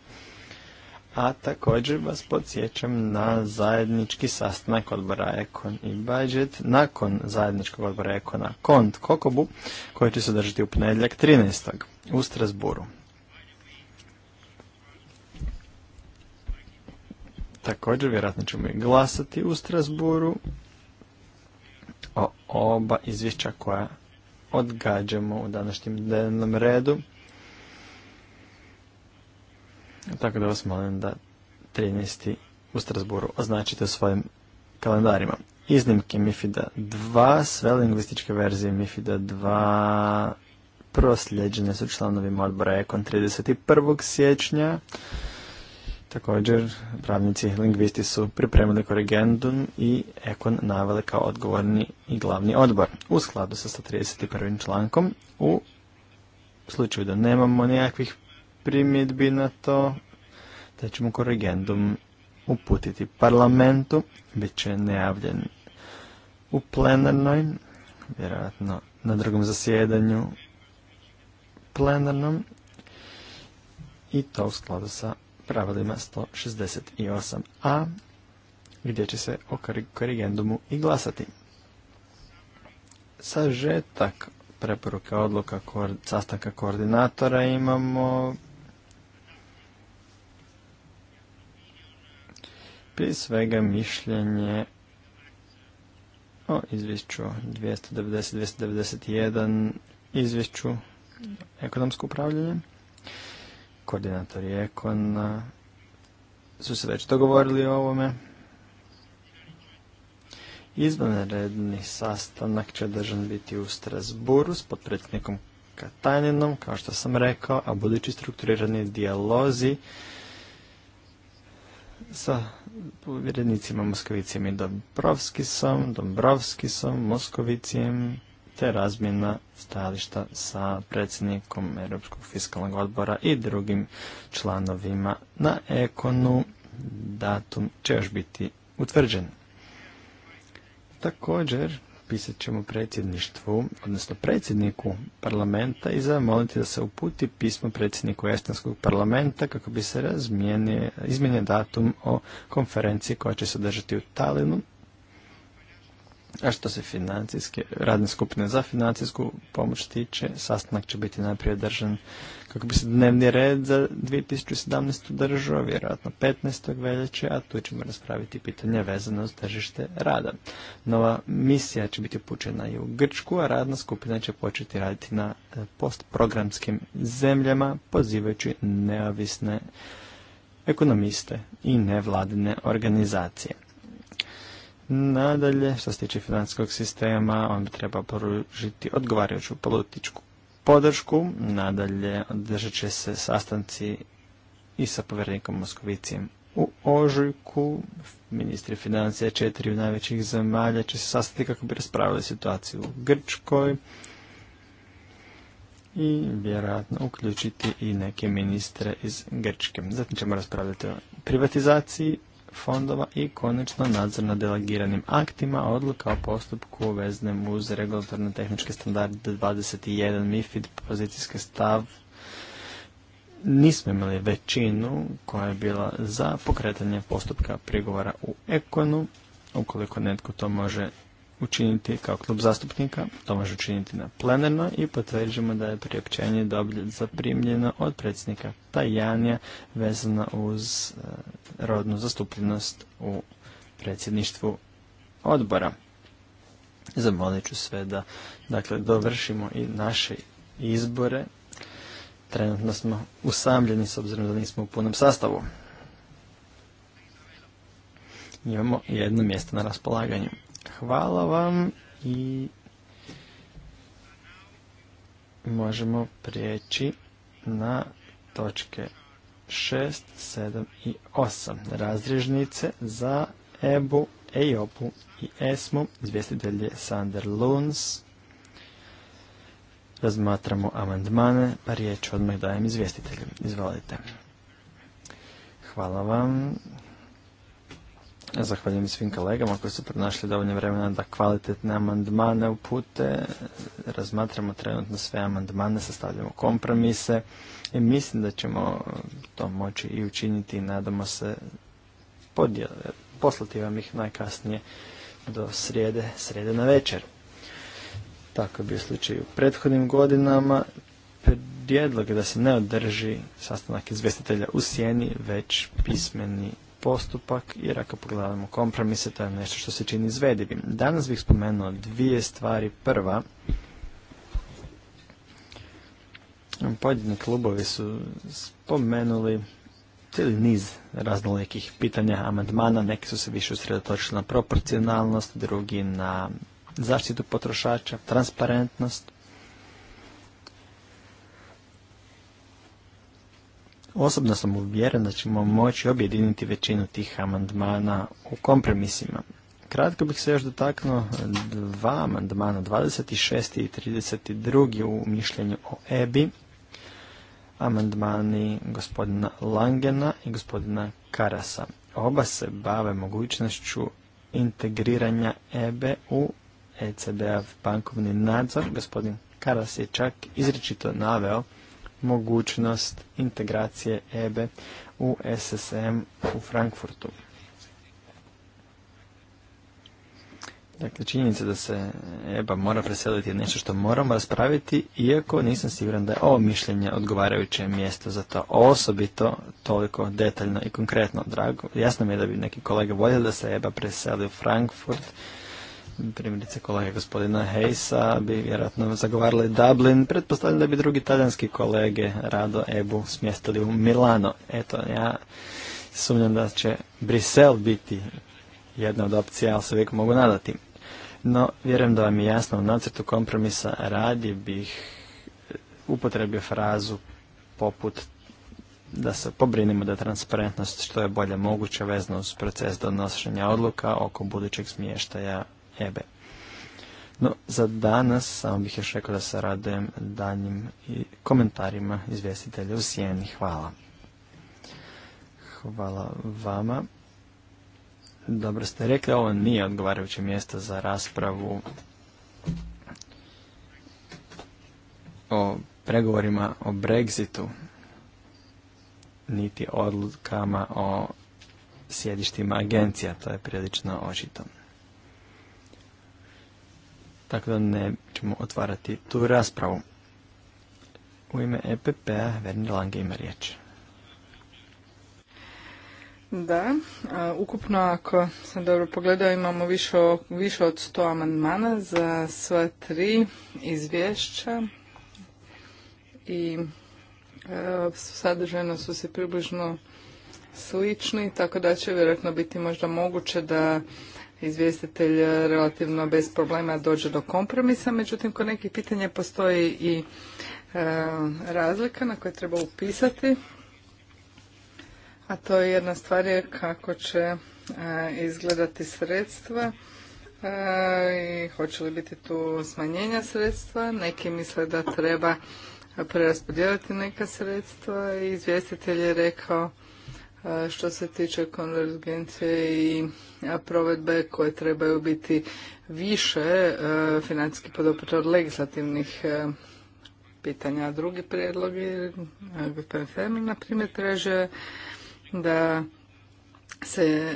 a također vas podsjećam na zajednički sastanak odbora Ekon i Budget nakon zajedničkog odbora Ekona Kont Kokobu koji će se održati u ponedjeljak 13. u Strasburu. Također vjerojatno ćemo i glasati u Strasburu o oba izvješća koja odgađamo u današnjem dnevnom redu. Tako da vas molim da 13. u Strasburu označite svojim kalendarima. Iznimke Mifida 2, sve lingvističke verzije Mifida 2 prosljeđene su članovima odbora Ekon 31. sječnja. Također, pravnici lingvisti su pripremili korigendum i Ekon naveli kao odgovorni i glavni odbor. U skladu sa 131. člankom, u slučaju da nemamo nekakvih primjedbi na to, da ćemo korigendum uputiti parlamentu, bit će najavljen u plenarnoj, vjerojatno na drugom zasjedanju plenarnom i to u skladu sa pravilima 168a gdje će se o korigendumu i glasati. Sažetak preporuka odluka sastanka koordinatora imamo Prije svega mišljenje o izvješću 290-291 izvješću ekonomsko upravljanje. Koordinator je ekon su se već dogovorili o ovome. Izvanredni sastanak će držan biti u Strasburu s potpredsjednikom Kataninom, kao što sam rekao, a budući strukturirani dijalozi sa povjerenicima Moskovicijem i Dombrovskisom, Dombrovskisom, Moskovicijem, te razmjena stajališta sa predsjednikom Europskog fiskalnog odbora i drugim članovima na Ekonu. Datum će još biti utvrđen. Također, napisat ćemo predsjedništvu, odnosno predsjedniku parlamenta i zamoliti da se uputi pismo predsjedniku Estonskog parlamenta kako bi se izmijenio datum o konferenciji koja će se održati u Talinu. A što se financijske, radne skupine za financijsku pomoć tiče, sastanak će biti najprije održan kako bi se dnevni red za 2017. držao, vjerojatno 15. veljače, a tu ćemo raspraviti pitanje vezano uz tržište rada. Nova misija će biti upućena i u Grčku, a radna skupina će početi raditi na e, postprogramskim zemljama, pozivajući neovisne ekonomiste i nevladine organizacije. Nadalje, što se tiče financijskog sistema, on bi treba poružiti odgovarajuću političku podršku. Nadalje držat će se sastanci i sa povjerenikom Moskovicijem u ožujku. Ministri financija četiri najvećih zemalja će se sastati kako bi raspravili situaciju u Grčkoj i vjerojatno uključiti i neke ministre iz Grčke. Zatim ćemo raspravljati o privatizaciji fondova i konačno nadzor na delegiranim aktima, odluka o postupku veznem uz regulatorne tehničke standarde 21 MIFID pozicijski stav. Nismo imali većinu koja je bila za pokretanje postupka prigovora u Ekonu. Ukoliko netko to može učiniti kao klub zastupnika, to može učiniti na plenarno i potvrđujemo da je priopćenje zaprimljeno od predsjednika Tajanija vezano uz eh, rodnu zastupljenost u predsjedništvu odbora. Zamolit ću sve da dakle, dovršimo i naše izbore. Trenutno smo usamljeni s obzirom da nismo u punom sastavu. Imamo jedno mjesto na raspolaganju. Hvala vam i možemo prijeći na točke 6, 7 i 8. Razrežnice za EBU, EIOPU i ESMU. Izvjestitelj je Sander Luns. Razmatramo amandmane, pa riječ odmah dajem izvjestitelju. Izvolite. Hvala vam, Zahvaljujem svim kolegama koji su pronašli dovoljno vremena da kvalitetne amandmane upute. Razmatramo trenutno sve amandmane, sastavljamo kompromise i mislim da ćemo to moći i učiniti i nadamo se poslati vam ih najkasnije do srijede, srijede na večer. Tako bi u slučaju u prethodnim godinama prijedlog je da se ne održi sastanak izvjestitelja u sjeni, već pismeni postupak, jer ako pogledamo kompromise, to je nešto što se čini izvedivim. Danas bih spomenuo dvije stvari. Prva, pojedini klubovi su spomenuli cijeli niz raznolikih pitanja amandmana, neki su se više usredotočili na proporcionalnost, drugi na zaštitu potrošača, transparentnost, Osobno sam uvjeren da ćemo moći objediniti većinu tih amandmana u kompromisima. Kratko bih se još dotaknuo dva amandmana, 26. i 32. u mišljenju o EBI, amandmani gospodina Langena i gospodina Karasa. Oba se bave mogućnošću integriranja EBE u ecb bankovni nadzor. Gospodin Karas je čak izričito naveo mogućnost integracije EBE u SSM u Frankfurtu. Dakle, činjenica da se EBA mora preseliti je nešto što moramo raspraviti, iako nisam siguran da je ovo mišljenje odgovarajuće mjesto za to. Osobito toliko detaljno i konkretno, drago. Jasno mi je da bi neki kolega voljeli da se EBA preseli u Frankfurt, primjerice kolege gospodina Heisa bi vjerojatno zagovarali Dublin, pretpostavljam da bi drugi talijanski kolege rado Ebu smjestili u Milano. Eto, ja sumnjam da će Brisel biti jedna od opcija, ali se uvijek mogu nadati. No, vjerujem da vam je jasno, u nacrtu kompromisa radi bih upotrebio frazu poput da se pobrinimo da je transparentnost što je bolje moguća vezano uz proces donošenja odluka oko budućeg smještaja EBE. No, za danas samo bih još rekao da se radujem danjim komentarima izvjestitelja u Sijeni. Hvala. Hvala vama. Dobro ste rekli, ovo nije odgovarajuće mjesto za raspravu o pregovorima o Brexitu, niti odlukama o sjedištima agencija, to je prilično očito tako da ne ćemo otvarati tu raspravu. U ime EPP-a Lange ima riječ. Da, ukupno ako sam dobro pogledao imamo više, od 100 amandmana za sva tri izvješća i e, sadržajno su se približno slični, tako da će vjerojatno biti možda moguće da izvjestitelj e, relativno bez problema dođe do kompromisa, međutim kod nekih pitanja postoji i e, razlika na koje treba upisati, a to je jedna stvar je kako će e, izgledati sredstva i hoće li biti tu smanjenja sredstva. Neki misle da treba preraspodijeliti neka sredstva i izvjestitelj je rekao što se tiče konvergencije i provedbe koje trebaju biti više e, financijski podopet od legislativnih e, pitanja. drugi prijedlog je, e, gospodin na primjer, traže da se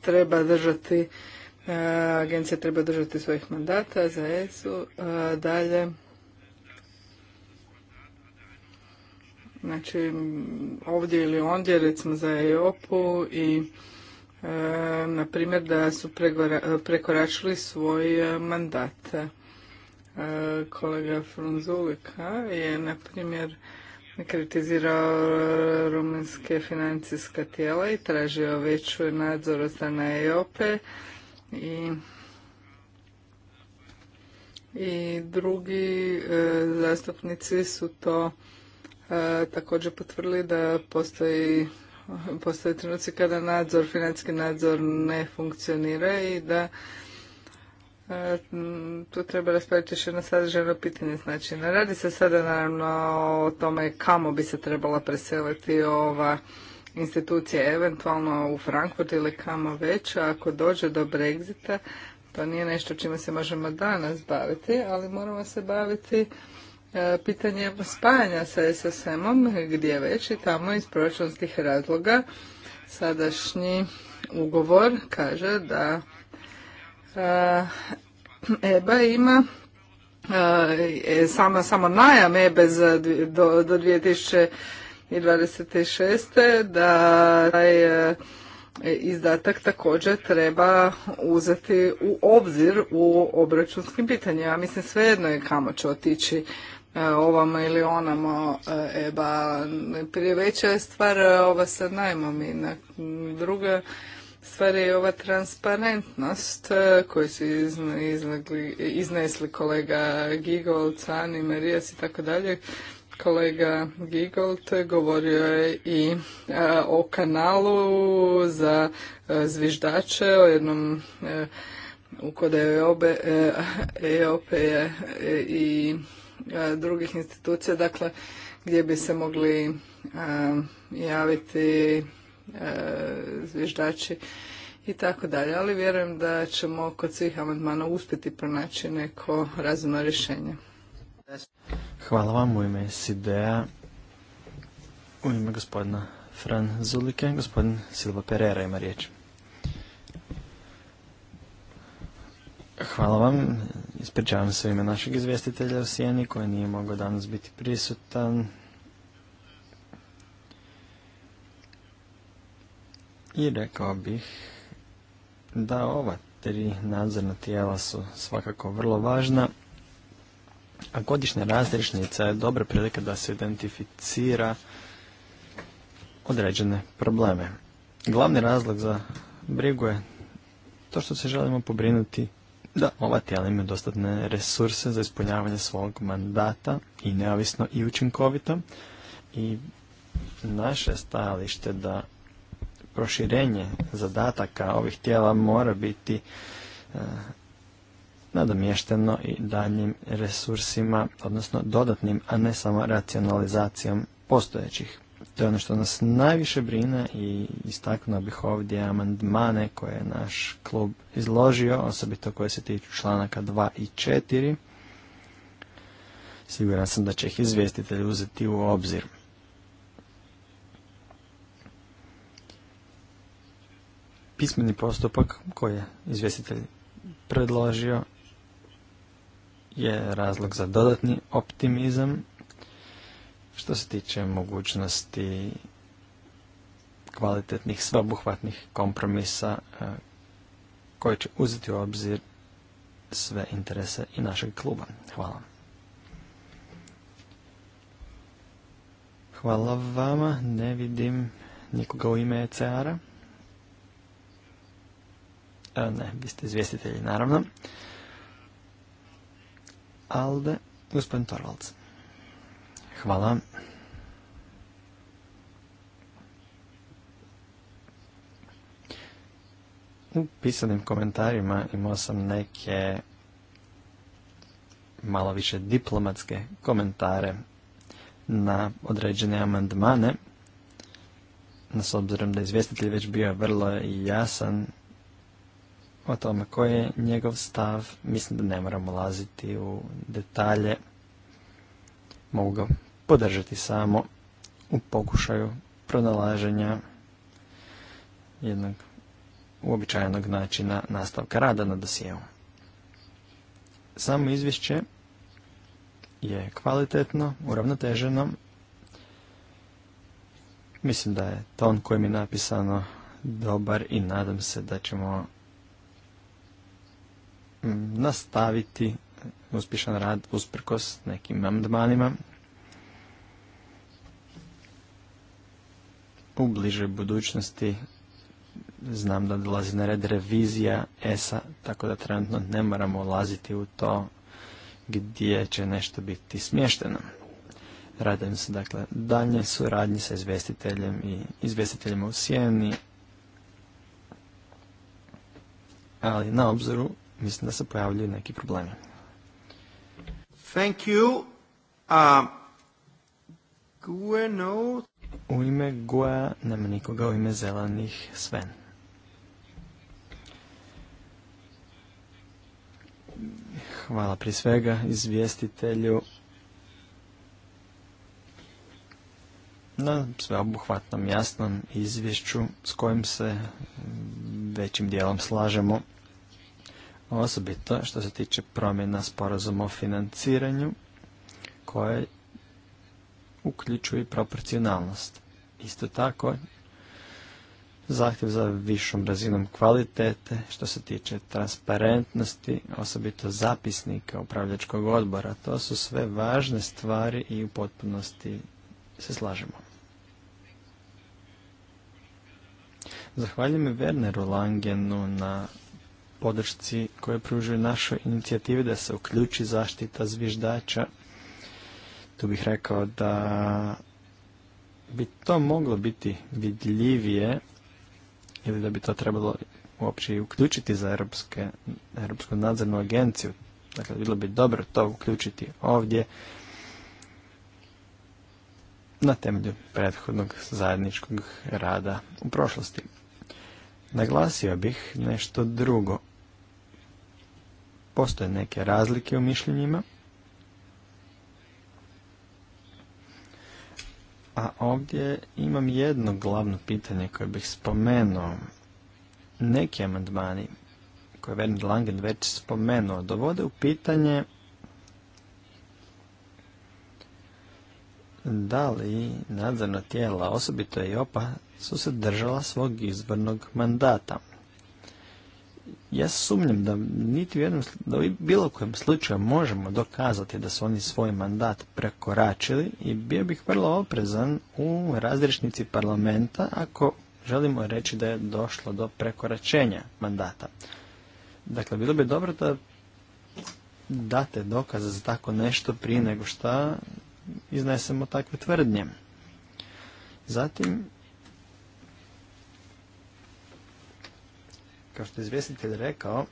treba držati, agencija treba držati svojih mandata za ESU, dalje znači ovdje ili ondje, recimo za EOP-u i e, na primjer da su prekoračili svoj e, mandat. E, kolega Frunzulika je na primjer kritizirao rumunske financijska tijela i tražio veću nadzor od strane EOP-e i i drugi zastupnici su to E, također potvrdili da postoji postoje trenuci kada nadzor, financijski nadzor ne funkcionira i da e, tu treba raspraviti još jedno sadržajno pitanje. Znači, ne radi se sada naravno o tome kamo bi se trebala preseliti ova institucija, eventualno u Frankfurt ili kamo već, ako dođe do Brexita, to nije nešto čime se možemo danas baviti, ali moramo se baviti E, pitanje spajanja sa SSM-om, gdje već i tamo iz proračunskih razloga sadašnji ugovor kaže da EBA e ima e, samo najam EBE za, do, do 2026. da taj izdatak također treba uzeti u obzir u obračunskim pitanjima. mislim svejedno je kamo će otići E, ovama ili onamo e, EBA. Prije veća je stvar e, ova sa najmom i druga stvar je ova transparentnost koju su iznesli kolega Gigol, Cani, Marijas i tako dalje. Kolega Gigolt govorio je i o kanalu za zviždače, o jednom u kod je i E, drugih institucija, dakle gdje bi se mogli e, javiti e, zviždači i tako dalje. Ali vjerujem da ćemo kod svih amandmana uspjeti pronaći neko razumno rješenje. Hvala vam u ime SIDEA, u ime gospodina Fran Zulike, gospodin Silva Pereira ima riječ. Hvala vam. Ispričavam se u ime našeg izvjestitelja u Sijeni koji nije mogao danas biti prisutan. I rekao bih da ova tri nadzorna tijela su svakako vrlo važna, a godišnja razrišnica je dobra prilika da se identificira određene probleme. Glavni razlog za brigu je to što se želimo pobrinuti da ova tijela imaju dostatne resurse za ispunjavanje svog mandata i neovisno i učinkovito. I naše stajalište da proširenje zadataka ovih tijela mora biti e, nadomješteno i daljnjim resursima, odnosno dodatnim, a ne samo racionalizacijom postojećih. To je ono što nas najviše brine i istaknuo bih ovdje amandmane koje je naš klub izložio, osobito koje se tiču članaka 2 i 4. Siguran sam da će ih izvjestitelj uzeti u obzir. Pismeni postupak koji je izvjestitelj predložio je razlog za dodatni optimizam što se tiče mogućnosti kvalitetnih, sveobuhvatnih kompromisa e, koji će uzeti u obzir sve interese i našeg kluba. Hvala. Hvala vama, ne vidim nikoga u ime ECR-a. E, ne, vi ste izvjestitelji, naravno. Alde, gospodin Torvalds. Hvala. U pisanim komentarima imao sam neke malo više diplomatske komentare na određene amandmane. nas s obzirom da je izvjestitelj već bio vrlo jasan o tome koji je njegov stav, mislim da ne moram ulaziti u detalje. Mogu podržati samo u pokušaju pronalaženja jednog uobičajenog načina nastavka rada na dosijevu. Samo izvješće je kvalitetno, uravnoteženo. Mislim da je ton kojim je napisano dobar i nadam se da ćemo mm, nastaviti uspješan rad usprkos nekim amandmanima u bližoj budućnosti znam da dolazi na red revizija ESA, tako da trenutno ne moramo ulaziti u to gdje će nešto biti smješteno. Radim se dakle dalje suradnje sa izvjestiteljem i izvjestiteljima u Sijeni, ali na obzoru mislim da se pojavljuju neki problemi. Thank you. Uh, u ime Goja nema nikoga, u ime zelenih Sven. Hvala prije svega izvjestitelju na sveobuhvatnom jasnom izvješću s kojim se većim dijelom slažemo. Osobito što se tiče promjena sporazuma o financiranju koje uključuje i proporcionalnost. Isto tako, zahtjev za višom razinom kvalitete što se tiče transparentnosti, osobito zapisnika upravljačkog odbora. To su sve važne stvari i u potpunosti se slažemo. Zahvaljujem Werneru Langenu na podršci koje pružuje našoj inicijativi da se uključi zaštita zviždača tu bih rekao da bi to moglo biti vidljivije ili da bi to trebalo uopće uključiti za Europske, Europsku nadzornu agenciju. Dakle, bilo bi dobro to uključiti ovdje na temelju prethodnog zajedničkog rada u prošlosti. Naglasio bih nešto drugo. Postoje neke razlike u mišljenjima. ovdje imam jedno glavno pitanje koje bih spomenuo. Neki amandmani koje je Werner Langen već spomenuo dovode u pitanje da li nadzorna tijela, osobito je i OPA, su se držala svog izbornog mandata. Ja sumnjam da niti u jednom, da u bilo kojem slučaju možemo dokazati da su oni svoj mandat prekoračili i bio bih vrlo oprezan u razrešnici parlamenta ako želimo reći da je došlo do prekoračenja mandata. Dakle, bilo bi dobro da date dokaze za tako nešto prije nego što iznesemo takve tvrdnje. Zatim, Kao što je izvjestitelj rekao,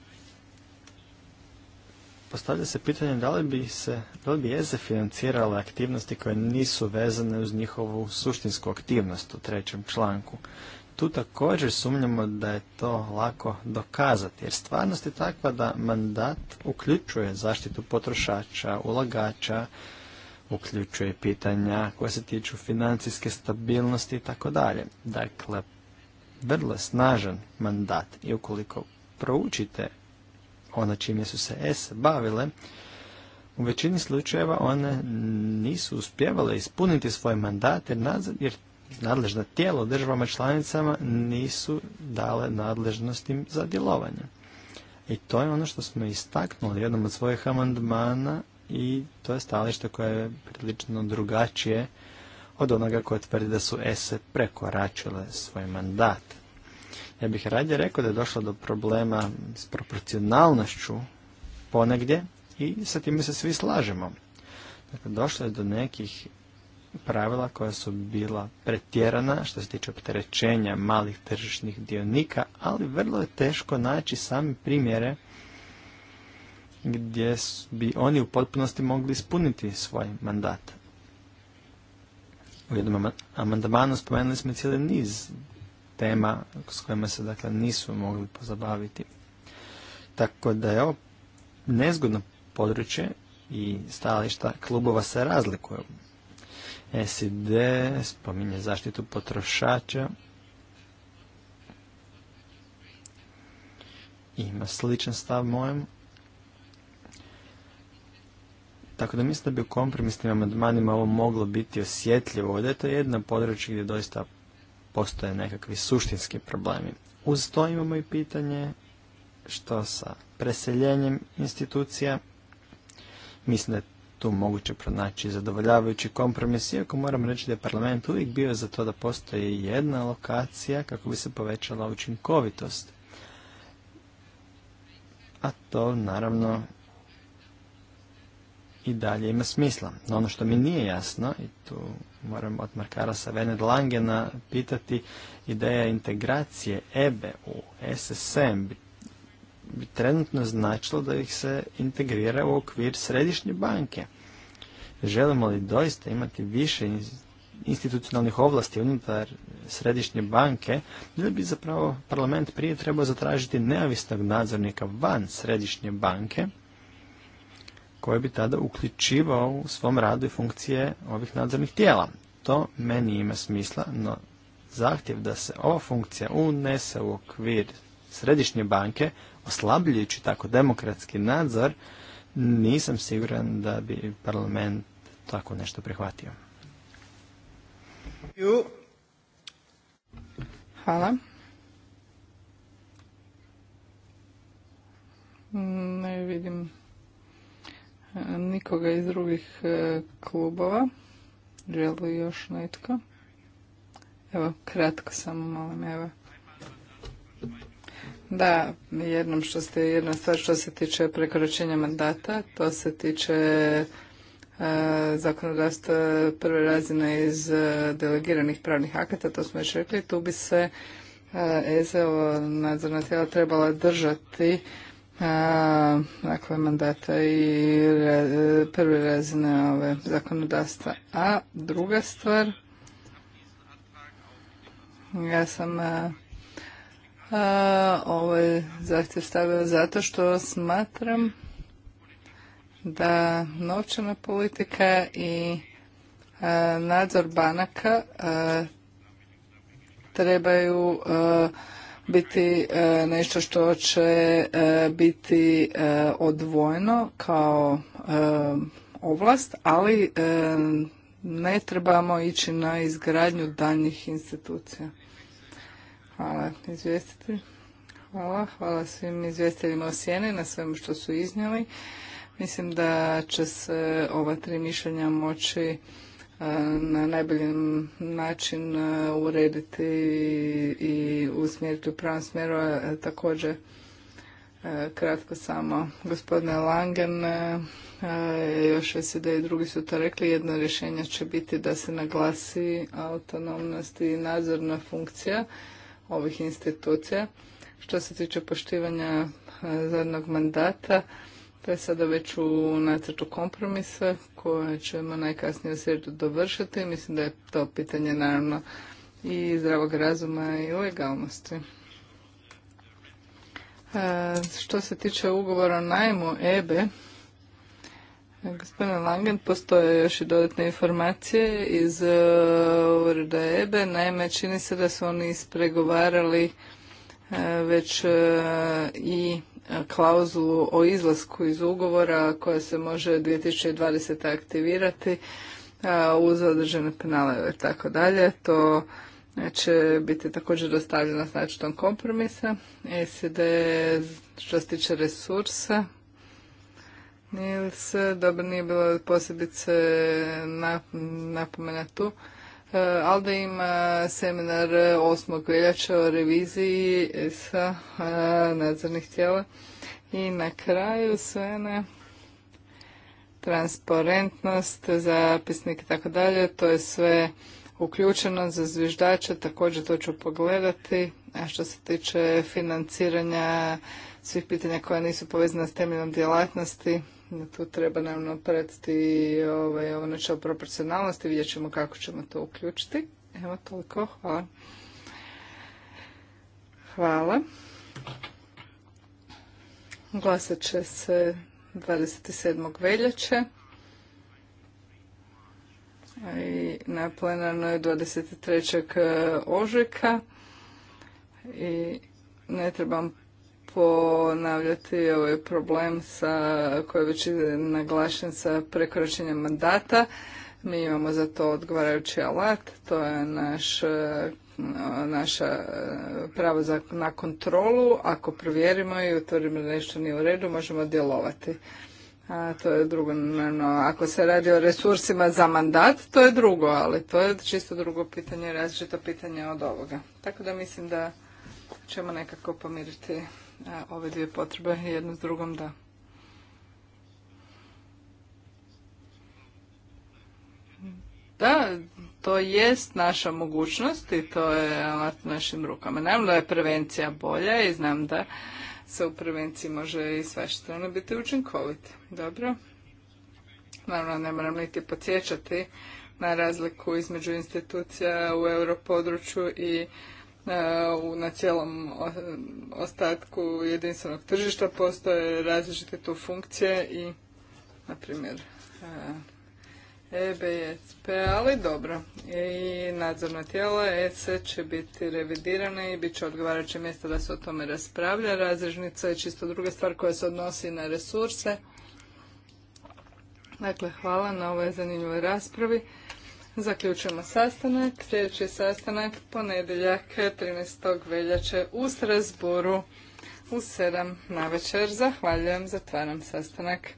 postavlja se pitanje da li bi se, da li bi financirale aktivnosti koje nisu vezane uz njihovu suštinsku aktivnost u trećem članku. Tu također sumnjamo da je to lako dokazati, jer stvarnost je takva da mandat uključuje zaštitu potrošača, ulagača, uključuje pitanja koja se tiču financijske stabilnosti i tako dalje. Dakle, vrlo snažan mandat i ukoliko proučite ono čime su se S bavile, u većini slučajeva one nisu uspjevale ispuniti svoj mandat jer, jer nadležna tijela u državama članicama nisu dale nadležnosti za djelovanje. I to je ono što smo istaknuli jednom od svojih amandmana i to je stalište koje je prilično drugačije od onoga koja tvrdi da su ESE prekoračile svoj mandat. Ja bih radije rekao da je došlo do problema s proporcionalnošću ponegdje i sa time se svi slažemo. Dakle, došlo je do nekih pravila koja su bila pretjerana što se tiče opterećenja malih tržišnih dionika, ali vrlo je teško naći same primjere gdje bi oni u potpunosti mogli ispuniti svoj mandat. U jednom amandmanu spomenuli smo cijeli niz tema s kojima se dakle nisu mogli pozabaviti. Tako da je ovo nezgodno područje i stajališta klubova se razlikuju. SID spominje zaštitu potrošača ima sličan stav mojem. Tako da mislim da bi u kompromisnim amandmanima ovo moglo biti osjetljivo, da je to jedna područje gdje doista postoje nekakvi suštinski problemi. Uz to imamo i pitanje što sa preseljenjem institucija. Mislim da je tu moguće pronaći zadovoljavajući kompromis, iako moram reći da je parlament uvijek bio za to da postoji jedna lokacija kako bi se povećala učinkovitost. A to naravno i dalje ima smisla. No ono što mi nije jasno, i tu moram od Markarasa Venedlangena Langena pitati, ideja integracije EBE e u SSM bi, trenutno značilo da ih se integrira u okvir središnje banke. Želimo li doista imati više institucionalnih ovlasti unutar središnje banke, ili bi zapravo parlament prije trebao zatražiti neovisnog nadzornika van središnje banke, koje bi tada uključivao u svom radu i funkcije ovih nadzornih tijela. To meni ima smisla, no zahtjev da se ova funkcija unese u okvir središnje banke, oslabljujući tako demokratski nadzor, nisam siguran da bi parlament tako nešto prihvatio. Hvala. Mm, ne vidim nikoga iz drugih e, klubova. Želi još netko? Evo, kratko samo, molim, evo. Da, jednom što ste, jedna stvar što se tiče prekoračenja mandata, to se tiče e, zakonodavstva prve razine iz e, delegiranih pravnih akata, to smo još rekli, tu bi se EZO nadzorna tijela trebala držati a, dakle mandata i prve razine ove zakonodavstva. A druga stvar, ja sam ovaj zahtjev stavio zato što smatram da novčana politika i nadzor banaka trebaju biti e, nešto što će e, biti e, odvojeno kao ovlast, ali ne trebamo ići na izgradnju daljnjih institucija. Hvala izvjestitelj. Hvala. Hvala svim izvjestiteljima o sjeni na svemu što su iznijeli. Mislim da će se ova tri mišljenja moći na najbolji način e, urediti i usmjeriti u pravom smjeru. E, također, e, kratko samo, gospodine Langen, još SED i drugi su to rekli, jedno rješenje će biti da se naglasi autonomnost i nadzorna funkcija ovih institucija. Što se tiče poštivanja zadnog mandata, to je sada već u nacrtu kompromisa koje ćemo najkasnije u srijedu dovršiti. Mislim da je to pitanje naravno i zdravog razuma i legalnosti. što se tiče ugovora o najmu EBE, Gospodine Langen, postoje još i dodatne informacije iz e, ureda EBE. Naime, čini se da su oni ispregovarali e, već e, i klauzulu o izlasku iz ugovora koja se može 2020. aktivirati uz određene penale i tako dalje. To će znači, biti također dostavljeno s načinom kompromisa. SED što se tiče resursa, dobro nije bilo posljedice napomena tu. Eh, Alde ima eh, seminar 8. Eh, veljača o reviziji sa nadzornih tijela. I na kraju sve ne transparentnost, zapisnik i tako dalje, to je sve uključeno za zviždače, također to ću pogledati. A što se tiče financiranja svih pitanja koja nisu povezana s temeljnom djelatnosti, tu treba naravno pratiti ovaj, ovo načelo proporcionalnosti, vidjet ćemo kako ćemo to uključiti. Evo toliko, hvala. Hvala. Glasat će se 27. veljače i na plenarnoj 23. Eh, ožujka i ne trebam ponavljati ovaj problem sa, koji je već naglašen sa prekoračenjem mandata. Mi imamo za to odgovarajući alat, to je naš naša pravo na kontrolu. Ako provjerimo i utvorimo da nešto nije u redu, možemo djelovati. A to je drugo, ako se radi o resursima za mandat, to je drugo, ali to je čisto drugo pitanje, različito pitanje od ovoga. Tako da mislim da ćemo nekako pomiriti E, ove dvije potrebe jedno s drugom da. Da, to jest naša mogućnost i to je alat u našim rukama. Naravno da je prevencija bolja i znam da se u prevenciji može i svašta ono biti učinkovit. Dobro. Naravno ne moram niti podsjećati na razliku između institucija u europodručju i E, na cijelom ostatku jedinstvenog tržišta postoje različite tu funkcije i, na primjer, EBSP, e ali dobro. E, I nadzorna tijela EC će biti revidirane i bit će odgovarajuće mjesto da se o tome raspravlja. Razrežnica je čisto druga stvar koja se odnosi na resurse. Dakle, hvala na ovoj zanimljivoj raspravi. Zaključujemo sastanak. Sljedeći sastanak ponedjeljak 13. veljače u Strasburu u 7 na večer. Zahvaljujem, zatvaram sastanak.